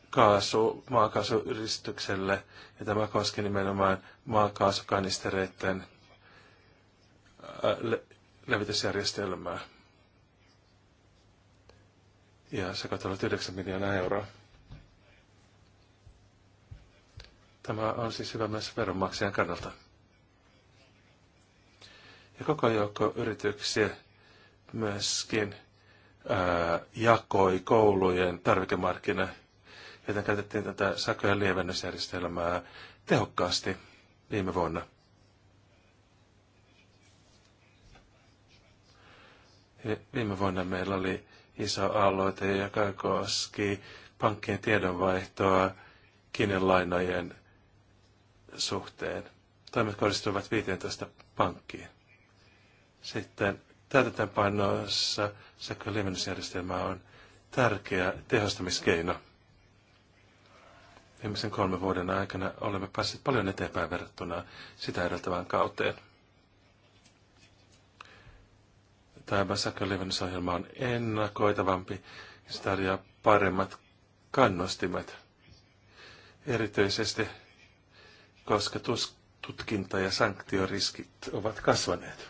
kaasu, maakaasuyristykselle, ja tämä koski nimenomaan maakaasukanistereiden le- levitysjärjestelmää. Ja se katsoi 9 miljoonaa euroa. Tämä on siis hyvä myös veronmaksajan kannalta. Ja koko joukko yrityksiä myöskin ää, jakoi koulujen tarvikemarkkina, joten käytettiin tätä sakojen lievennysjärjestelmää tehokkaasti viime vuonna. Viime vuonna meillä oli iso aloite, joka koski pankkien tiedonvaihtoa kiinalainojen suhteen. Toimet kohdistuvat 15 pankkiin. Sitten täytäntöönpanossa sähkön on tärkeä tehostamiskeino. Viimeisen kolmen vuoden aikana olemme päässeet paljon eteenpäin verrattuna sitä edeltävään kauteen. Tämä sähköliivennysohjelma on ennakoitavampi ja se tarjoaa paremmat kannustimet. Erityisesti koska tutkinta- ja sanktioriskit ovat kasvaneet.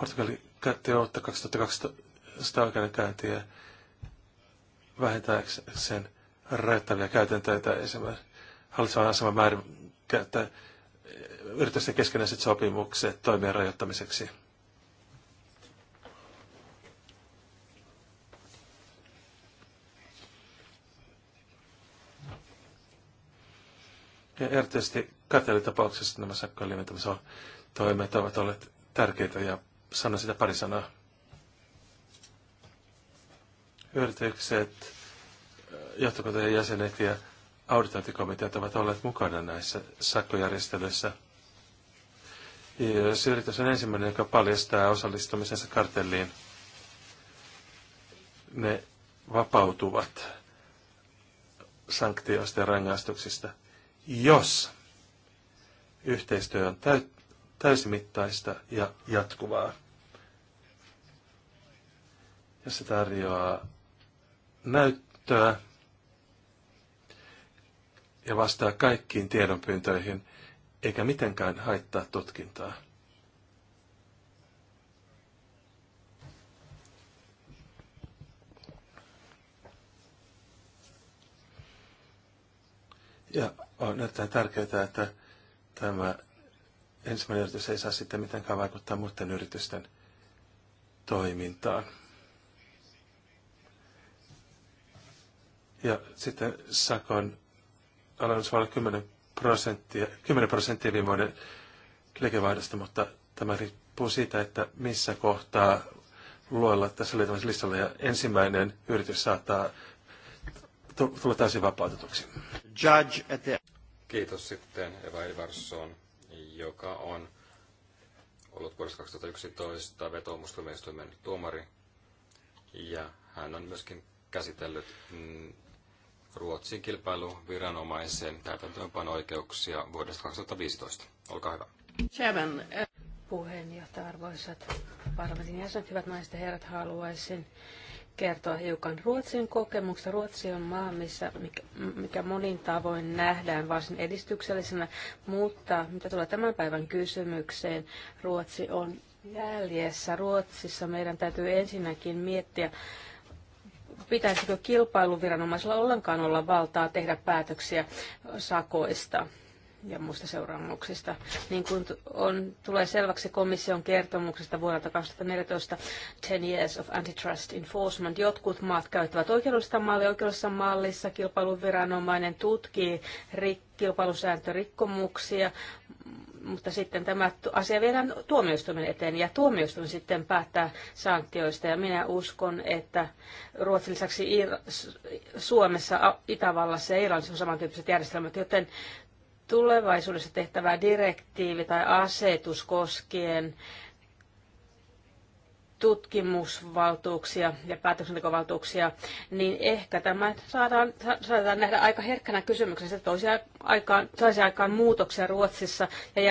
Portugali käytti uutta 2200 oikeudenkäyntiä vähentääkseen rajoittavia käytäntöitä, esimerkiksi hallitsevan aseman määrin käyttää eh, yritysten keskenäiset sopimukset toimien rajoittamiseksi. Ja erityisesti kartellitapauksessa nämä sakkojen lieventämistoimet ovat olleet tärkeitä ja sanon sitä pari sanaa. Yritykset, johtokuntojen jäsenet ja auditointikomiteat ovat olleet mukana näissä sakkojärjestelyissä. Jos yritys on ensimmäinen, joka paljastaa osallistumisensa kartelliin, ne vapautuvat sanktioista ja rangaistuksista jos yhteistyö on täysimittaista ja jatkuvaa. Ja se tarjoaa näyttöä ja vastaa kaikkiin tiedonpyyntöihin, eikä mitenkään haittaa tutkintaa. Ja on erittäin tärkeää, että tämä ensimmäinen yritys ei saa sitten mitenkään vaikuttaa muiden yritysten toimintaan. Ja sitten sakon alennus voi olla 10 prosenttia, 10 prosenttia viime vuoden liikevaihdosta, mutta tämä riippuu siitä, että missä kohtaa luolla tässä listalla ja ensimmäinen yritys saattaa tulla täysin vapautetuksi. Judge at the Kiitos sitten Eva Ivarsson, joka on ollut vuodesta 2011 vetoomustuomioistuimen tuomari. Ja hän on myöskin käsitellyt mm, Ruotsin kilpailuviranomaisen täytäntöönpano-oikeuksia vuodesta 2015. Olkaa hyvä. Chairman, eh, puheenjohtaja, arvoisat parlamentin jäsenet, hyvät naiset ja herrat, haluaisin kertoa hiukan Ruotsin kokemuksesta. Ruotsi on maa, missä, mikä, mikä monin tavoin nähdään varsin edistyksellisenä, mutta mitä tulee tämän päivän kysymykseen, Ruotsi on jäljessä. Ruotsissa meidän täytyy ensinnäkin miettiä, pitäisikö kilpailuviranomaisilla ollenkaan olla valtaa tehdä päätöksiä sakoista ja muista seuraamuksista. Niin kuin on, tulee selväksi komission kertomuksesta vuodelta 2014 10 Years of Antitrust Enforcement, jotkut maat käyttävät oikeudellista mallia. Oikeudellisessa mallissa kilpailuviranomainen tutkii rik- kilpailusääntörikkomuksia, mutta sitten tämä asia viedään tuomioistuimen eteen ja tuomioistuin sitten päättää sanktioista ja minä uskon, että Ruotsin lisäksi Suomessa, Itävallassa ja Irlannissa on samantyyppiset järjestelmät, joten tulevaisuudessa tehtävä direktiivi tai asetus koskien tutkimusvaltuuksia ja päätöksentekovaltuuksia, niin ehkä tämä saadaan, saadaan nähdä aika herkkänä kysymyksenä. että toisi aikaan, saisi aikaan muutoksia Ruotsissa ja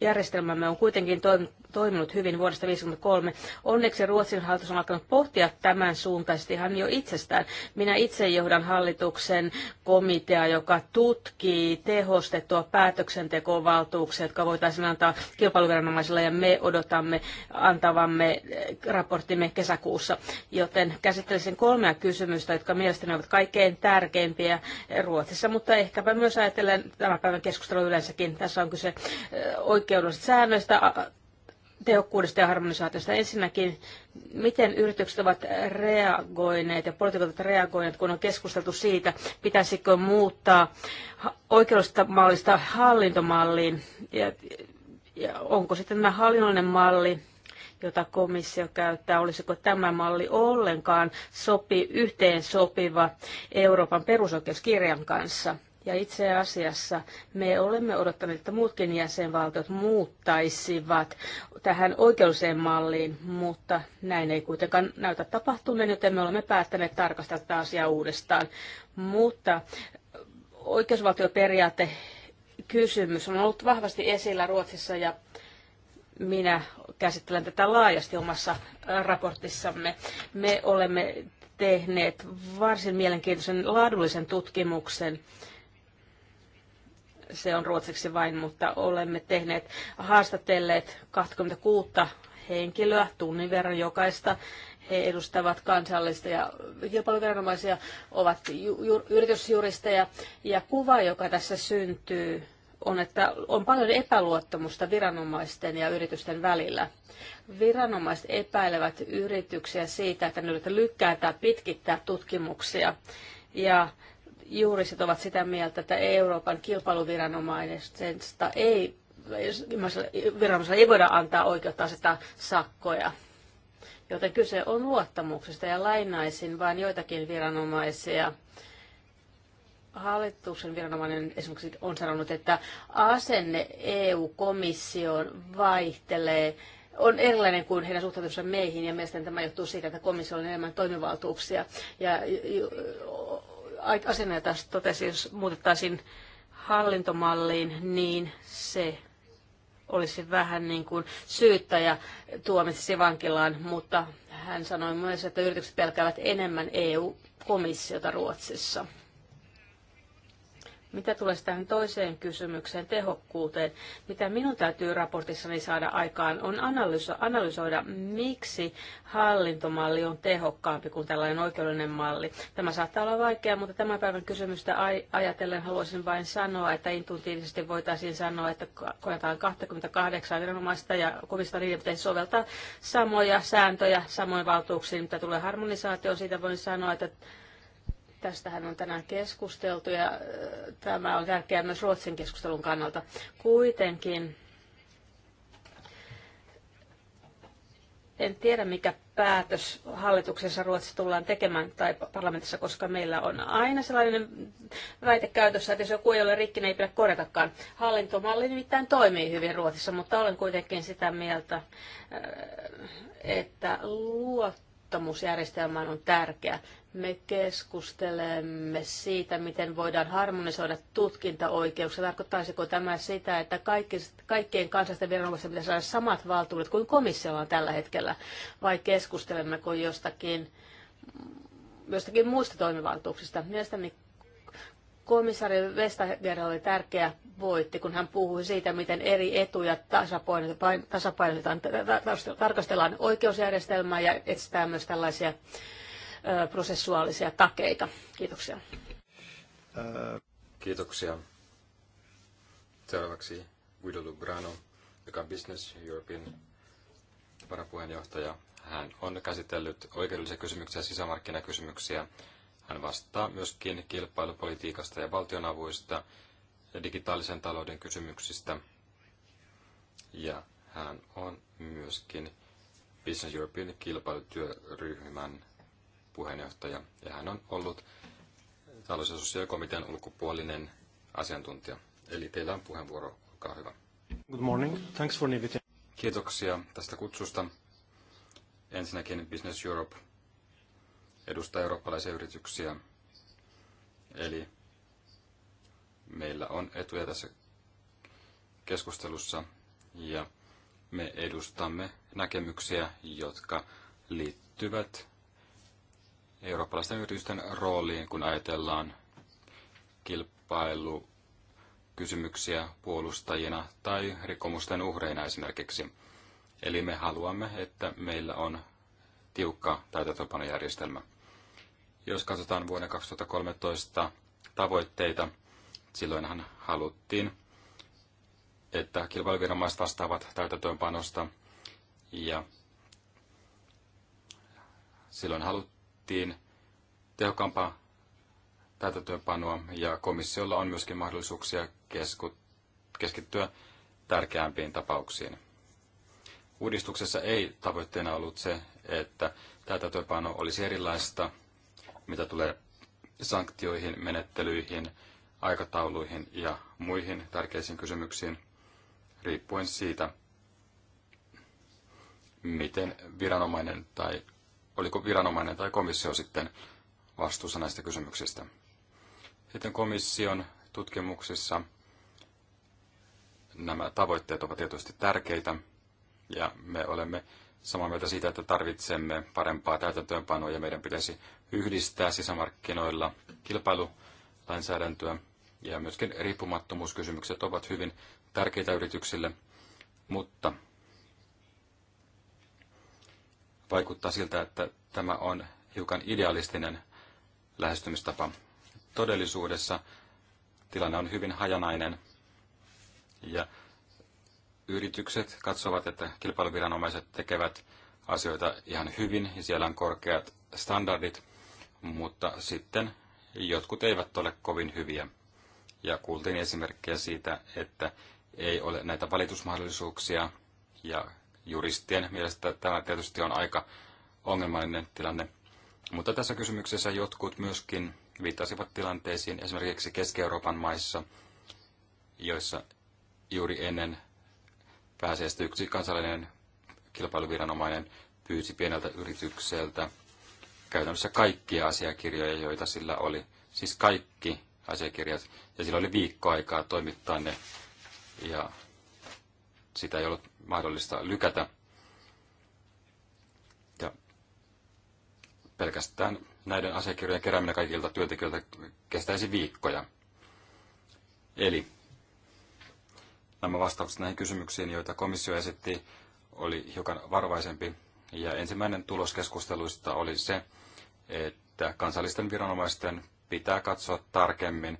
järjestelmämme on kuitenkin toiminut toiminut hyvin vuodesta 1953. Onneksi Ruotsin hallitus on alkanut pohtia tämän suuntaisesti ihan jo itsestään. Minä itse johdan hallituksen komitea, joka tutkii tehostettua päätöksentekovaltuuksia, jotka voitaisiin antaa kilpailuviranomaisille ja me odotamme antavamme eh, raporttimme kesäkuussa. Joten käsittelisin kolmea kysymystä, jotka mielestäni ovat kaikkein tärkeimpiä Ruotsissa, mutta ehkäpä myös ajatellen tämän päivän keskustelu yleensäkin. Tässä on kyse eh, oikeudellisista säännöistä, tehokkuudesta ja harmonisaatiosta. Ensinnäkin, miten yritykset ovat reagoineet ja poliitikot ovat reagoineet, kun on keskusteltu siitä, pitäisikö muuttaa oikeudellista mallista hallintomalliin ja, ja onko sitten tämä hallinnollinen malli jota komissio käyttää, olisiko tämä malli ollenkaan sopi, yhteen sopiva Euroopan perusoikeuskirjan kanssa. Ja itse asiassa me olemme odottaneet, että muutkin jäsenvaltiot muuttaisivat tähän oikeudelliseen malliin, mutta näin ei kuitenkaan näytä tapahtuneen, joten me olemme päättäneet tarkastaa tätä asiaa uudestaan. Mutta oikeusvaltioperiaate kysymys on ollut vahvasti esillä Ruotsissa ja minä käsittelen tätä laajasti omassa raportissamme. Me olemme tehneet varsin mielenkiintoisen laadullisen tutkimuksen se on ruotsiksi vain, mutta olemme tehneet, haastatelleet 26 henkilöä tunnin verran jokaista. He edustavat kansallista ja kilpailuviranomaisia, ovat ju- yritysjuristeja. Ja kuva, joka tässä syntyy, on, että on paljon epäluottamusta viranomaisten ja yritysten välillä. Viranomaiset epäilevät yrityksiä siitä, että ne yrittävät lykkää tai pitkittää tutkimuksia. Ja juuriset ovat sitä mieltä, että Euroopan kilpailuviranomaisesta ei, viranomaisella ei voida antaa oikeutta asettaa sakkoja. Joten kyse on luottamuksesta ja lainaisin vain joitakin viranomaisia. Hallituksen viranomainen esimerkiksi on sanonut, että asenne EU-komissioon vaihtelee on erilainen kuin heidän suhtautumisensa meihin, ja mielestäni tämä johtuu siitä, että komissiolla on enemmän toimivaltuuksia, ja asenne, jota totesi, jos muutettaisiin hallintomalliin, niin se olisi vähän niin kuin syyttäjä tuomitsisi vankilaan, mutta hän sanoi myös, että yritykset pelkäävät enemmän EU-komissiota Ruotsissa. Mitä tulee tähän toiseen kysymykseen, tehokkuuteen, mitä minun täytyy raportissani saada aikaan, on analysoida, miksi hallintomalli on tehokkaampi kuin tällainen oikeudellinen malli. Tämä saattaa olla vaikea, mutta tämän päivän kysymystä ajatellen haluaisin vain sanoa, että intuitiivisesti voitaisiin sanoa, että koetaan 28 viranomaista ja kovista niiden pitäisi soveltaa samoja sääntöjä, samoin valtuuksiin, mitä tulee harmonisaatioon. Siitä voin sanoa, että Tästähän on tänään keskusteltu ja äh, tämä on tärkeää myös Ruotsin keskustelun kannalta. Kuitenkin en tiedä, mikä päätös hallituksessa Ruotsissa tullaan tekemään tai parlamentissa, koska meillä on aina sellainen väite käytössä, että jos joku ei ole rikki, niin ei pidä korjatakaan. Hallintomalli nimittäin toimii hyvin Ruotsissa, mutta olen kuitenkin sitä mieltä, äh, että luot luottamusjärjestelmään on tärkeä. Me keskustelemme siitä, miten voidaan harmonisoida tutkintaoikeuksia. Tarkoittaisiko tämä sitä, että kaikki, kaikkien kansallisten viranomaisten pitäisi saada samat valtuudet kuin komissiolla on tällä hetkellä, vai keskustelemmeko jostakin, jostakin muista toimivaltuuksista? Mielestäni komissaari Vestager oli tärkeä voitti, kun hän puhui siitä, miten eri etuja tasapainotetaan, tarkastellaan oikeusjärjestelmää ja etsitään myös tällaisia prosessuaalisia takeita. Kiitoksia. Kiitoksia. Seuraavaksi Guido Lubrano, joka on Business European varapuheenjohtaja. Hän on käsitellyt oikeudellisia kysymyksiä, sisämarkkinakysymyksiä. Hän vastaa myöskin kilpailupolitiikasta ja valtionavuista digitaalisen talouden kysymyksistä. Ja hän on myöskin Business European kilpailutyöryhmän puheenjohtaja. Ja hän on ollut talous- ja sosiaalikomitean ulkopuolinen asiantuntija. Eli teillä on puheenvuoro, olkaa hyvä. Good morning. Thanks for inviting. Kiitoksia tästä kutsusta. Ensinnäkin Business Europe edustaa eurooppalaisia yrityksiä, eli meillä on etuja tässä keskustelussa ja me edustamme näkemyksiä, jotka liittyvät eurooppalaisten yritysten rooliin, kun ajatellaan kilpailukysymyksiä puolustajina tai rikomusten uhreina esimerkiksi. Eli me haluamme, että meillä on tiukka täytäntöpanojärjestelmä. Jos katsotaan vuoden 2013 tavoitteita, Silloinhan haluttiin, että kilpailuviranomaiset vastaavat täytäntöönpanosta ja silloin haluttiin tehokkaampaa täytäntöönpanoa ja komissiolla on myöskin mahdollisuuksia keskittyä tärkeämpiin tapauksiin. Uudistuksessa ei tavoitteena ollut se, että täytäntöönpano olisi erilaista, mitä tulee sanktioihin, menettelyihin, aikatauluihin ja muihin tärkeisiin kysymyksiin, riippuen siitä, miten viranomainen tai oliko viranomainen tai komissio sitten vastuussa näistä kysymyksistä. Sitten komission tutkimuksissa nämä tavoitteet ovat tietysti tärkeitä ja me olemme samaa mieltä siitä, että tarvitsemme parempaa täytäntöönpanoa ja meidän pitäisi yhdistää sisämarkkinoilla kilpailulainsäädäntöä ja myöskin riippumattomuuskysymykset ovat hyvin tärkeitä yrityksille, mutta vaikuttaa siltä, että tämä on hiukan idealistinen lähestymistapa. Todellisuudessa tilanne on hyvin hajanainen ja yritykset katsovat, että kilpailuviranomaiset tekevät asioita ihan hyvin ja siellä on korkeat standardit, mutta sitten jotkut eivät ole kovin hyviä ja kuultiin esimerkkejä siitä, että ei ole näitä valitusmahdollisuuksia ja juristien mielestä tämä tietysti on aika ongelmallinen tilanne. Mutta tässä kysymyksessä jotkut myöskin viittasivat tilanteisiin esimerkiksi Keski-Euroopan maissa, joissa juuri ennen pääsiäistä yksi kansallinen kilpailuviranomainen pyysi pieneltä yritykseltä käytännössä kaikkia asiakirjoja, joita sillä oli. Siis kaikki asiakirjat, ja sillä oli viikko aikaa toimittaa ne, ja sitä ei ollut mahdollista lykätä. Ja pelkästään näiden asiakirjojen kerääminen kaikilta työntekijöiltä kestäisi viikkoja. Eli nämä vastaukset näihin kysymyksiin, joita komissio esitti, oli hiukan varovaisempi. Ja ensimmäinen tulos keskusteluista oli se, että kansallisten viranomaisten pitää katsoa tarkemmin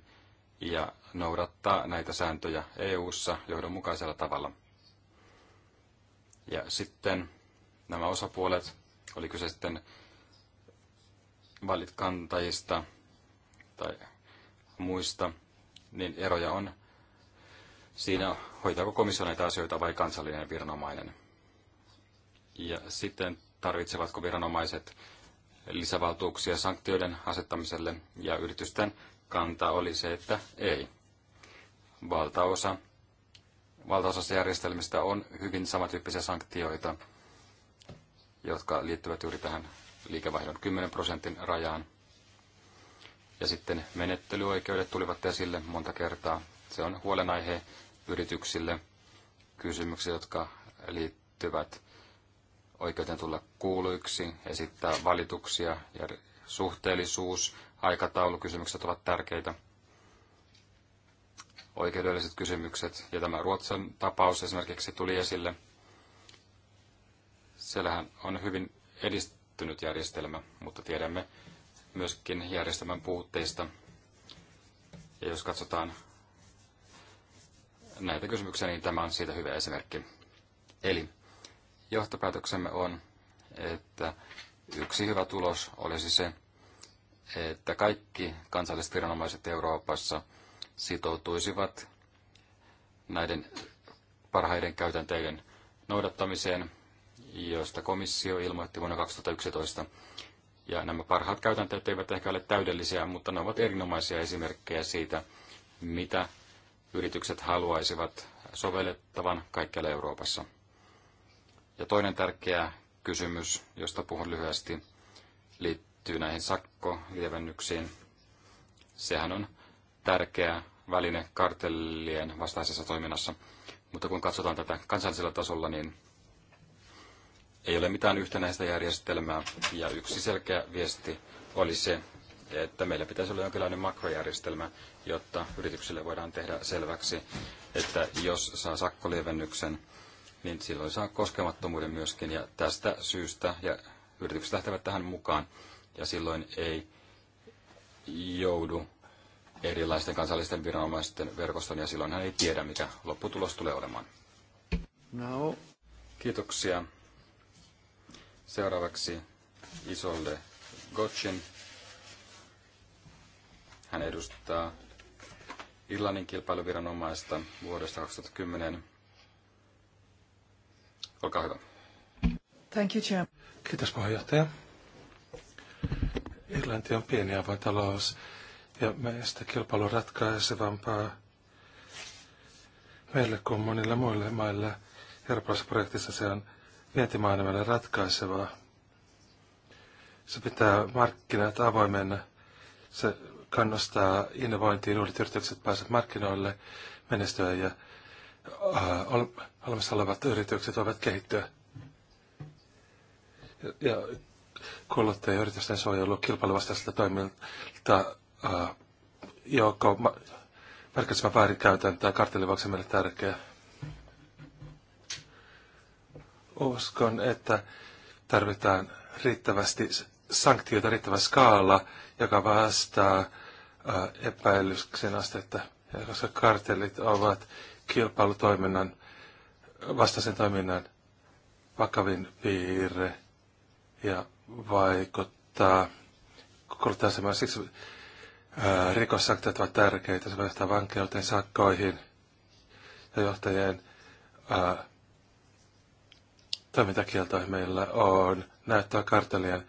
ja noudattaa näitä sääntöjä EU-ssa johdonmukaisella tavalla. Ja sitten nämä osapuolet, oli kyse sitten valitkantajista tai muista, niin eroja on siinä, hoitaako komissio näitä asioita vai kansallinen viranomainen. Ja sitten tarvitsevatko viranomaiset lisävaltuuksia sanktioiden asettamiselle ja yritysten kanta oli se, että ei. Valtaosa, valtaosassa järjestelmistä on hyvin samantyyppisiä sanktioita, jotka liittyvät juuri tähän liikevaihdon 10 prosentin rajaan. Ja sitten menettelyoikeudet tulivat esille monta kertaa. Se on huolenaihe yrityksille, kysymyksiä, jotka liittyvät oikeuden tulla kuuluiksi, esittää valituksia ja suhteellisuus, aikataulukysymykset ovat tärkeitä. Oikeudelliset kysymykset ja tämä Ruotsin tapaus esimerkiksi tuli esille. Siellähän on hyvin edistynyt järjestelmä, mutta tiedämme myöskin järjestelmän puutteista. Ja jos katsotaan näitä kysymyksiä, niin tämä on siitä hyvä esimerkki. Eli johtopäätöksemme on, että yksi hyvä tulos olisi se, että kaikki kansalliset viranomaiset Euroopassa sitoutuisivat näiden parhaiden käytänteiden noudattamiseen, josta komissio ilmoitti vuonna 2011. Ja nämä parhaat käytänteet eivät ehkä ole täydellisiä, mutta ne ovat erinomaisia esimerkkejä siitä, mitä yritykset haluaisivat sovellettavan kaikkialla Euroopassa. Ja toinen tärkeä kysymys, josta puhun lyhyesti, liittyy näihin sakkolievennyksiin. Sehän on tärkeä väline kartellien vastaisessa toiminnassa. Mutta kun katsotaan tätä kansallisella tasolla, niin ei ole mitään yhtenäistä järjestelmää. Ja yksi selkeä viesti oli se, että meillä pitäisi olla jonkinlainen makrojärjestelmä, jotta yrityksille voidaan tehdä selväksi, että jos saa sakkolievennyksen, niin silloin saa koskemattomuuden myöskin ja tästä syystä ja yritykset lähtevät tähän mukaan ja silloin ei joudu erilaisten kansallisten viranomaisten verkoston ja silloin hän ei tiedä, mikä lopputulos tulee olemaan. No. Kiitoksia. Seuraavaksi Isolde Gotchin. Hän edustaa Irlannin kilpailuviranomaista vuodesta 2010 Olkaa hyvä. Thank you, Chair. Kiitos puheenjohtaja. Irlanti on pieni avoin talous ja meistä kilpailu on ratkaisevampaa meille kuin monille muille maille. Eurooppalaisessa projektissa se on vientimaana meille ratkaisevaa. Se pitää markkinat avoimena, Se kannustaa innovointiin, uudet yritykset pääsevät markkinoille menestyä ja Äh, olemassa olevat yritykset voivat kehittyä. Ja yritysten suojelu kilpailuvastaisilta toimilta äh, joko merkitsemä väärinkäytön tai kartellivauksen meille tärkeä. Uskon, että tarvitaan riittävästi sanktioita, riittävä skaala, joka vastaa äh, epäilyksen astetta, koska kartellit ovat kilpailutoiminnan, vastaisen toiminnan vakavin piirre ja vaikuttaa kuluttajasemaan. Siksi ää, ovat tärkeitä. Se johtaa vankeuteen, sakkoihin ja johtajien ää, toimintakieltoihin. Meillä on näyttöä kartelien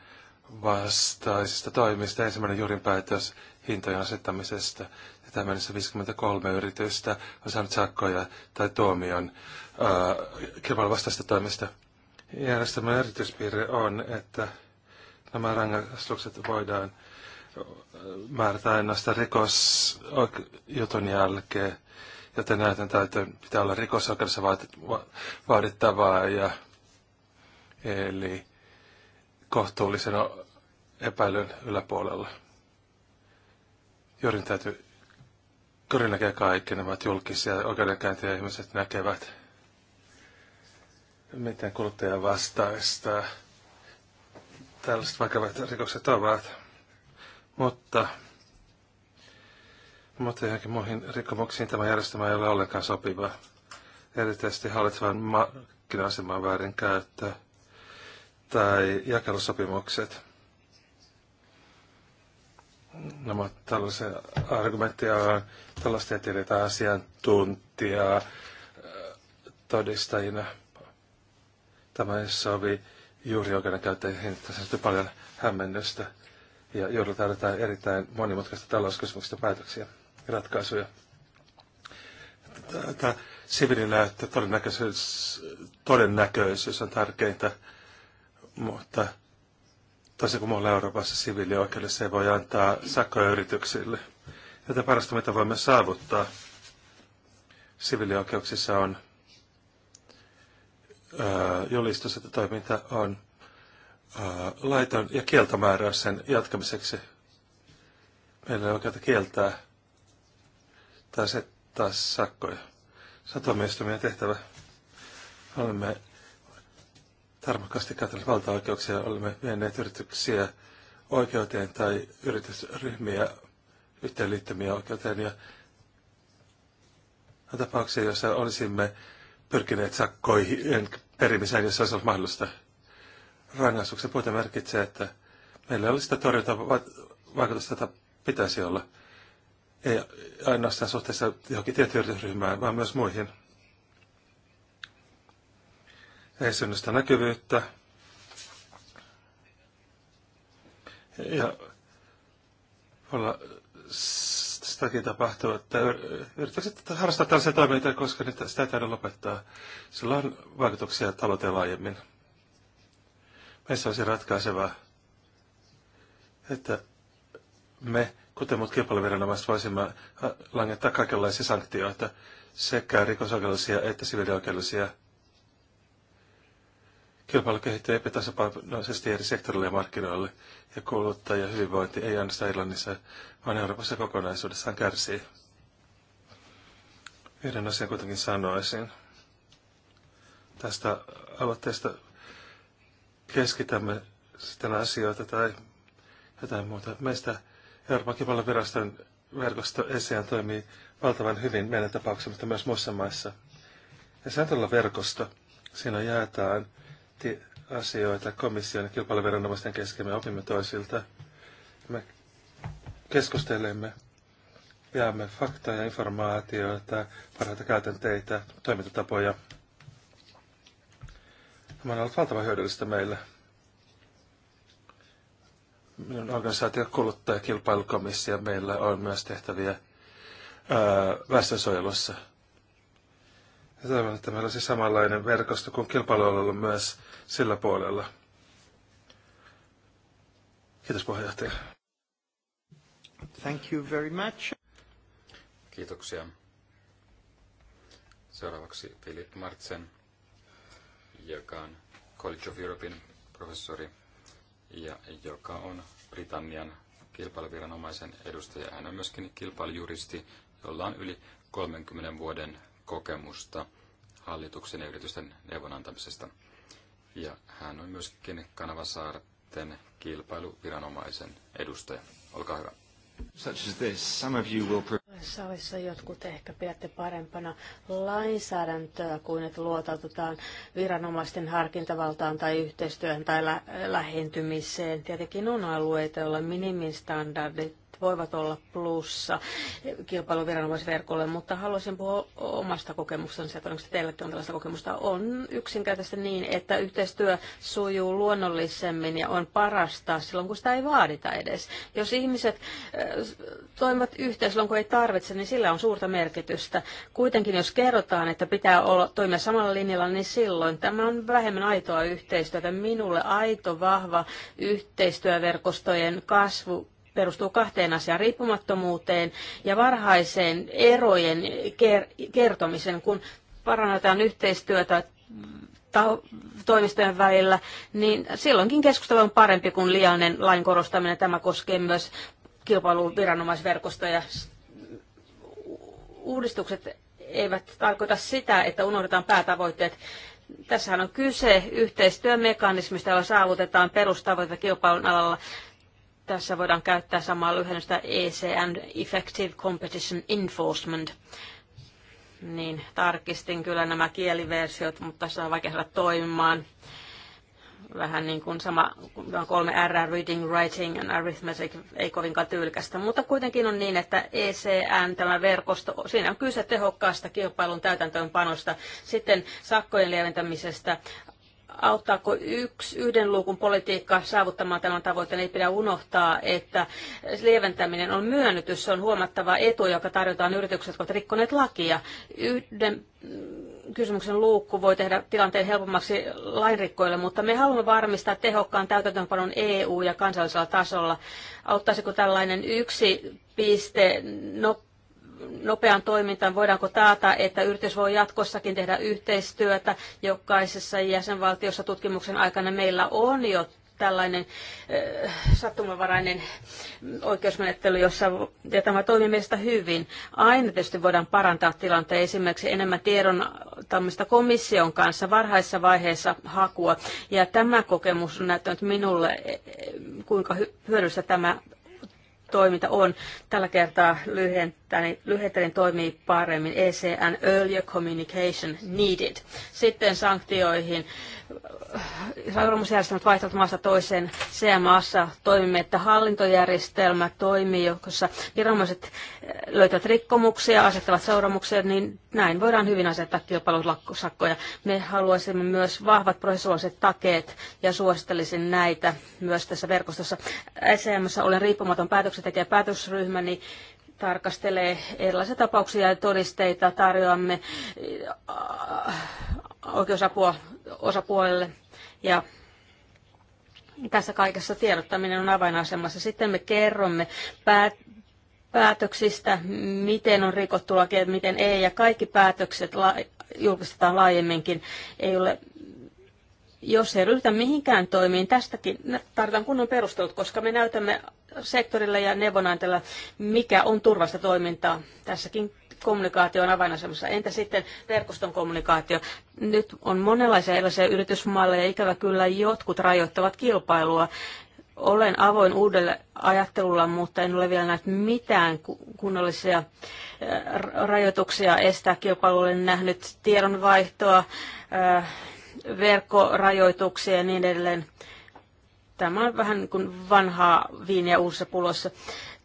vastaisista toimista. Ensimmäinen päätös hintojen asettamisesta Tähän mennessä 53 yritystä on saanut sakkoja tai tuomion kilpailuvastaista toimesta. Järjestelmän erityispiirre on, että nämä rangaistukset voidaan määrätä ainoastaan rikosjutun jälkeen, joten näytön täytön pitää olla rikosoikeudessa vaadittavaa ja eli kohtuullisen epäilyn yläpuolella. Jorin täytyy Kori näkee kaikki, ne ovat julkisia oikeudenkäyntiä ihmiset näkevät. Miten kuluttaja vastaista tällaiset vakavat rikokset ovat. Mutta, mutta johonkin muihin rikkomuksiin tämä järjestelmä ei ole ollenkaan sopiva. Erityisesti hallitsevan markkina-aseman väärinkäyttö tai jakelusopimukset – nämä ovat tällaisia argumentteja, tällaista tiedetään asiantuntijaa äh, todistajina. Tämä ei sovi juuri oikeudenkäyttäjiin, tässä on paljon hämmennystä ja joudutaan jotain erittäin monimutkaista talouskysymyksistä päätöksiä ja ratkaisuja. Tämä siviilinäyttö, todennäköisyys, todennäköisyys on tärkeintä, mutta – toisin kuin muualla Euroopassa siviilioikeudessa ei voi antaa sakkoja yrityksille. Joten parasta, mitä voimme saavuttaa siviilioikeuksissa on ää, julistus, että toiminta on ää, laiton ja kieltomääräys sen jatkamiseksi. Meillä ei oikeutta kieltää tai asettaa sakkoja. Satomiestomien tehtävä. Olemme tarmokkaasti käytännössä valtaoikeuksia. Olemme vienneet yrityksiä oikeuteen tai yritysryhmiä yhteenliittymiä oikeuteen. Ja on tapauksia, joissa olisimme pyrkineet sakkoihin perimiseen, jos olisi ollut mahdollista. Rangaistuksen puute merkitsee, että meillä olisi sitä torjunta vaikutusta, jota pitäisi olla. Ei ainoastaan suhteessa johonkin tiettyyn yritysryhmään, vaan myös muihin ei synnystä näkyvyyttä. Ja olla sitäkin tapahtuu, että yritykset harrastaa tällaisia toimintaa, koska niitä sitä ei taida lopettaa. Sillä on vaikutuksia talouteen laajemmin. Meissä olisi ratkaisevaa, että me, kuten muut kilpailuviranomaiset, voisimme äh, langettaa kaikenlaisia sanktioita, sekä rikosoikeudellisia että siviilioikeudellisia – kilpailukehittäjä epätasapainoisesti eri sektorille ja markkinoille, ja kuluttaja hyvinvointi ei ainoastaan Irlannissa, vaan Euroopassa kokonaisuudessaan kärsii. Yhden asian kuitenkin sanoisin. Tästä aloitteesta keskitämme sitten asioita tai jotain muuta. Meistä Euroopan kilpailuviraston verkosto ESEAN toimii valtavan hyvin meidän tapauksessa, mutta myös muissa maissa. Ja se on verkosto. Siinä jaetaan asioita komission ja kilpailuviranomaisten kesken. Me opimme toisilta. Me keskustelemme, jaamme faktaa ja informaatiota, parhaita käytänteitä, toimintatapoja. Tämä on ollut valtavan hyödyllistä meille. Minun organisaatio kilpailukomissio meillä on myös tehtäviä väestönsuojelussa ja toivon, että meillä olisi samanlainen verkosto kuin kilpailualueella myös sillä puolella. Kiitos puheenjohtaja. Thank you very much. Kiitoksia. Seuraavaksi Philip Martsen, joka on College of Europein professori ja joka on Britannian kilpailuviranomaisen edustaja. Hän on myöskin kilpailujuristi, jolla on yli 30 vuoden kokemusta hallituksen ja yritysten neuvonantamisesta. Ja hän on myöskin Kanavasaarten kilpailuviranomaisen edustaja. Olkaa hyvä. Such as this, some of you will... Salissa jotkut ehkä pidätte parempana lainsäädäntöä kuin että luotautetaan viranomaisten harkintavaltaan tai yhteistyöhön tai lä- lähentymiseen. Tietenkin on alueita, joilla minimistandardit voivat olla plussa kilpailuviranomaisverkolle, mutta haluaisin puhua omasta kokemuksestani, että onko teilläkin on tällaista kokemusta. On yksinkertaisesti niin, että yhteistyö sujuu luonnollisemmin ja on parasta silloin, kun sitä ei vaadita edes. Jos ihmiset äh, toimivat yhteen silloin, kun ei tarvitse, tarvitse, niin sillä on suurta merkitystä. Kuitenkin jos kerrotaan, että pitää olla, toimia samalla linjalla, niin silloin tämä on vähemmän aitoa yhteistyötä. Minulle aito, vahva yhteistyöverkostojen kasvu perustuu kahteen asiaan, riippumattomuuteen ja varhaiseen erojen ker- kertomisen, kun parannetaan yhteistyötä toimistojen välillä, niin silloinkin keskustelu on parempi kuin liiallinen lain korostaminen. Tämä koskee myös kilpailuviranomaisverkostoja uudistukset eivät tarkoita sitä, että unohdetaan päätavoitteet. Tässähän on kyse yhteistyömekanismista, jolla saavutetaan perustavoitteita kilpailun alalla. Tässä voidaan käyttää samaa lyhennystä ECN, Effective Competition Enforcement. Niin, tarkistin kyllä nämä kieliversiot, mutta tässä on vaikea saada toimimaan vähän niin kuin sama kolme R, reading, writing and arithmetic, ei kovinkaan tyylikästä, mutta kuitenkin on niin, että ECN, tämä verkosto, siinä on kyse tehokkaasta kilpailun täytäntöönpanosta, sitten sakkojen lieventämisestä, auttaako yksi yhden luukun politiikka saavuttamaan tämän tavoitteen, ei pidä unohtaa, että lieventäminen on myönnytys, se on huomattava etu, joka tarjotaan yritykset, jotka ovat rikkoneet lakia. Yhden kysymyksen luukku voi tehdä tilanteen helpommaksi lainrikkoille, mutta me haluamme varmistaa tehokkaan täytäntöönpanon EU- ja kansallisella tasolla. Auttaisiko tällainen yksi piste no, nopean toimintaan? Voidaanko taata, että yritys voi jatkossakin tehdä yhteistyötä jokaisessa jäsenvaltiossa tutkimuksen aikana? Meillä on jo tällainen äh, sattumanvarainen oikeusmenettely, jossa ja tämä toimii meistä hyvin. Aina tietysti voidaan parantaa tilanteen esimerkiksi enemmän tiedon tämmöistä komission kanssa varhaisessa vaiheessa hakua. Ja tämä kokemus on näyttänyt minulle, eh, kuinka hyödyllistä tämä toiminta on. Tällä kertaa lyhentäen, lyhentäen toimii paremmin ECN Earlier Communication Needed. Sitten sanktioihin seuraamusjärjestelmät vaihtavat maasta toiseen CMAssa toimimme, että hallintojärjestelmä toimii, jossa viranomaiset eh, löytävät rikkomuksia, asettavat seuraamuksia, niin näin voidaan hyvin asettaa kilpailulakkosakkoja. Me haluaisimme myös vahvat prosessuaaliset takeet ja suosittelisin näitä myös tässä verkostossa. SMS olen riippumaton päätöksentekijä päätösryhmäni. Niin tarkastelee erilaisia tapauksia ja todisteita, tarjoamme äh, oikeusapua osapuolelle ja tässä kaikessa tiedottaminen on avainasemassa. Sitten me kerromme päät- päätöksistä, miten on rikottu lakia, miten ei, ja kaikki päätökset la- julkistetaan laajemminkin. Ei ole, jos ei ryhdytä mihinkään toimiin, tästäkin tarvitaan kunnon perustelut, koska me näytämme sektorilla ja neuvonantajalla, mikä on turvallista toimintaa. Tässäkin kommunikaatio on avainasemassa. Entä sitten verkoston kommunikaatio? Nyt on monenlaisia erilaisia yritysmalleja. Ikävä kyllä jotkut rajoittavat kilpailua. Olen avoin uudelle ajattelulla, mutta en ole vielä nähnyt mitään kunnollisia äh, rajoituksia estää kilpailulle. Olen nähnyt tiedonvaihtoa, äh, verkkorajoituksia ja niin edelleen. Tämä on vähän niin kuin vanhaa viiniä uusissa pullossa.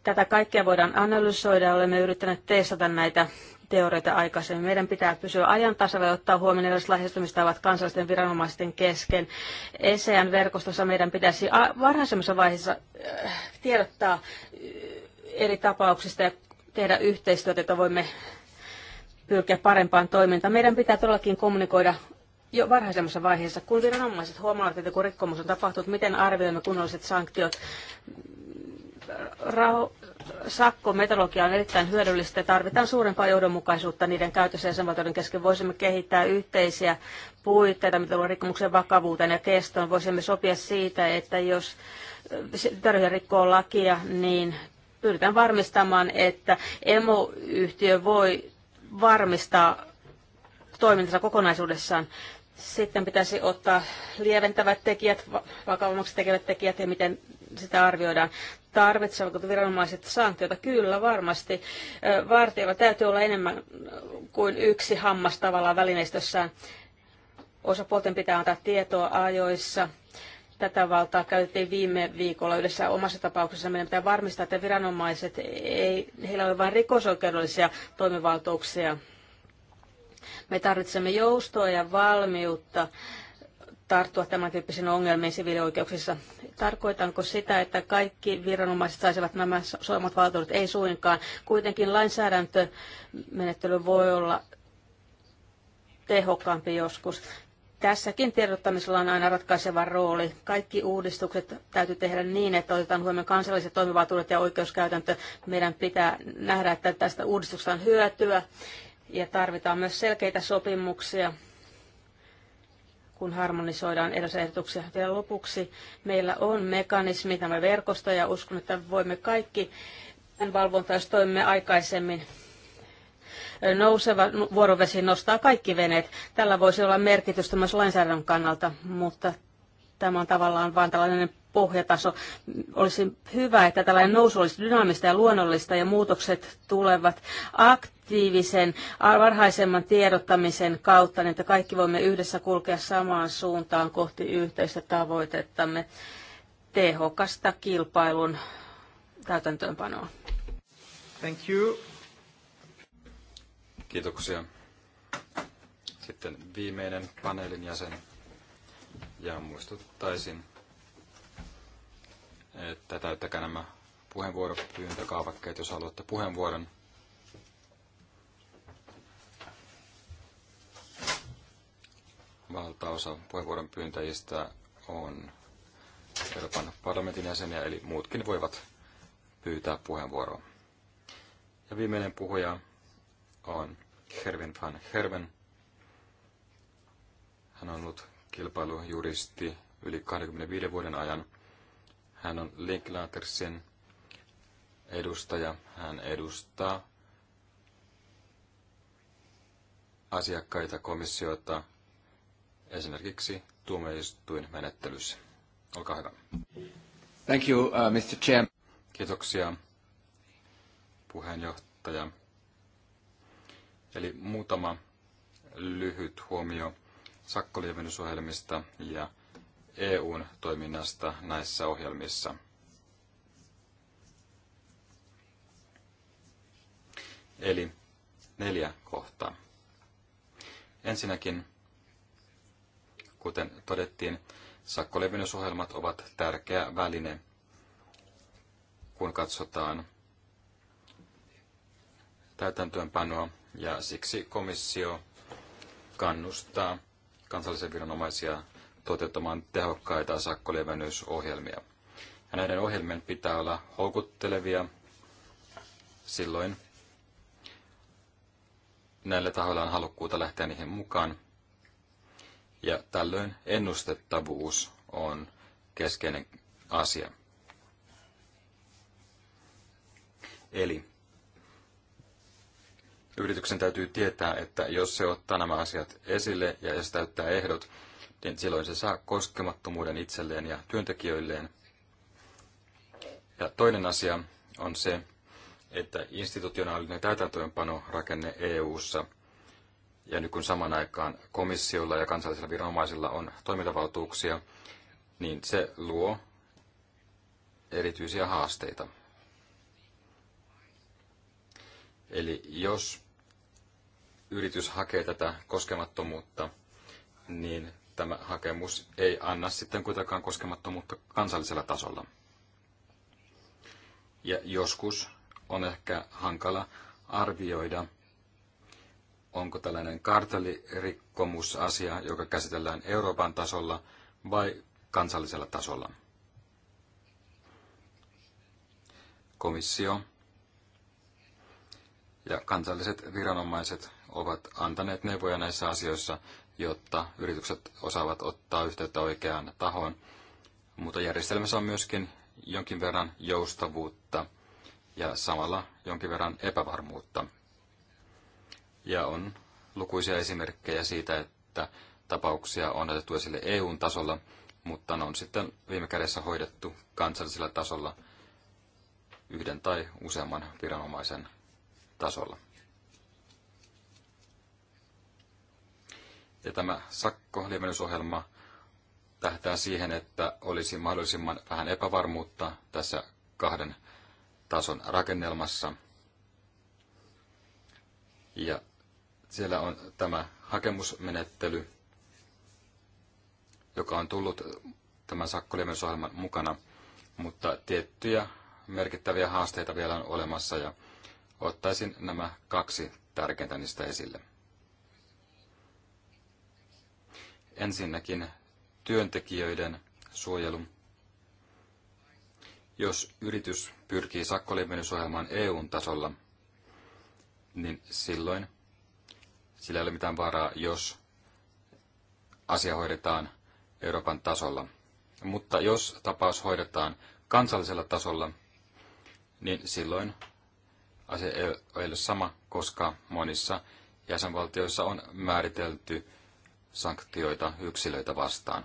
Tätä kaikkea voidaan analysoida. Olemme yrittäneet testata näitä teoreita aikaisemmin. Meidän pitää pysyä ajan tasalla ja ottaa huomioon erilaiset lähestymistavat kansallisten viranomaisten kesken. ESEAN verkostossa meidän pitäisi varhaisemmassa vaiheessa äh, tiedottaa äh, eri tapauksista ja tehdä yhteistyötä, että voimme pyrkiä parempaan toimintaan. Meidän pitää todellakin kommunikoida jo varhaisemmassa vaiheessa, kun viranomaiset huomaavat, että kun rikkomus on tapahtunut, miten arvioimme kunnolliset sanktiot. Raho, sakko metodologia on erittäin hyödyllistä ja tarvitaan suurempaa johdonmukaisuutta niiden käytössä jäsenvaltioiden kesken. Voisimme kehittää yhteisiä puitteita, mitä on rikkomuksen vakavuuteen ja kestoon. Voisimme sopia siitä, että jos törhyä rikkoo lakia, niin pyritään varmistamaan, että emoyhtiö voi varmistaa toimintansa kokonaisuudessaan. Sitten pitäisi ottaa lieventävät tekijät, vakavammaksi tekevät tekijät ja miten sitä arvioidaan. Tarvitsevatko viranomaiset sanktiota? Kyllä, varmasti. Vartijalla täytyy olla enemmän kuin yksi hammas tavallaan välineistössään. Osapuolten pitää antaa tietoa ajoissa. Tätä valtaa käytettiin viime viikolla yhdessä omassa tapauksessa. Meidän pitää varmistaa, että viranomaiset, ei, heillä ole vain rikosoikeudellisia toimivaltuuksia me tarvitsemme joustoa ja valmiutta tarttua tämän tyyppisiin ongelmiin siviilioikeuksissa. Tarkoitanko sitä, että kaikki viranomaiset saisivat nämä soimat valtuudet? Ei suinkaan. Kuitenkin lainsäädäntömenettely voi olla tehokkaampi joskus. Tässäkin tiedottamisella on aina ratkaiseva rooli. Kaikki uudistukset täytyy tehdä niin, että otetaan huomioon kansalliset toimivaltuudet ja oikeuskäytäntö. Meidän pitää nähdä, että tästä uudistuksesta on hyötyä ja tarvitaan myös selkeitä sopimuksia, kun harmonisoidaan edusehdotuksia. Vielä lopuksi meillä on mekanismi, tämä verkosto, ja uskon, että voimme kaikki valvontaa, jos toimimme aikaisemmin nouseva vuorovesi nostaa kaikki veneet. Tällä voisi olla merkitystä myös lainsäädännön kannalta, mutta tämä on tavallaan vain tällainen pohjataso. Olisi hyvä, että tällainen nousu olisi dynaamista ja luonnollista ja muutokset tulevat aktiivisen varhaisemman tiedottamisen kautta, niin että kaikki voimme yhdessä kulkea samaan suuntaan kohti yhteistä tavoitettamme tehokasta kilpailun täytäntöönpanoa. Thank you. Kiitoksia. Sitten viimeinen paneelin jäsen. Ja muistuttaisin että täyttäkää nämä puheenvuoropyyntökaavakkeet, jos haluatte puheenvuoron. Valtaosa puheenvuoron pyyntäjistä on Euroopan parlamentin jäseniä, eli muutkin voivat pyytää puheenvuoroa. Ja viimeinen puhuja on Hervin van Herven. Hän on ollut kilpailujuristi yli 25 vuoden ajan – hän on Linklatersin edustaja. Hän edustaa asiakkaita komissiota esimerkiksi tuomioistuin menettelyssä. Olkaa hyvä. Thank you, uh, Mr. Chair. Kiitoksia, puheenjohtaja. Eli muutama lyhyt huomio sakkolievennysohjelmista ja EUn toiminnasta näissä ohjelmissa. Eli neljä kohtaa. Ensinnäkin, kuten todettiin, sakkolevennysohjelmat ovat tärkeä väline, kun katsotaan täytäntöönpanoa, ja siksi komissio kannustaa kansallisia viranomaisia toteuttamaan tehokkaita sakkolevennysohjelmia. Ja näiden ohjelmien pitää olla houkuttelevia silloin näillä tahoilla on halukkuutta lähteä niihin mukaan. Ja tällöin ennustettavuus on keskeinen asia. Eli yrityksen täytyy tietää, että jos se ottaa nämä asiat esille ja se täyttää ehdot, niin silloin se saa koskemattomuuden itselleen ja työntekijöilleen. Ja toinen asia on se, että institutionaalinen rakenne EU-ssa ja nyt kun saman aikaan komissiolla ja kansallisilla viranomaisilla on toimintavaltuuksia, niin se luo erityisiä haasteita. Eli jos yritys hakee tätä koskemattomuutta, niin tämä hakemus ei anna sitten kuitenkaan koskemattomuutta kansallisella tasolla. Ja joskus on ehkä hankala arvioida, onko tällainen kartellirikkomusasia, joka käsitellään Euroopan tasolla vai kansallisella tasolla. Komissio ja kansalliset viranomaiset ovat antaneet neuvoja näissä asioissa jotta yritykset osaavat ottaa yhteyttä oikeaan tahoon. Mutta järjestelmässä on myöskin jonkin verran joustavuutta ja samalla jonkin verran epävarmuutta. Ja on lukuisia esimerkkejä siitä, että tapauksia on otettu esille EUn tasolla, mutta ne on sitten viime kädessä hoidettu kansallisella tasolla yhden tai useamman viranomaisen tasolla. Ja tämä sakko tähtää siihen, että olisi mahdollisimman vähän epävarmuutta tässä kahden tason rakennelmassa. Ja siellä on tämä hakemusmenettely, joka on tullut tämän sakkolievennysohjelman mukana, mutta tiettyjä merkittäviä haasteita vielä on olemassa ja ottaisin nämä kaksi tärkeintä niistä esille. Ensinnäkin työntekijöiden suojelu. Jos yritys pyrkii sakkolimmennysohjelmaan EUn tasolla, niin silloin sillä ei ole mitään varaa, jos asia hoidetaan Euroopan tasolla. Mutta jos tapaus hoidetaan kansallisella tasolla, niin silloin asia ei ole sama, koska monissa jäsenvaltioissa on määritelty sanktioita yksilöitä vastaan.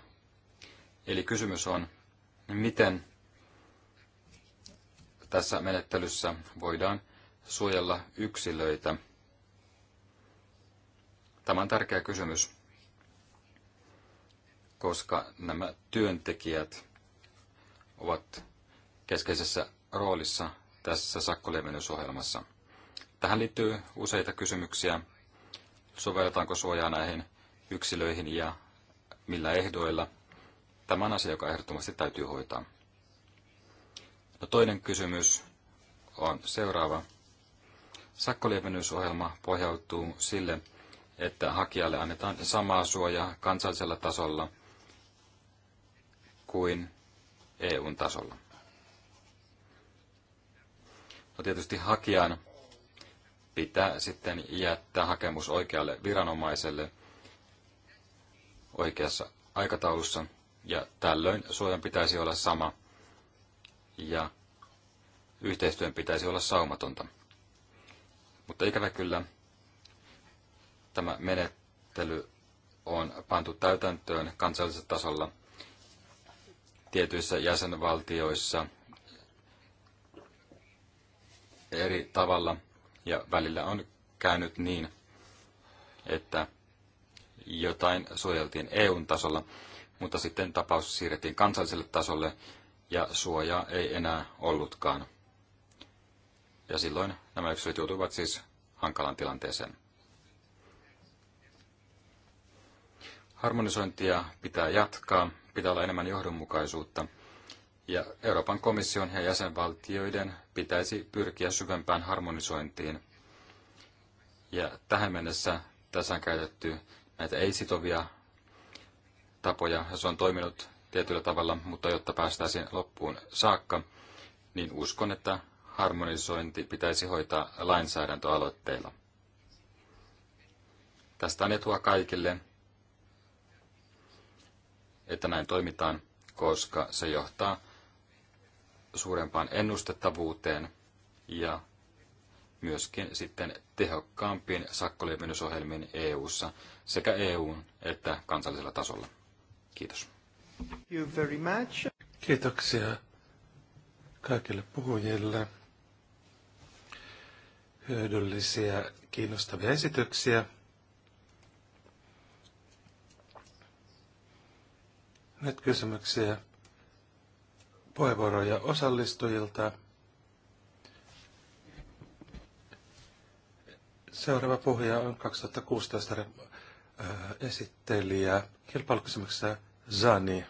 Eli kysymys on, miten tässä menettelyssä voidaan suojella yksilöitä. Tämä on tärkeä kysymys, koska nämä työntekijät ovat keskeisessä roolissa tässä sakkolevennysohjelmassa. Tähän liittyy useita kysymyksiä. Sovelletaanko suojaa näihin yksilöihin ja millä ehdoilla. Tämä on asia, joka ehdottomasti täytyy hoitaa. No toinen kysymys on seuraava. Sakkolievennysohjelma pohjautuu sille, että hakijalle annetaan samaa suojaa kansallisella tasolla kuin EUn tasolla. No tietysti hakijan pitää sitten jättää hakemus oikealle viranomaiselle – oikeassa aikataulussa, ja tällöin suojan pitäisi olla sama, ja yhteistyön pitäisi olla saumatonta. Mutta ikävä kyllä tämä menettely on pantu täytäntöön kansallisella tasolla tietyissä jäsenvaltioissa eri tavalla, ja välillä on käynyt niin, että jotain suojeltiin EUn tasolla, mutta sitten tapaus siirrettiin kansalliselle tasolle ja suojaa ei enää ollutkaan. Ja silloin nämä yksilöt joutuivat siis hankalan tilanteeseen. Harmonisointia pitää jatkaa, pitää olla enemmän johdonmukaisuutta, ja Euroopan komission ja jäsenvaltioiden pitäisi pyrkiä syvempään harmonisointiin. Ja tähän mennessä tässä on käytetty näitä ei-sitovia tapoja, ja se on toiminut tietyllä tavalla, mutta jotta päästäisiin loppuun saakka, niin uskon, että harmonisointi pitäisi hoitaa lainsäädäntöaloitteilla. Tästä on etua kaikille, että näin toimitaan, koska se johtaa suurempaan ennustettavuuteen ja myöskin sitten tehokkaampiin sakkolievennysohjelmiin EU-ssa sekä EUn että kansallisella tasolla. Kiitos. you very much. Kiitoksia kaikille puhujille. Hyödyllisiä, kiinnostavia esityksiä. Nyt kysymyksiä puheenvuoroja osallistujilta. Seuraava puhuja on 2016 äh, esittelijä kilpailukysymyksessä Zani.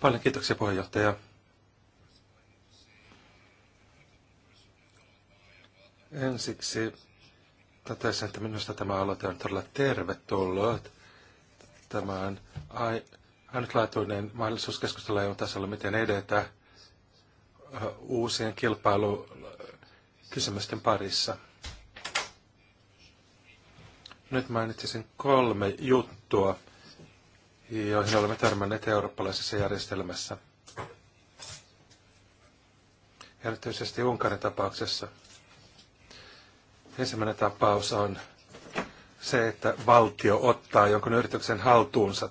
Paljon kiitoksia puheenjohtaja. Ensiksi totesin, että minusta tämä aloite on todella tervetullut. Tämä on ainutlaatuinen mahdollisuus keskustella EU tasolla, miten edetä äh, uusien kilpailukysymysten parissa. Nyt mainitsisin kolme juttua, joihin olemme törmänneet eurooppalaisessa järjestelmässä. Erityisesti Unkarin tapauksessa. Ensimmäinen tapaus on se, että valtio ottaa jonkun yrityksen haltuunsa.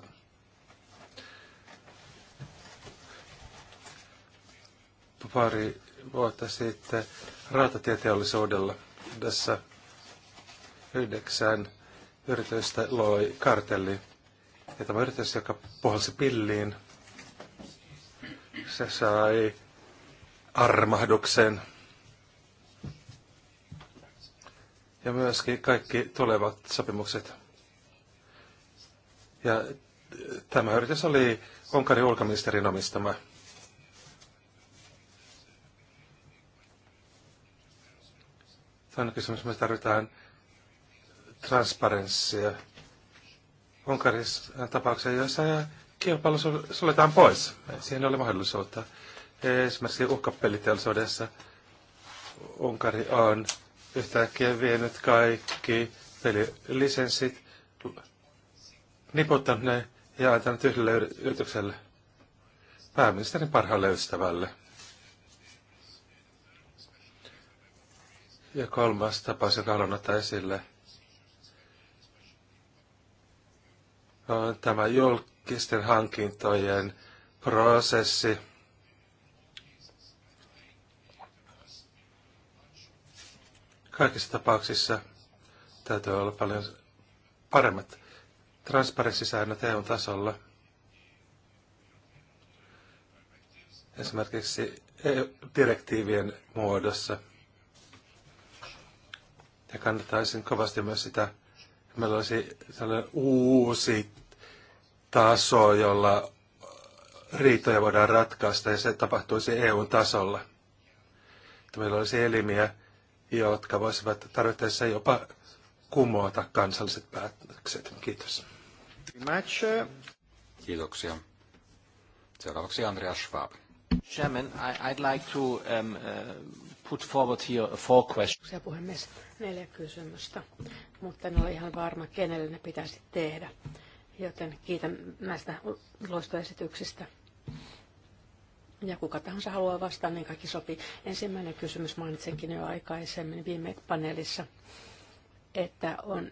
Pari vuotta sitten rautatieteollisuudella tässä yhdeksän yritystä loi kartelli. Ja tämä yritys, joka puhalsi pilliin, se sai armahduksen. Ja myöskin kaikki tulevat sopimukset. Ja tämä yritys oli Unkarin ulkoministerin omistama. Tämä on kysymys, me tarvitaan transparenssia. Unkarissa tapauksia, joissa kilpailu suljetaan pois. Siihen oli mahdollisuutta. Esimerkiksi uhkapeliteollisuudessa Unkari on yhtäkkiä vienyt kaikki pelilisenssit, niputtanut ne ja antanut yhdelle yritykselle, pääministerin parhaalle ystävälle. Ja kolmas tapaus, joka haluan ottaa esille – tämä julkisten hankintojen prosessi. Kaikissa tapauksissa täytyy olla paljon paremmat transparenssisäännöt EU-tasolla. Esimerkiksi direktiivien muodossa. Ja kannattaisin kovasti myös sitä meillä olisi sellainen uusi taso, jolla riitoja voidaan ratkaista ja se tapahtuisi EUn tasolla Että meillä olisi elimiä, jotka voisivat tarvittaessa jopa kumota kansalliset päätökset. Kiitos. Kiitoksia. Seuraavaksi Andreas Schwab. Chairman, I, I'd like to um, uh, put forward here four questions. puhemies, neljä kysymystä, mutta en ole ihan varma, kenelle ne pitäisi tehdä. Joten kiitän näistä loistoesityksistä. Ja kuka tahansa haluaa vastata, niin kaikki sopii. Ensimmäinen kysymys mainitsenkin jo aikaisemmin viime paneelissa, että on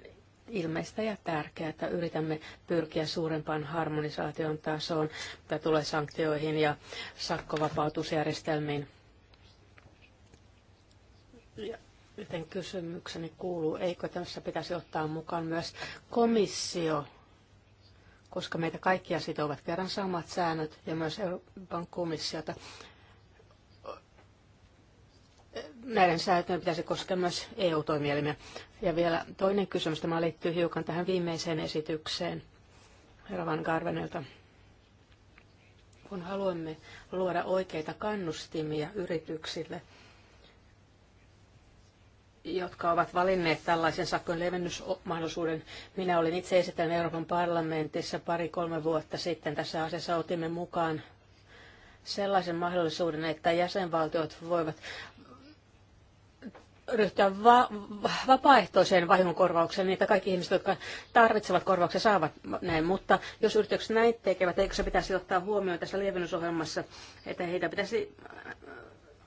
ilmeistä ja tärkeää, että yritämme pyrkiä suurempaan harmonisaation tasoon, mitä tulee sanktioihin ja sakkovapautusjärjestelmiin ja joten kysymykseni kuuluu, eikö tässä pitäisi ottaa mukaan myös komissio, koska meitä kaikkia sitovat kerran samat säännöt ja myös Euroopan komissiota. Näiden sääntöjen pitäisi koskea myös EU-toimielimiä. Ja vielä toinen kysymys, tämä liittyy hiukan tähän viimeiseen esitykseen herra Van Garvenelta. Kun haluamme luoda oikeita kannustimia yrityksille, jotka ovat valinneet tällaisen sakkojen levennysmahdollisuuden. Minä olin itse esittänyt Euroopan parlamentissa pari-kolme vuotta sitten. Tässä asiassa otimme mukaan sellaisen mahdollisuuden, että jäsenvaltiot voivat ryhtyä va- vapaaehtoiseen vahingonkorvaukseen, niitä kaikki ihmiset, jotka tarvitsevat korvauksia, saavat näin. Mutta jos yritykset näin tekevät, eikö se pitäisi ottaa huomioon tässä lievennysohjelmassa, että heitä pitäisi äh,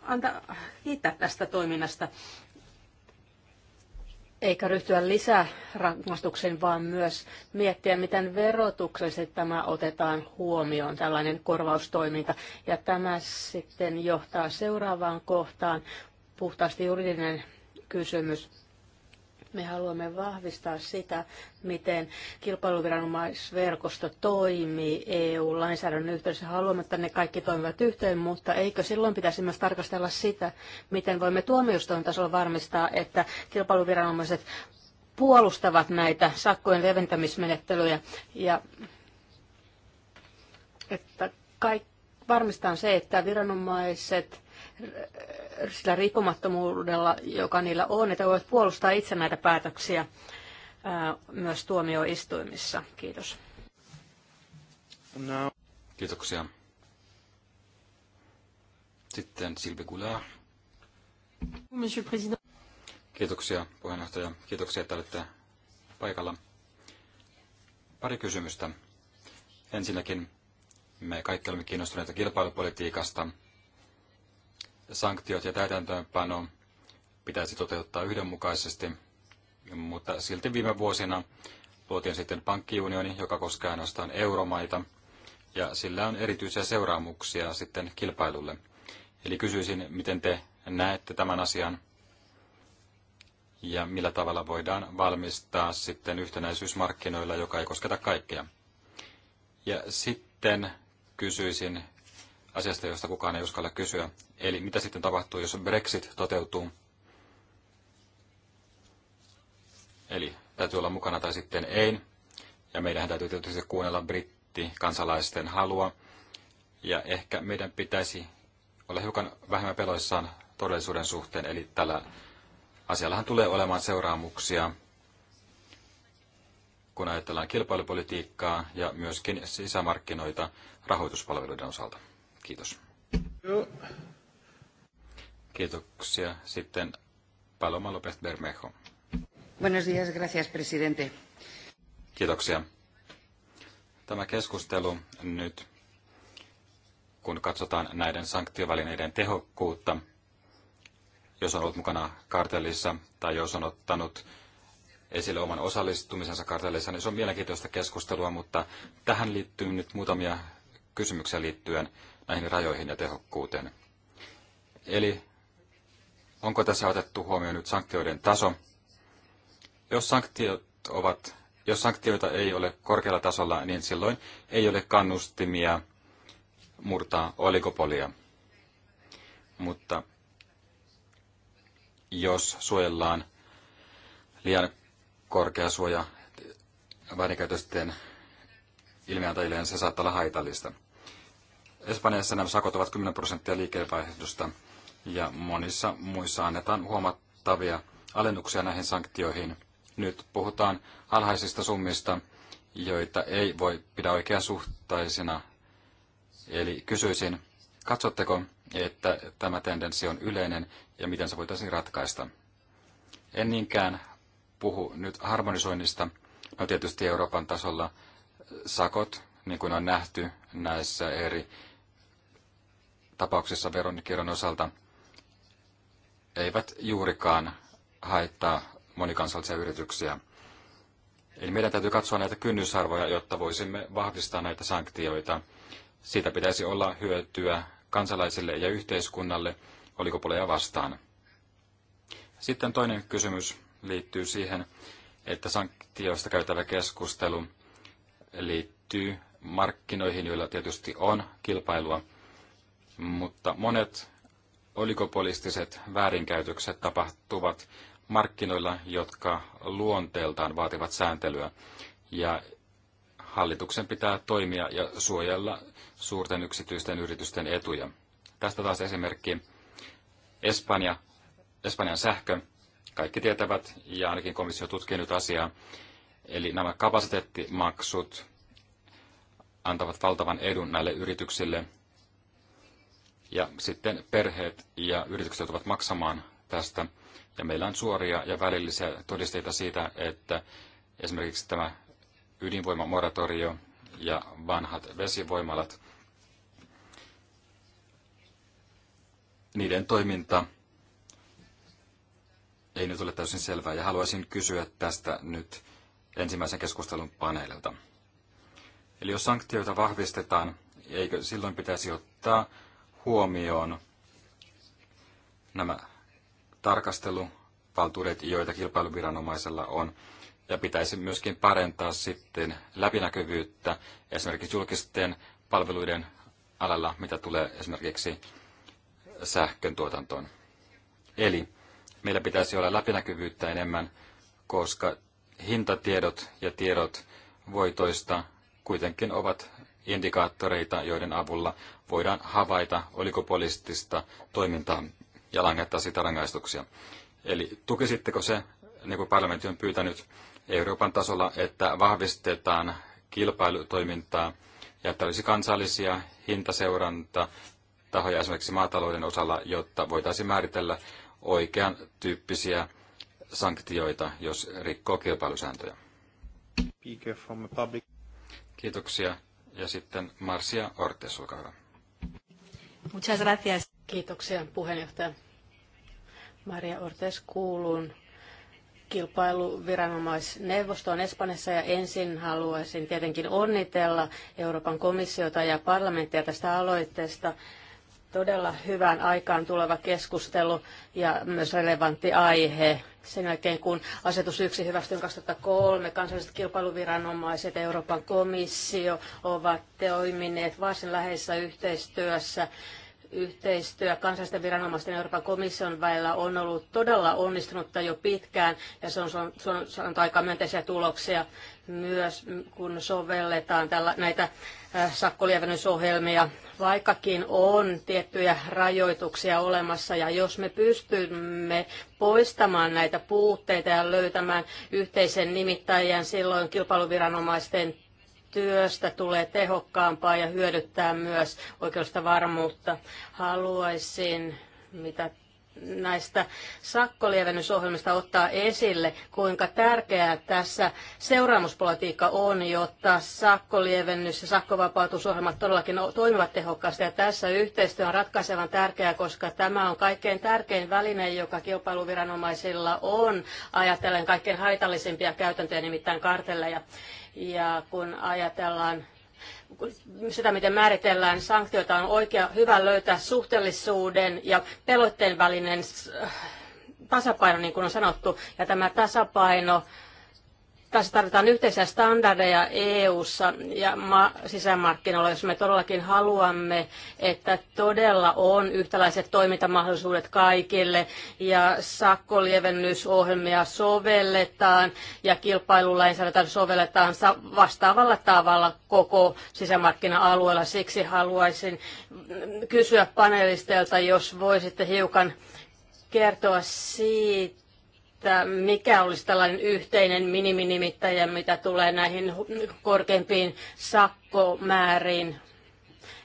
antaa kiittää tästä toiminnasta eikä ryhtyä lisärangaistuksiin, vaan myös miettiä, miten verotuksessa tämä otetaan huomioon, tällainen korvaustoiminta. Ja tämä sitten johtaa seuraavaan kohtaan, puhtaasti juridinen kysymys. Me haluamme vahvistaa sitä, miten kilpailuviranomaisverkosto toimii EU-lainsäädännön yhteydessä. Haluamme, että ne kaikki toimivat yhteen, mutta eikö silloin pitäisi myös tarkastella sitä, miten voimme tuomioistuin tasolla varmistaa, että kilpailuviranomaiset puolustavat näitä sakkojen leventämismenettelyjä ja että kaikki varmistaan se, että viranomaiset sillä riippumattomuudella, joka niillä on, että voivat puolustaa itse näitä päätöksiä myös tuomioistuimissa. Kiitos. No. Kiitoksia. Sitten Silvi kulaa. Monsieur Président. Kiitoksia puheenjohtaja. Kiitoksia, että olette paikalla. Pari kysymystä. Ensinnäkin me kaikki olemme kiinnostuneita kilpailupolitiikasta – sanktiot ja täytäntöönpano pitäisi toteuttaa yhdenmukaisesti, mutta silti viime vuosina luotiin sitten pankkiunioni, joka koskee ainoastaan euromaita, ja sillä on erityisiä seuraamuksia sitten kilpailulle. Eli kysyisin, miten te näette tämän asian ja millä tavalla voidaan valmistaa sitten yhtenäisyys markkinoilla, joka ei kosketa kaikkea. Ja sitten kysyisin asiasta, josta kukaan ei uskalla kysyä. Eli mitä sitten tapahtuu, jos Brexit toteutuu? Eli täytyy olla mukana tai sitten ei. Ja meidän täytyy tietysti kuunnella britti kansalaisten halua. Ja ehkä meidän pitäisi olla hiukan vähemmän peloissaan todellisuuden suhteen. Eli tällä asiallahan tulee olemaan seuraamuksia, kun ajatellaan kilpailupolitiikkaa ja myöskin sisämarkkinoita rahoituspalveluiden osalta. Kiitos. Joo. Kiitoksia. Sitten Paloma López Bermejo. Buenos días, gracias, presidente. Kiitoksia. Tämä keskustelu nyt, kun katsotaan näiden sanktiovälineiden tehokkuutta, jos on ollut mukana kartellissa tai jos on ottanut esille oman osallistumisensa kartellissa, niin se on mielenkiintoista keskustelua, mutta tähän liittyy nyt muutamia kysymyksiä liittyen näihin rajoihin ja tehokkuuteen. Eli onko tässä otettu huomioon nyt sanktioiden taso? Jos, sanktiot ovat, jos sanktioita ei ole korkealla tasolla, niin silloin ei ole kannustimia murtaa oligopolia. Mutta jos suojellaan liian korkea suoja väärinkäytösten ilmiantajille, niin se saattaa olla haitallista. Espanjassa nämä sakot ovat 10 prosenttia liikevaihdosta ja monissa muissa annetaan huomattavia alennuksia näihin sanktioihin. Nyt puhutaan alhaisista summista, joita ei voi pidä oikeasuhtaisina. Eli kysyisin, katsotteko, että tämä tendenssi on yleinen ja miten se voitaisiin ratkaista? En niinkään puhu nyt harmonisoinnista. No tietysti Euroopan tasolla sakot, niin kuin on nähty näissä eri tapauksissa veronkierron osalta eivät juurikaan haittaa monikansallisia yrityksiä. Eli meidän täytyy katsoa näitä kynnysarvoja, jotta voisimme vahvistaa näitä sanktioita. Siitä pitäisi olla hyötyä kansalaisille ja yhteiskunnalle oliko poleja vastaan. Sitten toinen kysymys liittyy siihen, että sanktioista käytävä keskustelu liittyy markkinoihin, joilla tietysti on kilpailua – mutta monet oligopolistiset väärinkäytökset tapahtuvat markkinoilla, jotka luonteeltaan vaativat sääntelyä. Ja hallituksen pitää toimia ja suojella suurten yksityisten yritysten etuja. Tästä taas esimerkki Espanja, Espanjan sähkö. Kaikki tietävät, ja ainakin komissio tutkii nyt asiaa, eli nämä kapasiteettimaksut antavat valtavan edun näille yrityksille, ja sitten perheet ja yritykset joutuvat maksamaan tästä. Ja meillä on suoria ja välillisiä todisteita siitä, että esimerkiksi tämä ydinvoimamoratorio ja vanhat vesivoimalat, niiden toiminta ei nyt ole täysin selvää. Ja haluaisin kysyä tästä nyt ensimmäisen keskustelun paneelilta. Eli jos sanktioita vahvistetaan, eikö silloin pitäisi ottaa huomioon nämä tarkasteluvaltuudet, joita kilpailuviranomaisella on, ja pitäisi myöskin parantaa sitten läpinäkyvyyttä esimerkiksi julkisten palveluiden alalla, mitä tulee esimerkiksi sähkön tuotantoon. Eli meillä pitäisi olla läpinäkyvyyttä enemmän, koska hintatiedot ja tiedot voitoista kuitenkin ovat indikaattoreita, joiden avulla voidaan havaita, oliko poliittista toimintaa ja langettaa sitä rangaistuksia. Eli tukisitteko se, niin kuin parlamentti on pyytänyt Euroopan tasolla, että vahvistetaan kilpailutoimintaa ja että olisi kansallisia hintaseuranta tahoja esimerkiksi maatalouden osalla, jotta voitaisiin määritellä oikean tyyppisiä sanktioita, jos rikkoo kilpailusääntöjä. Kiitoksia. Ja sitten Marcia Ortes, olkaa hyvä. Muchas gracias. Kiitoksia puheenjohtaja. Maria Ortes kuulun kilpailuviranomaisneuvostoon Espanjassa ja ensin haluaisin tietenkin onnitella Euroopan komissiota ja parlamenttia tästä aloitteesta todella hyvän aikaan tuleva keskustelu ja myös relevantti aihe. Sen jälkeen kun asetus 1 hyväksyttiin 2003, kansalliset kilpailuviranomaiset ja Euroopan komissio ovat toimineet varsin läheisessä yhteistyössä yhteistyö kansallisten viranomaisten ja Euroopan komission välillä on ollut todella onnistunutta jo pitkään ja se on, saanut aika myönteisiä tuloksia myös, kun sovelletaan tällä, näitä sakkolievennysohjelmia, vaikkakin on tiettyjä rajoituksia olemassa ja jos me pystymme poistamaan näitä puutteita ja löytämään yhteisen nimittäjän silloin kilpailuviranomaisten työstä tulee tehokkaampaa ja hyödyttää myös oikeusta varmuutta. Haluaisin, mitä näistä sakkolievennysohjelmista ottaa esille, kuinka tärkeää tässä seuraamuspolitiikka on, jotta sakkolievennys ja sakkovapautusohjelmat todellakin toimivat tehokkaasti. Ja tässä yhteistyö on ratkaisevan tärkeää, koska tämä on kaikkein tärkein väline, joka kilpailuviranomaisilla on, ajatellen kaikkein haitallisimpia käytäntöjä, nimittäin kartelleja. Ja kun ajatellaan sitä, miten määritellään sanktioita, on oikea hyvä löytää suhteellisuuden ja pelotteen välinen äh, tasapaino, niin kuin on sanottu. Ja tämä tasapaino tässä tarvitaan yhteisiä standardeja EU-ssa ja ma- sisämarkkinoilla, jos me todellakin haluamme, että todella on yhtäläiset toimintamahdollisuudet kaikille ja sakkolievennysohjelmia sovelletaan ja kilpailulainsäädäntöä sovelletaan vastaavalla tavalla koko sisämarkkina-alueella. Siksi haluaisin kysyä panelisteilta, jos voisitte hiukan kertoa siitä, että mikä olisi tällainen yhteinen miniminimittäjä, mitä tulee näihin korkeimpiin sakkomääriin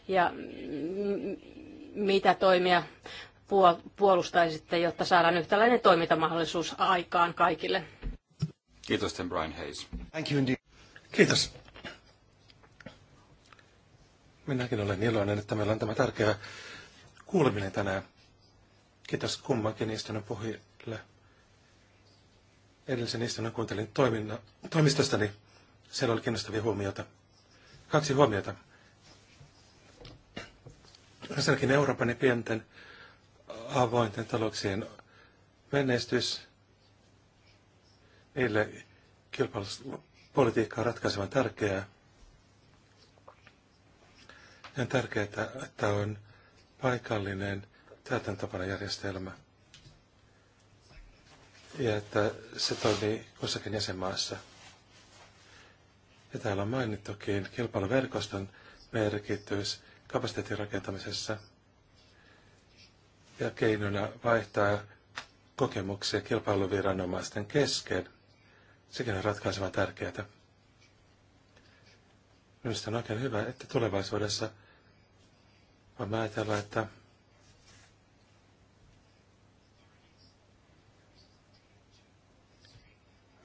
ja mitä toimia puolustaisitte, jotta saadaan yhtäläinen toimintamahdollisuus aikaan kaikille. Kiitos, Tim Brian Hayes. Thank you indeed. Kiitos. Minäkin olen iloinen, että meillä on tämä tärkeä kuuleminen tänään. Kiitos kummankin istunnon puhujille Edellisen istunnon kuuntelin toiminna, toimistostani. Siellä oli kiinnostavia huomioita. Kaksi huomiota. Ensinnäkin Euroopan ja pienten avointen talouksien menestys. Niille kilpailupolitiikka on ratkaisevan tärkeää. Ja on tärkeää, että on paikallinen täytäntöpanojärjestelmä järjestelmä ja että se toimii kussakin jäsenmaassa. Ja täällä on mainittukin kilpailuverkoston merkitys kapasiteetin rakentamisessa ja keinona vaihtaa kokemuksia kilpailuviranomaisten kesken. Sekin on ratkaisevan tärkeää. Minusta on oikein hyvä, että tulevaisuudessa on ajatella, että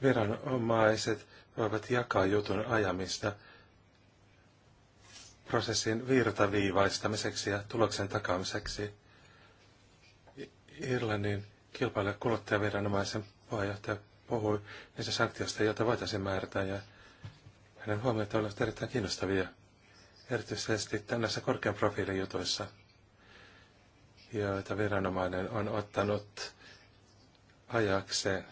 viranomaiset voivat jakaa jutun ajamista prosessin virtaviivaistamiseksi ja tuloksen takaamiseksi. Irlannin kilpailu- ja kuluttajaviranomaisen puheenjohtaja puhui niistä sanktioista, joita voitaisiin määrätä, ja hänen huomiota olivat erittäin kiinnostavia, erityisesti näissä korkean profiilin jutuissa, joita viranomainen on ottanut ajakseen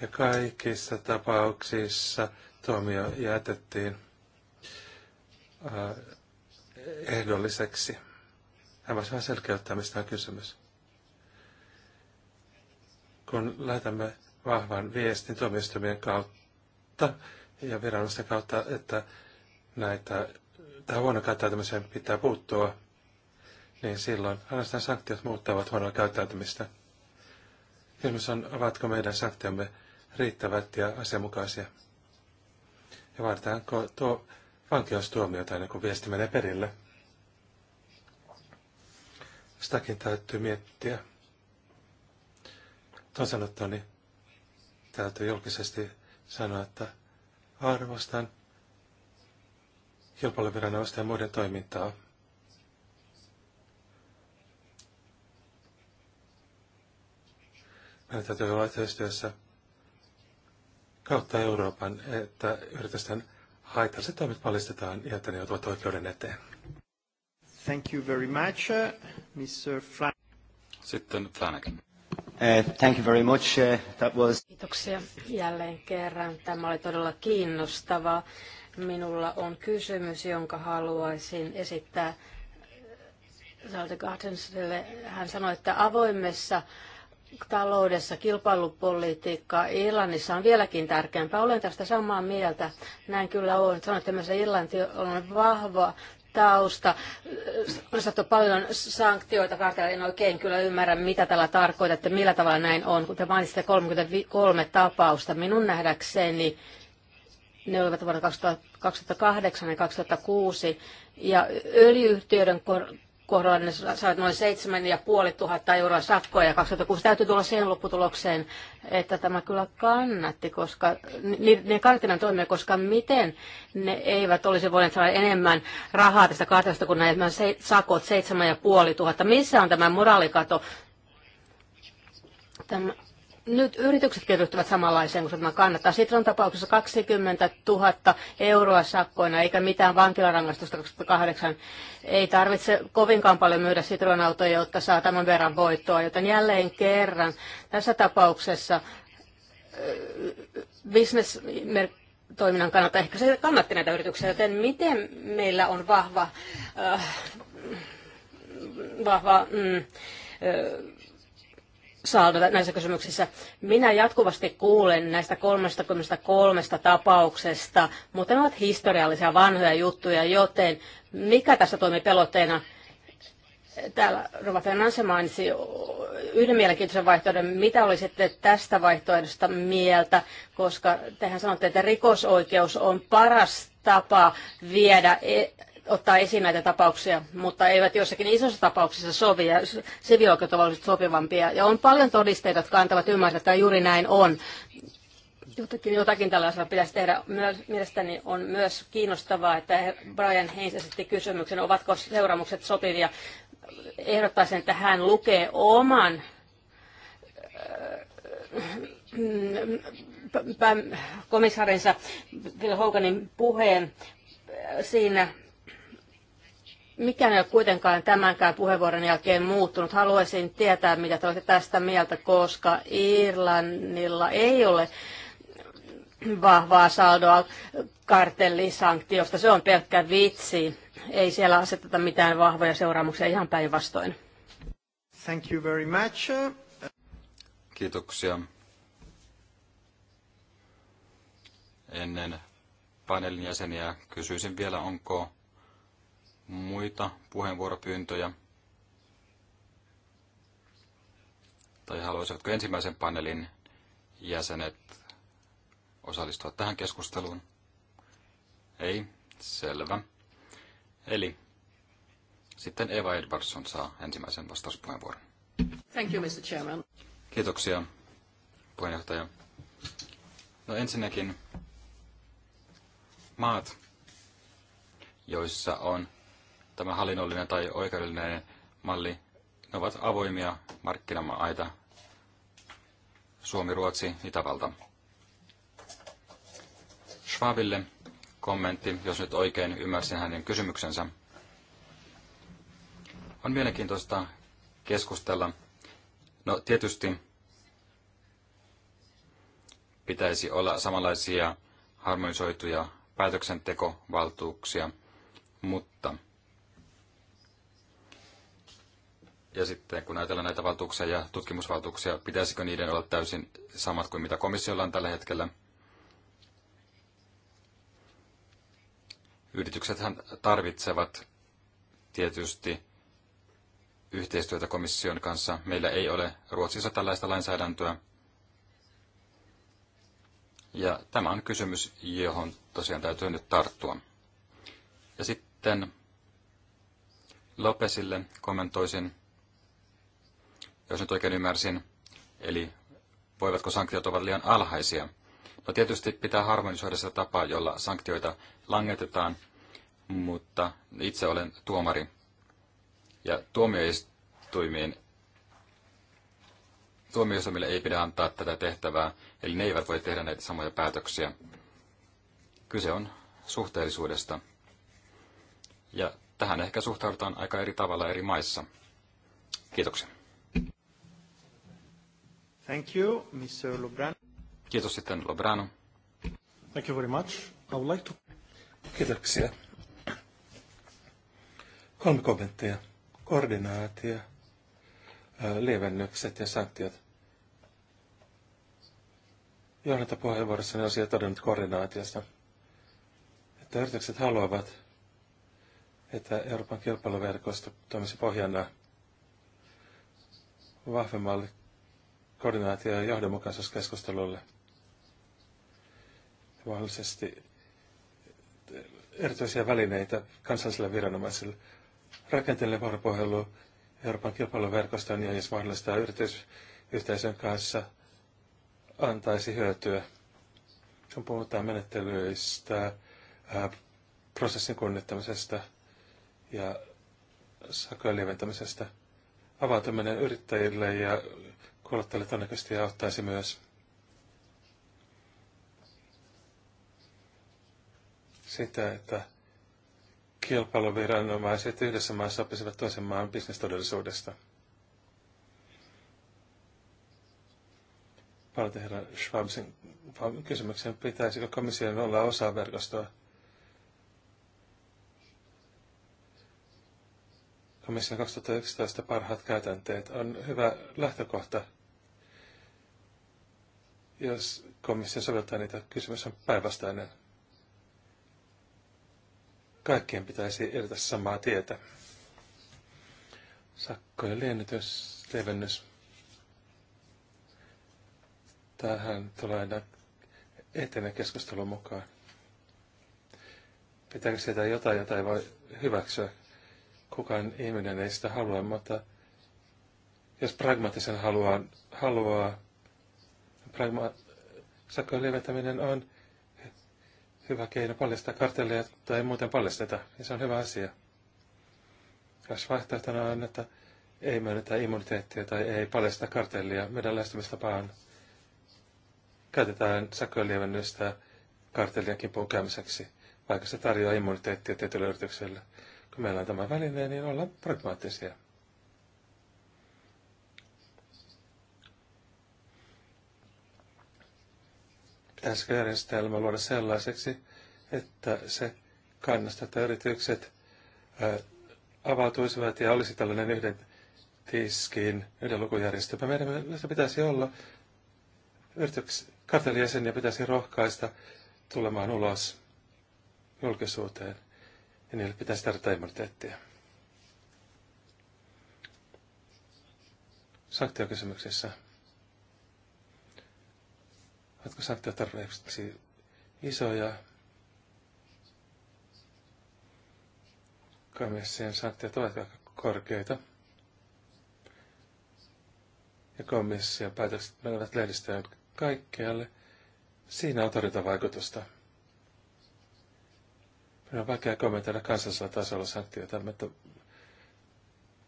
ja kaikissa tapauksissa tuomio jätettiin ehdolliseksi. Hän voisi vähän selkeyttää, mistä on kysymys. Kun lähetämme vahvan viestin tuomioistuimien kautta ja viranomaisten kautta, että näitä, tähän huono käyttäytymiseen pitää puuttua, niin silloin ainoastaan sanktiot muuttavat huonoa käyttäytymistä. Kysymys on, ovatko meidän sanktiomme riittävät ja asianmukaisia? Ja vaaditaanko tuo vankeustuomio tai kun viesti menee perille? Sitäkin täytyy miettiä. Tuon sanottuni niin täytyy julkisesti sanoa, että arvostan kilpailuviranomaisten ja muiden toimintaa. Meidän täytyy olla yhteistyössä kautta Euroopan, että yritysten haitalliset toimet paljastetaan ja että ne joutuvat oikeuden eteen. Thank you very much, uh, Mr. Flan. Sitten Flanagan. Uh, thank you very much. Uh, that was... Kiitoksia jälleen kerran. Tämä oli todella kiinnostava. Minulla on kysymys, jonka haluaisin esittää Salta Gartensille. Hän sanoi, että avoimessa taloudessa kilpailupolitiikka Irlannissa on vieläkin tärkeämpää. Olen tästä samaa mieltä. Näin kyllä on. että myös, Irlanti on vahva tausta. On saatu paljon sanktioita kartalla. En oikein kyllä ymmärrä, mitä tällä tarkoitatte, millä tavalla näin on. Kun te mainitsitte 33 tapausta, minun nähdäkseni ne olivat vuonna 2008 ja 2006. Ja öljyyhtiöiden kohdalla ne saivat noin 7500 euroa sakkoa ja 2006 täytyy tulla siihen lopputulokseen, että tämä kyllä kannatti, koska ne kartinan toimia, koska miten ne eivät olisi voineet saada enemmän rahaa tästä kartasta kuin nämä sakot 7500. Missä on tämä moraalikato? Tämä, nyt yritykset kerryttävät samanlaiseen, kun tämä kannattaa. Sitran tapauksessa 20 000 euroa sakkoina, eikä mitään vankilarangaistusta 2008. Ei tarvitse kovinkaan paljon myydä Sitran autoja, jotta saa tämän verran voittoa. Joten jälleen kerran tässä tapauksessa business toiminnan kannalta ehkä se kannatti näitä yrityksiä, joten miten meillä on vahva, äh, vahva mm, äh, saldo näissä kysymyksissä. Minä jatkuvasti kuulen näistä 33 tapauksesta, mutta ne ovat historiallisia vanhoja juttuja, joten mikä tässä toimii pelotteena? Täällä Rova Fernandes mainitsi yhden mielenkiintoisen vaihtoehdon. Mitä olisitte tästä vaihtoehdosta mieltä, koska tehän sanotte, että rikosoikeus on paras tapa viedä e- ottaa esiin näitä tapauksia, mutta eivät jossakin isossa tapauksessa sovi ja sivioikeudet ovat sopivampia. Ja on paljon todisteita, jotka antavat ymmärtää, että juuri näin on. Jotakin, jotakin tällaisella pitäisi tehdä. Myös, mielestäni on myös kiinnostavaa, että Brian Haynes esitti kysymyksen, ovatko seuraamukset sopivia. Ehdottaisin, että hän lukee oman komissarinsa Phil Hoganin puheen siinä Mikään ei ole kuitenkaan tämänkään puheenvuoron jälkeen muuttunut. Haluaisin tietää, mitä te olette tästä mieltä, koska Irlannilla ei ole vahvaa saldoa kartellisanktiosta. Se on pelkkä vitsi. Ei siellä aseteta mitään vahvoja seuraamuksia ihan päinvastoin. Thank you very much. Kiitoksia. Ennen paneelin jäseniä kysyisin vielä, onko muita puheenvuoropyyntöjä? Tai haluaisitko ensimmäisen paneelin jäsenet osallistua tähän keskusteluun? Ei, selvä. Eli sitten Eva Edvardsson saa ensimmäisen vastauspuheenvuoron. Thank you, Mr. Chairman. Kiitoksia, puheenjohtaja. No ensinnäkin maat, joissa on tämä hallinnollinen tai oikeudellinen malli, ne ovat avoimia markkinamaita, Suomi, Ruotsi, Itävalta. Schwabille kommentti, jos nyt oikein ymmärsin hänen kysymyksensä. On mielenkiintoista keskustella. No tietysti pitäisi olla samanlaisia harmonisoituja päätöksentekovaltuuksia, mutta – Ja sitten kun ajatellaan näitä valtuuksia ja tutkimusvaltuuksia, pitäisikö niiden olla täysin samat kuin mitä komissiolla on tällä hetkellä? Yrityksethän tarvitsevat tietysti yhteistyötä komission kanssa. Meillä ei ole Ruotsissa tällaista lainsäädäntöä. Ja tämä on kysymys, johon tosiaan täytyy nyt tarttua. Ja sitten Lopesille kommentoisin jos nyt oikein ymmärsin. Eli voivatko sanktiot olla liian alhaisia? No tietysti pitää harmonisoida sitä tapaa, jolla sanktioita langetetaan, mutta itse olen tuomari. Ja tuomioistuimiin tuomioistuimille ei pidä antaa tätä tehtävää, eli ne eivät voi tehdä näitä samoja päätöksiä. Kyse on suhteellisuudesta. Ja tähän ehkä suhtaudutaan aika eri tavalla eri maissa. Kiitoksia. Thank you, Mr. Lobran. Kiitos sitten Lobrano. Thank you very much. I would like to... Kiitoksia. Kolme kommenttia. Koordinaatio, äh, lievennykset ja sanktiot. Johdanta puheenvuorossani asia todennut koordinaatiosta, että yritykset haluavat, että Euroopan kilpailuverkosto toimisi pohjana vahvemmalle koordinaatio- ja johdonmukaisuuskeskustelulle. Mahdollisesti erityisiä välineitä kansallisille viranomaisille. Rakenteellinen vuoropuhelu Euroopan kilpailuverkoston ja jos mahdollista yritysyhteisön kanssa antaisi hyötyä. Kun puhutaan menettelyistä, ää, prosessin kunnittamisesta ja sakojen lieventämisestä, avautuminen yrittäjille ja kuluttajalle todennäköisesti ja auttaisi myös sitä, että kilpailuviranomaiset yhdessä maassa oppisivat toisen maan bisnestodellisuudesta. Palautin herran Schwabsin kysymykseen, pitäisikö komission olla osa verkostoa? Komission 2011 parhaat käytänteet on hyvä lähtökohta – jos komissio soveltaa niitä, kysymys on päinvastainen. Kaikkien pitäisi edetä samaa tietä. Sakkojen liennytys, levennys. Tähän tulee aina etenä keskustelun mukaan. Pitääkö sieltä jotain, jota ei voi hyväksyä? Kukaan ihminen ei sitä halua, mutta jos pragmatisen haluaa, haluaa Pragma sakkojen lieventäminen on hyvä keino paljastaa kartelleja tai muuten paljasteta, ja se on hyvä asia. Jos vaihtoehtona on, että ei myönnetä immuniteettia tai ei paljasta kartellia, meidän lähestymistapaan käytetään sakkojen lievennystä kartellien kimppuun käymiseksi, vaikka se tarjoaa immuniteettia tietylle yritykselle. Kun meillä on tämä väline, niin ollaan pragmaattisia. pitäisikö järjestelmä luoda sellaiseksi, että se kannustaa, että yritykset avautuisivat ja olisi tällainen yhden tiskiin, yhden lukujärjestelmä. Meidän mielestä pitäisi olla, yrityks, kartelijäseniä pitäisi rohkaista tulemaan ulos julkisuuteen ja niille pitäisi tarjota immuniteettia. Sanktiokysymyksissä. Jotkut sanktiot tarpeeksi isoja. Komission sanktiot ovat aika korkeita. Ja komission päätökset menevät lehdistöön kaikkealle. Siinä on vaikutusta. Minä on vaikea kommentoida kansallisella tasolla sanktioita, mutta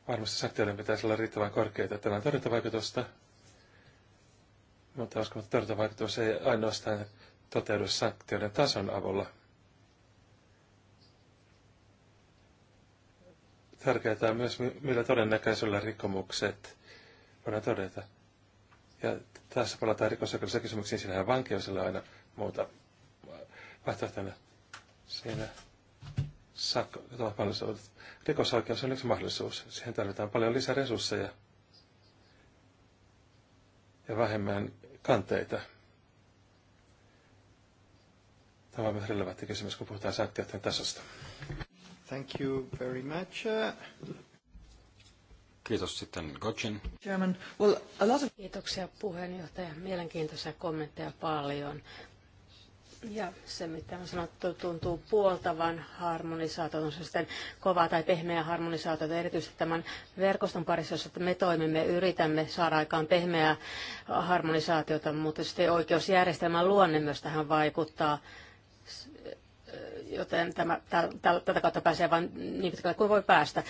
varmasti sanktioiden pitäisi olla riittävän korkeita. Tällä on torjuntavaikutusta. vaikutusta mutta no uskomaton vaikutus ei ainoastaan toteudu sanktioiden tason avulla. Tärkeää on myös, millä todennäköisellä rikkomukset voidaan todeta. Ja tässä palataan rikosoikeudellisiin kysymyksiin, siinä vankeus on aina muuta vaihtoehtona. Siinä sakko, mahdollisuus. Rikosoikeus on yksi mahdollisuus. Siihen tarvitaan paljon lisää resursseja ja vähemmän kanteita. Tämä on myös relevantti kysymys, kun puhutaan sanktioiden tasosta. Thank you very much. Kiitos sitten Gotchin. German. Well, a lot of... Kiitoksia puheenjohtaja. Mielenkiintoisia kommentteja paljon. Ja se, mitä on sanottu, tuntuu puoltavan harmonisaatio, on se sitten kova tai pehmeä harmonisaatio, erityisesti tämän verkoston parissa, jossa me toimimme, yritämme saada aikaan pehmeää harmonisaatiota, mutta sitten oikeusjärjestelmän luonne myös tähän vaikuttaa joten tämä, täl, täl, tätä kautta pääsee vain niin pitkälle kuin voi päästä.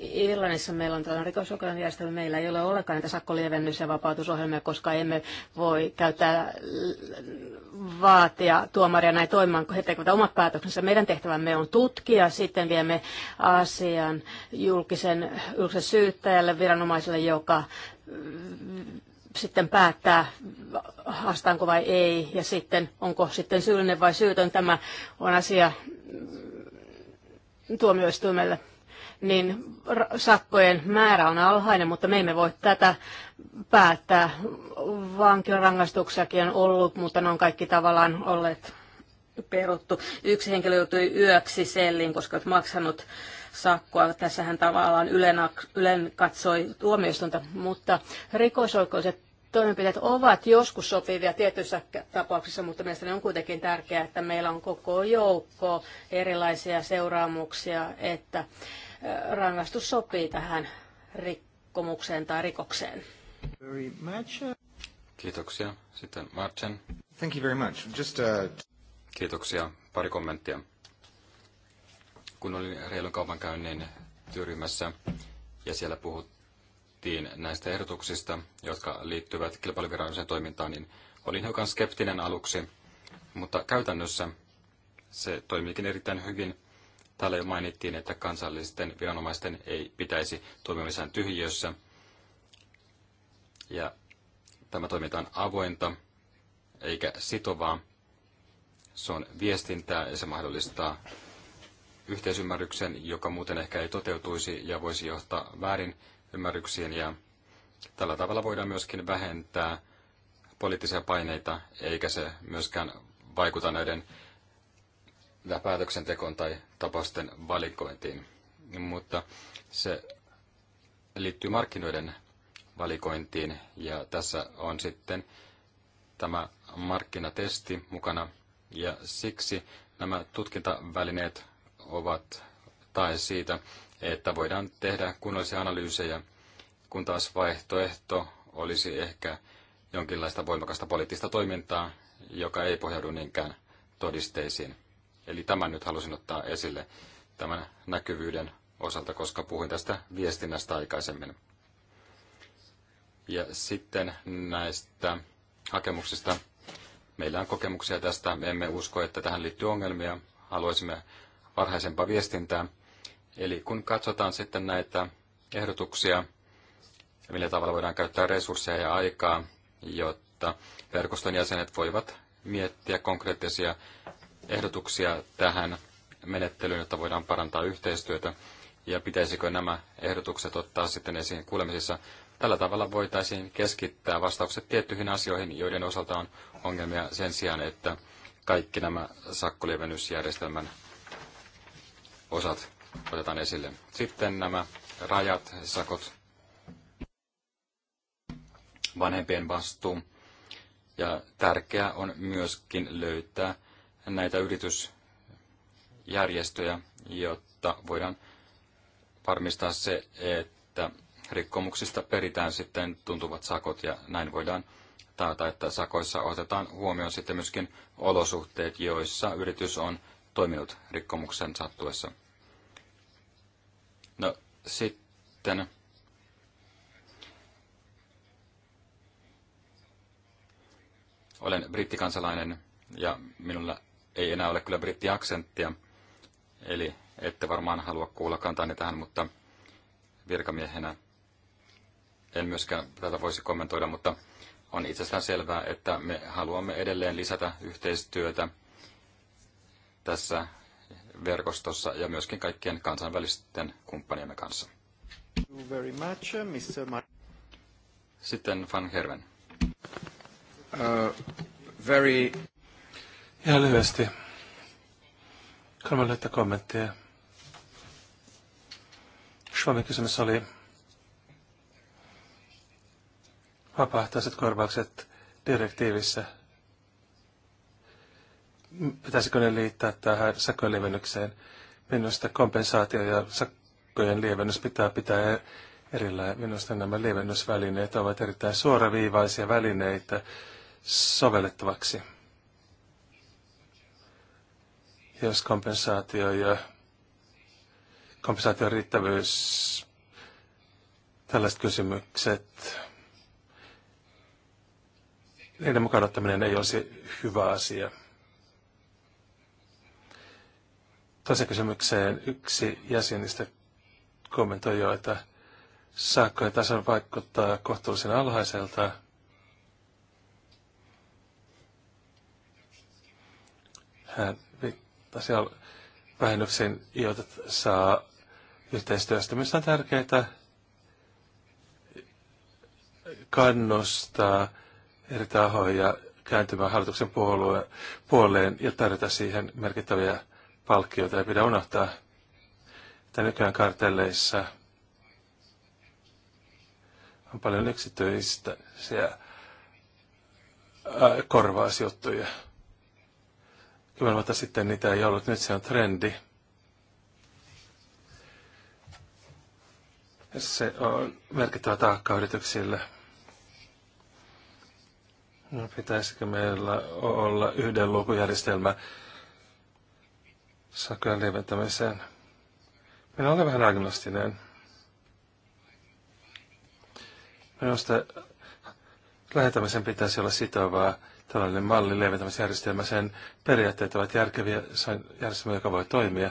Irlannissa meillä on tällainen rikosoikeuden järjestelmä, meillä ei ole ollenkaan näitä sakkolievennys- ja vapautusohjelmia, koska emme voi käyttää vaatia tuomaria näin toimimaan, kun he tekevät omat päätöksensä. Meidän tehtävämme on tutkia, sitten viemme asian julkisen, julkisen syyttäjälle, viranomaiselle, joka sitten päättää, haastaanko vai ei, ja sitten onko sitten syyllinen vai syytön. Tämä on asia mm, tuomioistuimelle niin sakkojen määrä on alhainen, mutta me emme voi tätä päättää. Vankilarangaistuksiakin on ollut, mutta ne on kaikki tavallaan olleet peruttu. Yksi henkilö joutui yöksi selliin, koska olet maksanut sakkoa. Tässähän tavallaan Ylen, ylen katsoi tuomioistunta, mutta rikosoikeuset toimenpiteet ovat joskus sopivia tietyissä tapauksissa, mutta mielestäni on kuitenkin tärkeää, että meillä on koko joukko erilaisia seuraamuksia, että rangaistus sopii tähän rikkomukseen tai rikokseen. Kiitoksia. Sitten Martin. Thank you very much. Just, uh... Kiitoksia. Pari kommenttia. Kun olin reilun kaupankäynnin työryhmässä ja siellä puhuttiin, puhuttiin näistä ehdotuksista, jotka liittyvät kilpailuviranomaisen toimintaan, niin olin hiukan skeptinen aluksi, mutta käytännössä se toimiikin erittäin hyvin. Täällä jo mainittiin, että kansallisten viranomaisten ei pitäisi toimia missään tyhjiössä. Ja tämä toiminta on avointa eikä sitovaa. Se on viestintää ja se mahdollistaa yhteisymmärryksen, joka muuten ehkä ei toteutuisi ja voisi johtaa väärin ymmärryksiin ja tällä tavalla voidaan myöskin vähentää poliittisia paineita, eikä se myöskään vaikuta näiden päätöksentekoon tai tapausten valikointiin. Mutta se liittyy markkinoiden valikointiin ja tässä on sitten tämä markkinatesti mukana ja siksi nämä tutkintavälineet ovat tae siitä, että voidaan tehdä kunnollisia analyysejä, kun taas vaihtoehto olisi ehkä jonkinlaista voimakasta poliittista toimintaa, joka ei pohjaudu niinkään todisteisiin. Eli tämän nyt halusin ottaa esille tämän näkyvyyden osalta, koska puhuin tästä viestinnästä aikaisemmin. Ja sitten näistä hakemuksista. Meillä on kokemuksia tästä. Me emme usko, että tähän liittyy ongelmia. Haluaisimme varhaisempaa viestintää. Eli kun katsotaan sitten näitä ehdotuksia, millä tavalla voidaan käyttää resursseja ja aikaa, jotta verkoston jäsenet voivat miettiä konkreettisia ehdotuksia tähän menettelyyn, jotta voidaan parantaa yhteistyötä, ja pitäisikö nämä ehdotukset ottaa sitten esiin kuulemisissa. Tällä tavalla voitaisiin keskittää vastaukset tiettyihin asioihin, joiden osalta on ongelmia sen sijaan, että kaikki nämä sakkolievennysjärjestelmän osat otetaan esille. Sitten nämä rajat, sakot, vanhempien vastuu. Ja tärkeää on myöskin löytää näitä yritysjärjestöjä, jotta voidaan varmistaa se, että rikkomuksista peritään sitten tuntuvat sakot ja näin voidaan taata, että sakoissa otetaan huomioon sitten myöskin olosuhteet, joissa yritys on toiminut rikkomuksen sattuessa. No sitten olen brittikansalainen ja minulla ei enää ole kyllä brittiaksenttia, eli ette varmaan halua kuulla kantani tähän, mutta virkamiehenä en myöskään tätä voisi kommentoida, mutta on itsestään selvää, että me haluamme edelleen lisätä yhteistyötä tässä verkostossa ja myöskin kaikkien kansainvälisten kumppaniemme kanssa. Uh, Sitten Van Herven. Uh, very... Ihan lyhyesti. Kolme lyhyttä kommenttia. Suomen kysymys oli vapaaehtoiset korvaukset direktiivissä – pitäisikö ne liittää tähän sakkojen lievennykseen? Minusta kompensaatio ja sakkojen lievennys pitää pitää e-, erillään. Minusta nämä lievennysvälineet ovat erittäin suoraviivaisia välineitä sovellettavaksi. Jos kompensaatio ja kompensaation riittävyys, tällaiset kysymykset, niiden mukaan ottaminen ei olisi hyvä asia. toiseen kysymykseen yksi jäsenistä kommentoi jo, että saakkojen taso vaikuttaa kohtuullisen alhaiselta. Hän viittasi vähennyksen, joita saa yhteistyöstä, mistä on tärkeää kannustaa eri tahoja kääntymään hallituksen puolueen, puoleen ja tarjota siihen merkittäviä palkkiota ei pidä unohtaa, että nykyään kartelleissa on paljon yksityistä äh, korvausjuttuja. Kymmenen vuotta sitten niitä ei ollut, nyt se on trendi. Se on merkittävä taakka yrityksille. No, pitäisikö meillä olla yhden lukujärjestelmä? sakkojen lieventämiseen. Minä olen vähän agnostinen. Minusta lähetämisen pitäisi olla sitovaa. Tällainen malli lieventämisjärjestelmä, sen periaatteet ovat järkeviä järjestelmä, joka voi toimia.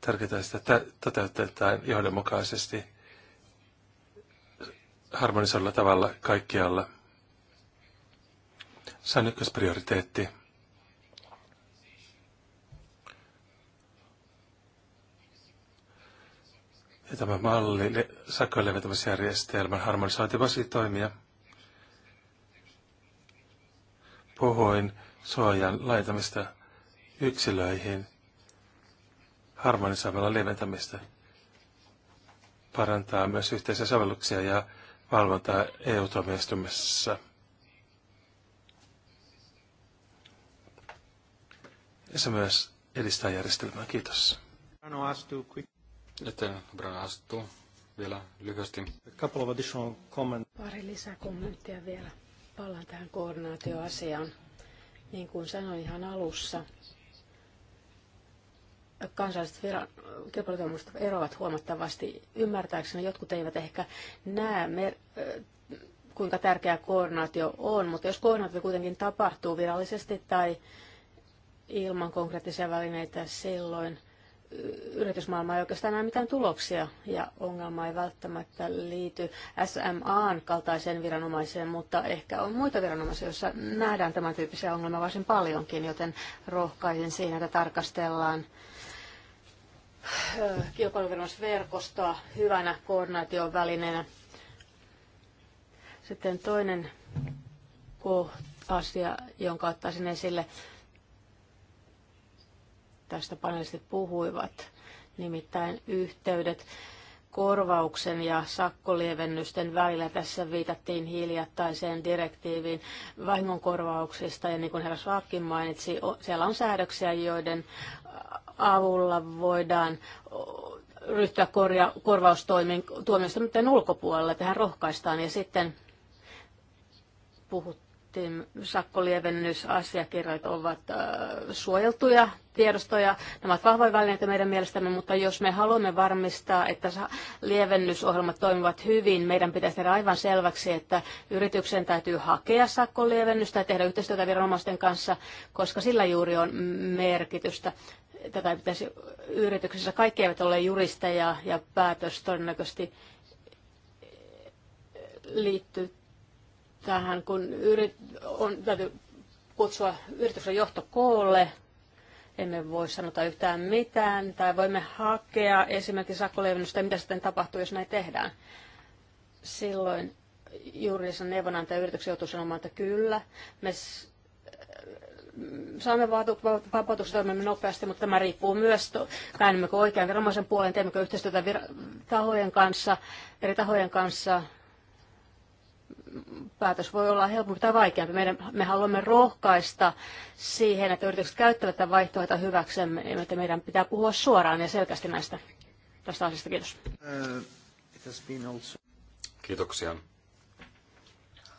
Tärkeintä sitä toteutetaan johdonmukaisesti harmonisoidulla tavalla kaikkialla. Se on ykkösprioriteetti. Ja tämä malli, sakkojen leventämisjärjestelmän harmonisointi voisi toimia. Puhuin suojan laitamista yksilöihin harmonisoimalla leventämistä. Parantaa myös yhteisiä sovelluksia ja valvontaa EU-tuomioistuimessa. Ja se myös edistää järjestelmää. Kiitos. Sitten Brana astuu vielä lyhyesti. Couple of additional comment. Pari lisäkommenttia vielä. Palaan tähän koordinaatioasiaan. Niin kuin sanoin ihan alussa, kansalliset kilpailutoimistot eroavat huomattavasti. Ymmärtääkseni jotkut eivät ehkä näe, mer- kuinka tärkeä koordinaatio on, mutta jos koordinaatio kuitenkin tapahtuu virallisesti tai ilman konkreettisia välineitä, silloin – yritysmaailma ei oikeastaan näe mitään tuloksia ja ongelma ei välttämättä liity SMAn kaltaiseen viranomaiseen, mutta ehkä on muita viranomaisia, joissa nähdään tämän tyyppisiä ongelmia varsin paljonkin, joten rohkaisin siinä, että tarkastellaan äh, kilpailuviranomaisverkostoa hyvänä koordinaation välineenä. Sitten toinen asia, jonka ottaisin esille, tästä panelistit puhuivat, nimittäin yhteydet korvauksen ja sakkolievennysten välillä. Tässä viitattiin hiljattaiseen direktiiviin vahingonkorvauksista ja niin kuin herra Saakin mainitsi, siellä on säädöksiä, joiden avulla voidaan ryhtyä korja, korvaustoimiin tuomioistuinten ulkopuolella. Tähän rohkaistaan ja sitten puhut, sitten sakkolievennysasiakirjat ovat äh, suojeltuja tiedostoja. Nämä ovat vahvoja välineitä meidän mielestämme, mutta jos me haluamme varmistaa, että lievennysohjelmat toimivat hyvin, meidän pitäisi tehdä aivan selväksi, että yrityksen täytyy hakea sakkolievennystä ja tehdä yhteistyötä viranomaisten kanssa, koska sillä juuri on merkitystä. Tätä pitäisi yrityksessä. Kaikki eivät ole juristeja ja päätös todennäköisesti liittyy tähän, kun yrit, on, täytyy kutsua yrityksen johto koolle, emme voi sanota yhtään mitään, tai voimme hakea esimerkiksi sakkolevennystä, mitä sitten tapahtuu, jos näin tehdään. Silloin juridisen neuvonantaja yrityksen joutuu sanomaan, että kyllä, me saamme vapautuksen toimimme nopeasti, mutta tämä riippuu myös, käännymmekö oikean viranomaisen puolen, teemmekö yhteistyötä vir- tahojen kanssa, eri tahojen kanssa, päätös voi olla helpompi tai vaikeampi. Meidän, me haluamme rohkaista siihen, että yritykset käyttävät tätä vaihtoehtoa hyväksemme, niin että meidän pitää puhua suoraan ja selkeästi näistä tästä asiasta. Kiitos. Uh, Kiitoksia.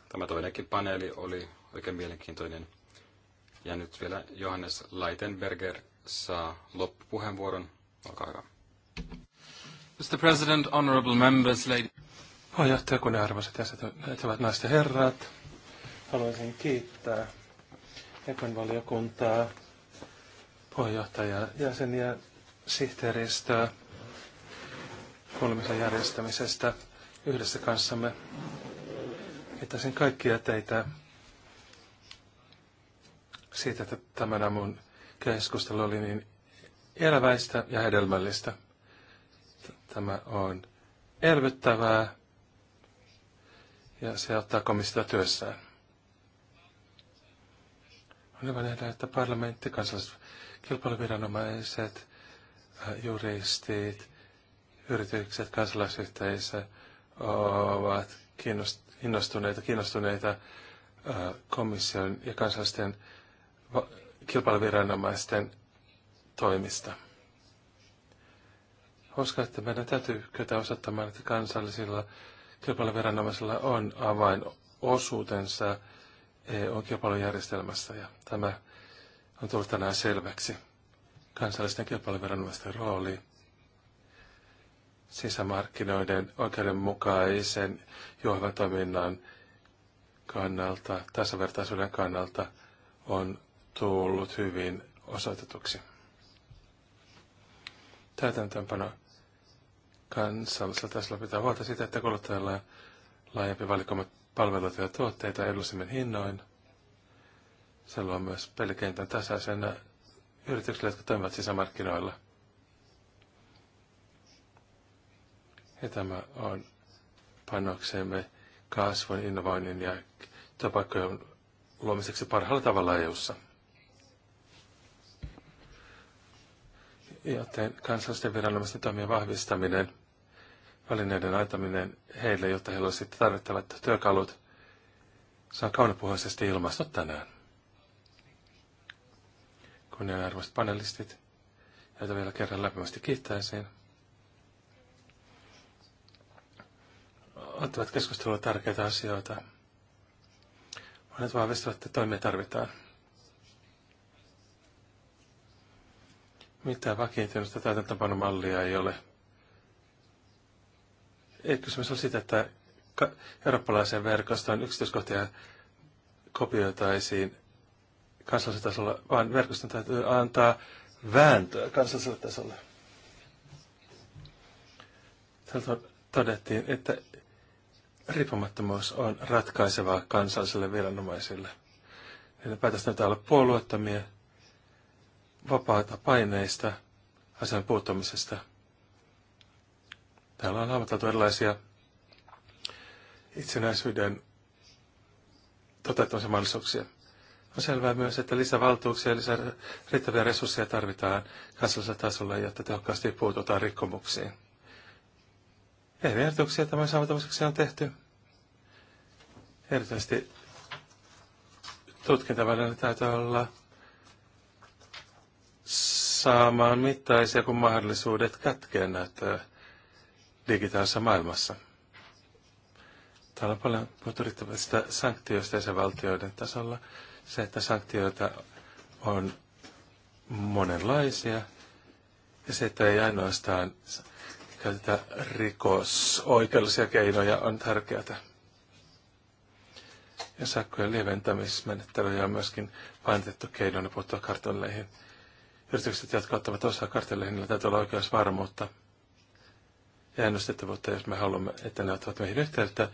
Tämä toinenkin paneeli oli oikein mielenkiintoinen. Ja nyt vielä Johannes Leitenberger saa loppupuheenvuoron. Olkaa hyvä. Mr. President, honorable members, ladies. Puheenjohtaja, kun arvoisat jäsenet, ovat naiset ja herrat, haluaisin kiittää Ekon valiokuntaa, puheenjohtajaa, jäseniä, sihteeristöä kuulemisen järjestämisestä yhdessä kanssamme. Kiittäisin kaikkia teitä siitä, että tämän aamun keskustelu oli niin eläväistä ja hedelmällistä. Tämä on elvyttävää ja se auttaa komissiota työssään. On hyvä nähdä, että parlamentti, kansalliset kilpailuviranomaiset, äh, juristit, yritykset, kansalaisyhteisö ovat innostuneita, kiinnostuneita äh, komission ja kansallisten kilpailuviranomaisten toimista. Uskon, että meidän täytyy kyetä osoittamaan, että kansallisilla kilpailuviranomaisella on avainosuutensa EUn kilpailujärjestelmässä ja tämä on tullut tänään selväksi. Kansallisten kilpailuviranomaisten rooli sisämarkkinoiden oikeudenmukaisen toiminnan kannalta, tasavertaisuuden kannalta on tullut hyvin osoitetuksi. Täytäntöönpano kansallisella tasolla pitää huolta siitä, että kuluttajalla on laajempi valikoima palveluita ja tuotteita edullisemmin hinnoin. Se luo myös pelikentän tasaisena yrityksille, jotka toimivat sisämarkkinoilla. Ja tämä on panoksemme kasvun, innovoinnin ja työpaikkojen luomiseksi parhaalla tavalla EU-ssa. Joten kansallisten viranomaisten toimien vahvistaminen – välineiden antaminen heille, jotta heillä olisi tarvittavat työkalut, saa kaunopuhaisesti ilmaista tänään. Kunnianarvoiset panelistit, joita vielä kerran lämpimästi kiittäisin, ottavat keskustelua tärkeitä asioita. Monet vahvistavat, että toimia tarvitaan. Mitä vakiintunutta täytäntöpanomallia ei ole – ei kysymys ole siitä, että eurooppalaisen verkoston yksityiskohtia kopioitaisiin kansallisella tasolla, vaan verkoston täytyy antaa vääntöä kansallisella tasolla. Tältä todettiin, että riippumattomuus on ratkaisevaa kansalliselle viranomaisille. Niiden päätös näyttää olla puolueettomia, vapaata paineista, asian puuttumisesta – Täällä on hahmoteltu erilaisia itsenäisyyden toteuttamisen mahdollisuuksia. On selvää myös, että lisävaltuuksia ja lisää riittäviä resursseja tarvitaan kansallisella tasolla, jotta tehokkaasti puututaan rikkomuksiin. Eri ehdotuksia tämän saavutamiseksi on tehty. Erityisesti tutkintavälineet täytyy olla saamaan mittaisia kuin mahdollisuudet kätkeä näyttöä digitaalisessa maailmassa. Täällä on paljon puhuttu sitä sanktioista jäsenvaltioiden tasolla. Se, että sanktioita on monenlaisia ja se, että ei ainoastaan käytetä rikosoikeudellisia keinoja, on tärkeää. Ja sakkojen lieventämismenettelyjä on myöskin painotettu keinoina puuttua kartelleihin. Yritykset, jotka ottavat osaa kartelleihin, niillä täytyy olla oikeusvarmuutta ja ennustettavuutta, jos me haluamme, että ne ottavat meihin yhteyttä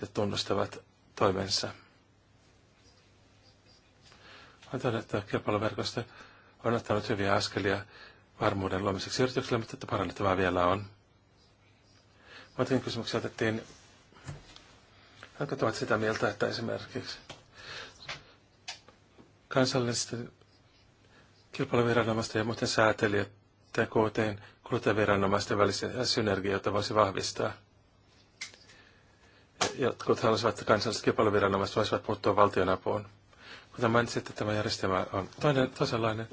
ja tunnustavat toimensa. On että kilpailuverkosto on ottanut hyviä askelia varmuuden luomiseksi yritykselle, mutta että parannettavaa vielä on. Muutenkin kysymyksiä otettiin. Jotkut ovat sitä mieltä, että esimerkiksi kansallisten kilpailuviranomaisten ja muuten säätelijöiden KT kuluttajaviranomaisten välisiä synergioita voisi vahvistaa. Jotkut haluaisivat, että kansalliset kilpailuviranomaiset voisivat puuttua valtionapuun. Kuten että tämä järjestelmä on toinen, toisenlainen,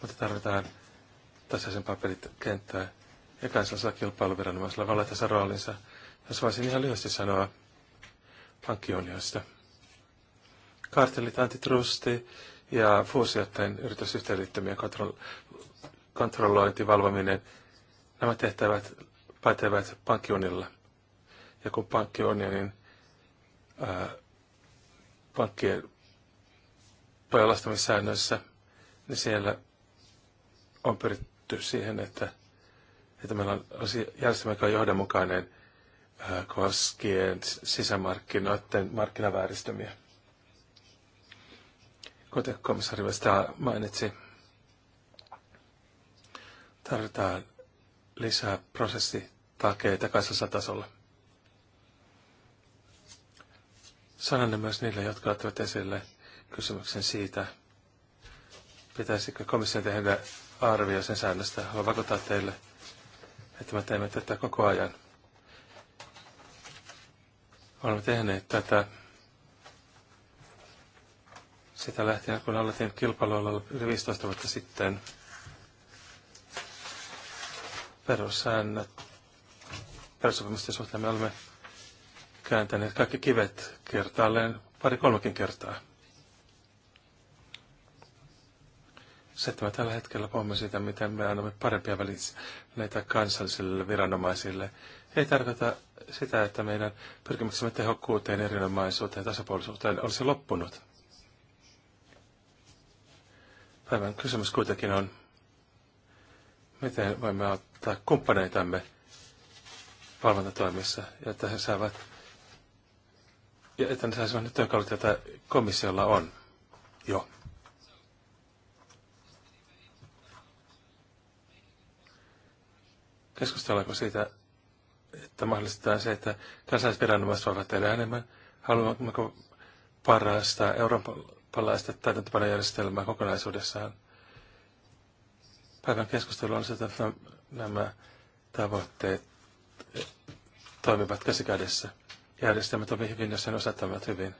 mutta tarvitaan tasaisempaa pelikenttää ja kansallisella kilpailuviranomaisella valita roolinsa. Jos voisin ihan lyhyesti sanoa pankkiunioista. Kartellit, antitrusti ja fuusioiden yritysyhteenliittymien kontrollointi, valvominen Nämä tehtävät pätevät pankkiunilla. Ja kun pankkiunionin ää, pankkien pelastamissäännöissä, niin siellä on pyritty siihen, että, että meillä on järjestelmä, joka on johdonmukainen ää, koskien sisämarkkinoiden markkinavääristymiä. Kuten komissaari Vestaa mainitsi, tarvitaan lisää prosessitakeita kansallisella tasolla. ne myös niille, jotka ottavat esille kysymyksen siitä, pitäisikö komission tehdä arvio sen säännöstä. Haluan vakuuttaa teille, että me teemme tätä koko ajan. Olemme tehneet tätä sitä lähtien, kun aloitin kilpailualalla yli 15 vuotta sitten – perussäännöt, perussopimusten suhteen me olemme kääntäneet kaikki kivet kertaalleen pari kolmekin kertaa. Se, että me tällä hetkellä puhumme siitä, miten me annamme parempia välineitä kansallisille viranomaisille, ei tarkoita sitä, että meidän pyrkimyksemme tehokkuuteen, erinomaisuuteen ja tasapuolisuuteen olisi loppunut. Päivän kysymys kuitenkin on, miten voimme auttaa kumppaneitamme valvontatoimissa, ja että he saavat ja että ne saisivat ne työkalut, joita komissiolla on jo. Keskustellaanko siitä, että mahdollistetaan se, että kansallisviranomaiset voivat tehdä enemmän? Haluammeko parasta eurooppalaista täytäntöpanojärjestelmää kokonaisuudessaan? päivän keskustelu on se, että nämä tavoitteet eh, toimivat käsikädessä. Järjestelmät ovat hyvin, jos sen osattavat hyvin.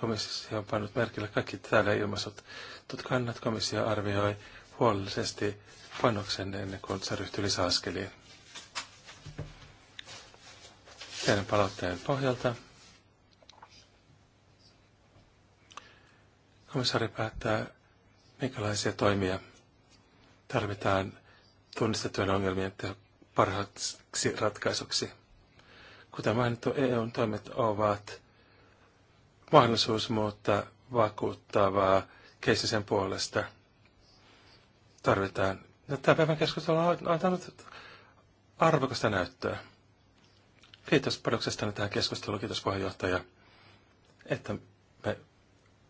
Komissio on pannut merkille kaikki täällä ilmaisut. Tut kannat komissio arvioi huolellisesti panoksen ennen kuin se ryhtyy lisäaskeliin. Teidän palautteen pohjalta komissaari päättää, minkälaisia toimia tarvitaan tunnistettujen ongelmien parhaaksi ratkaisuksi. Kuten mainittu, EUn toimet ovat mahdollisuus muuttaa vakuuttavaa keisisen puolesta. Tarvitaan. No, tämän päivän keskustelu on antanut arvokasta näyttöä. Kiitos panoksestanne tähän keskusteluun. Kiitos puheenjohtaja, että me,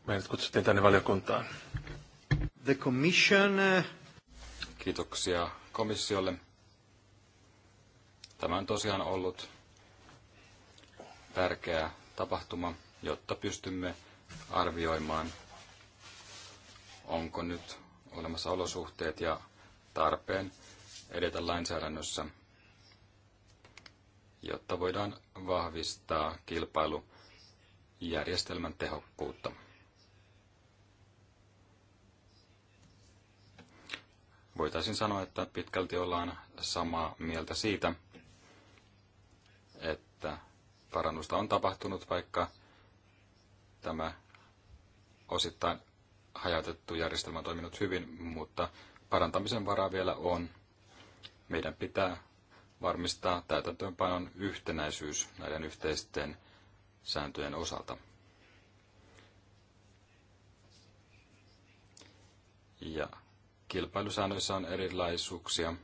meidät kutsuttiin tänne valiokuntaan. The commission uh, kiitoksia komissiolle. Tämä on tosiaan ollut tärkeä tapahtuma, jotta pystymme arvioimaan, onko nyt olemassa olosuhteet ja tarpeen edetä lainsäädännössä, jotta voidaan vahvistaa kilpailujärjestelmän tehokkuutta. voitaisiin sanoa, että pitkälti ollaan samaa mieltä siitä, että parannusta on tapahtunut, vaikka tämä osittain hajautettu järjestelmä on toiminut hyvin, mutta parantamisen varaa vielä on. Meidän pitää varmistaa täytäntöönpanon yhtenäisyys näiden yhteisten sääntöjen osalta. Ja kilpailusäännöissä on erilaisuuksia.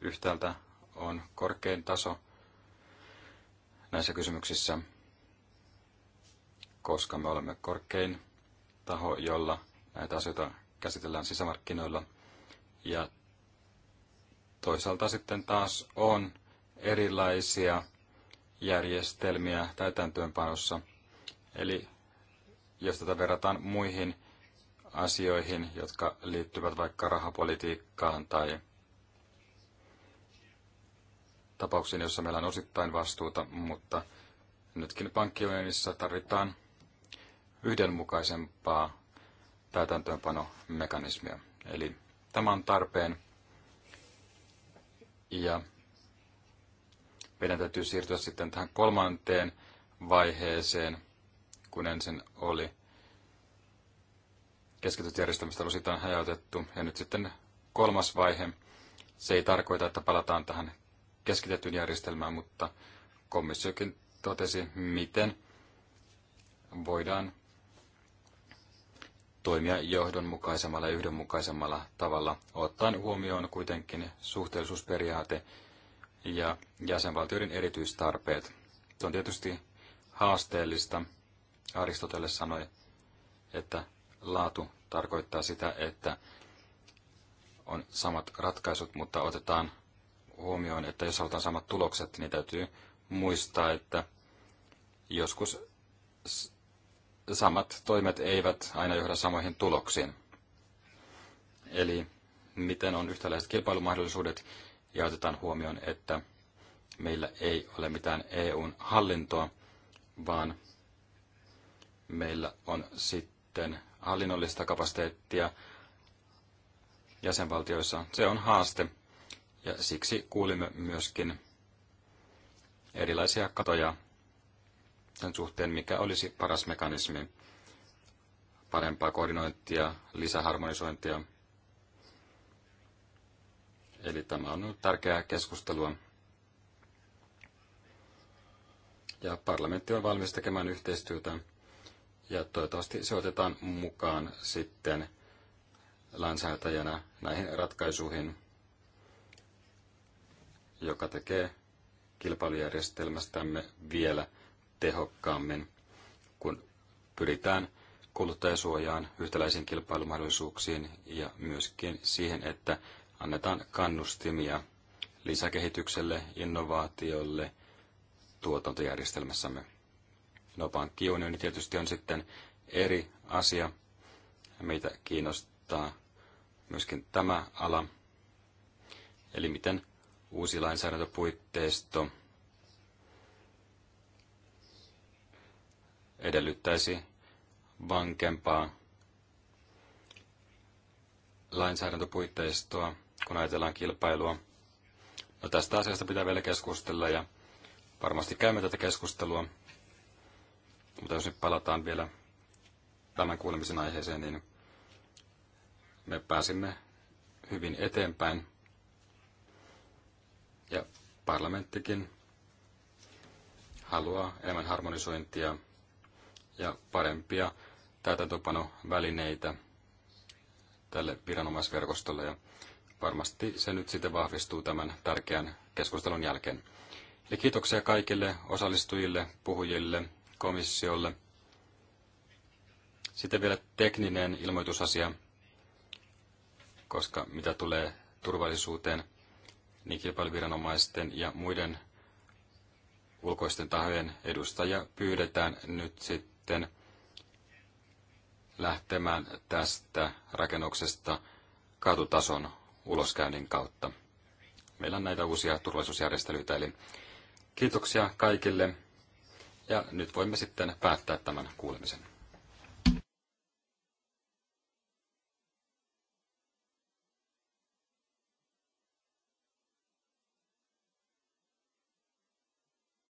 Yhtäältä on korkein taso näissä kysymyksissä, koska me olemme korkein taho, jolla näitä asioita käsitellään sisämarkkinoilla. Ja toisaalta sitten taas on erilaisia järjestelmiä täytäntöönpanossa. Eli jos tätä verrataan muihin asioihin, jotka liittyvät vaikka rahapolitiikkaan tai tapauksiin, joissa meillä on osittain vastuuta, mutta nytkin pankkiunionissa tarvitaan yhdenmukaisempaa täytäntöönpanomekanismia. Eli tämä on tarpeen ja meidän täytyy siirtyä sitten tähän kolmanteen vaiheeseen, kun ensin oli – keskityt järjestämistä on osittain hajautettu. Ja nyt sitten kolmas vaihe. Se ei tarkoita, että palataan tähän keskitettyyn järjestelmään, mutta komissiokin totesi, miten voidaan toimia johdonmukaisemmalla ja yhdenmukaisemmalla tavalla, ottaen huomioon kuitenkin suhteellisuusperiaate ja jäsenvaltioiden erityistarpeet. Se on tietysti haasteellista. Aristoteles sanoi, että laatu tarkoittaa sitä, että on samat ratkaisut, mutta otetaan huomioon, että jos halutaan samat tulokset, niin täytyy muistaa, että joskus samat toimet eivät aina johda samoihin tuloksiin. Eli miten on yhtäläiset kilpailumahdollisuudet ja otetaan huomioon, että meillä ei ole mitään EUn hallintoa, vaan meillä on sitten hallinnollista kapasiteettia jäsenvaltioissa. Se on haaste ja siksi kuulimme myöskin erilaisia katoja sen suhteen, mikä olisi paras mekanismi parempaa koordinointia, lisäharmonisointia. Eli tämä on tärkeää keskustelua. Ja parlamentti on valmis tekemään yhteistyötä ja toivottavasti se otetaan mukaan sitten lainsäätäjänä näihin ratkaisuihin, joka tekee kilpailujärjestelmästämme vielä tehokkaammin, kun pyritään kuluttajasuojaan, yhtäläisiin kilpailumahdollisuuksiin ja myöskin siihen, että annetaan kannustimia lisäkehitykselle, innovaatiolle tuotantojärjestelmässämme. No pankkiunioni tietysti on sitten eri asia. Meitä kiinnostaa myöskin tämä ala, eli miten uusi lainsäädäntöpuitteisto edellyttäisi vankempaa lainsäädäntöpuitteistoa, kun ajatellaan kilpailua. No tästä asiasta pitää vielä keskustella ja varmasti käymme tätä keskustelua. Mutta jos nyt palataan vielä tämän kuulemisen aiheeseen, niin me pääsimme hyvin eteenpäin. Ja parlamenttikin haluaa enemmän harmonisointia ja parempia täytäntöpanovälineitä tälle viranomaisverkostolle. Ja varmasti se nyt sitten vahvistuu tämän tärkeän keskustelun jälkeen. Eli kiitoksia kaikille osallistujille, puhujille komissiolle. Sitten vielä tekninen ilmoitusasia, koska mitä tulee turvallisuuteen, niin kilpailuviranomaisten ja muiden ulkoisten tahojen edustajia pyydetään nyt sitten lähtemään tästä rakennuksesta katutason uloskäynnin kautta. Meillä on näitä uusia turvallisuusjärjestelyitä, eli kiitoksia kaikille ja nyt voimme sitten päättää tämän kuulemisen.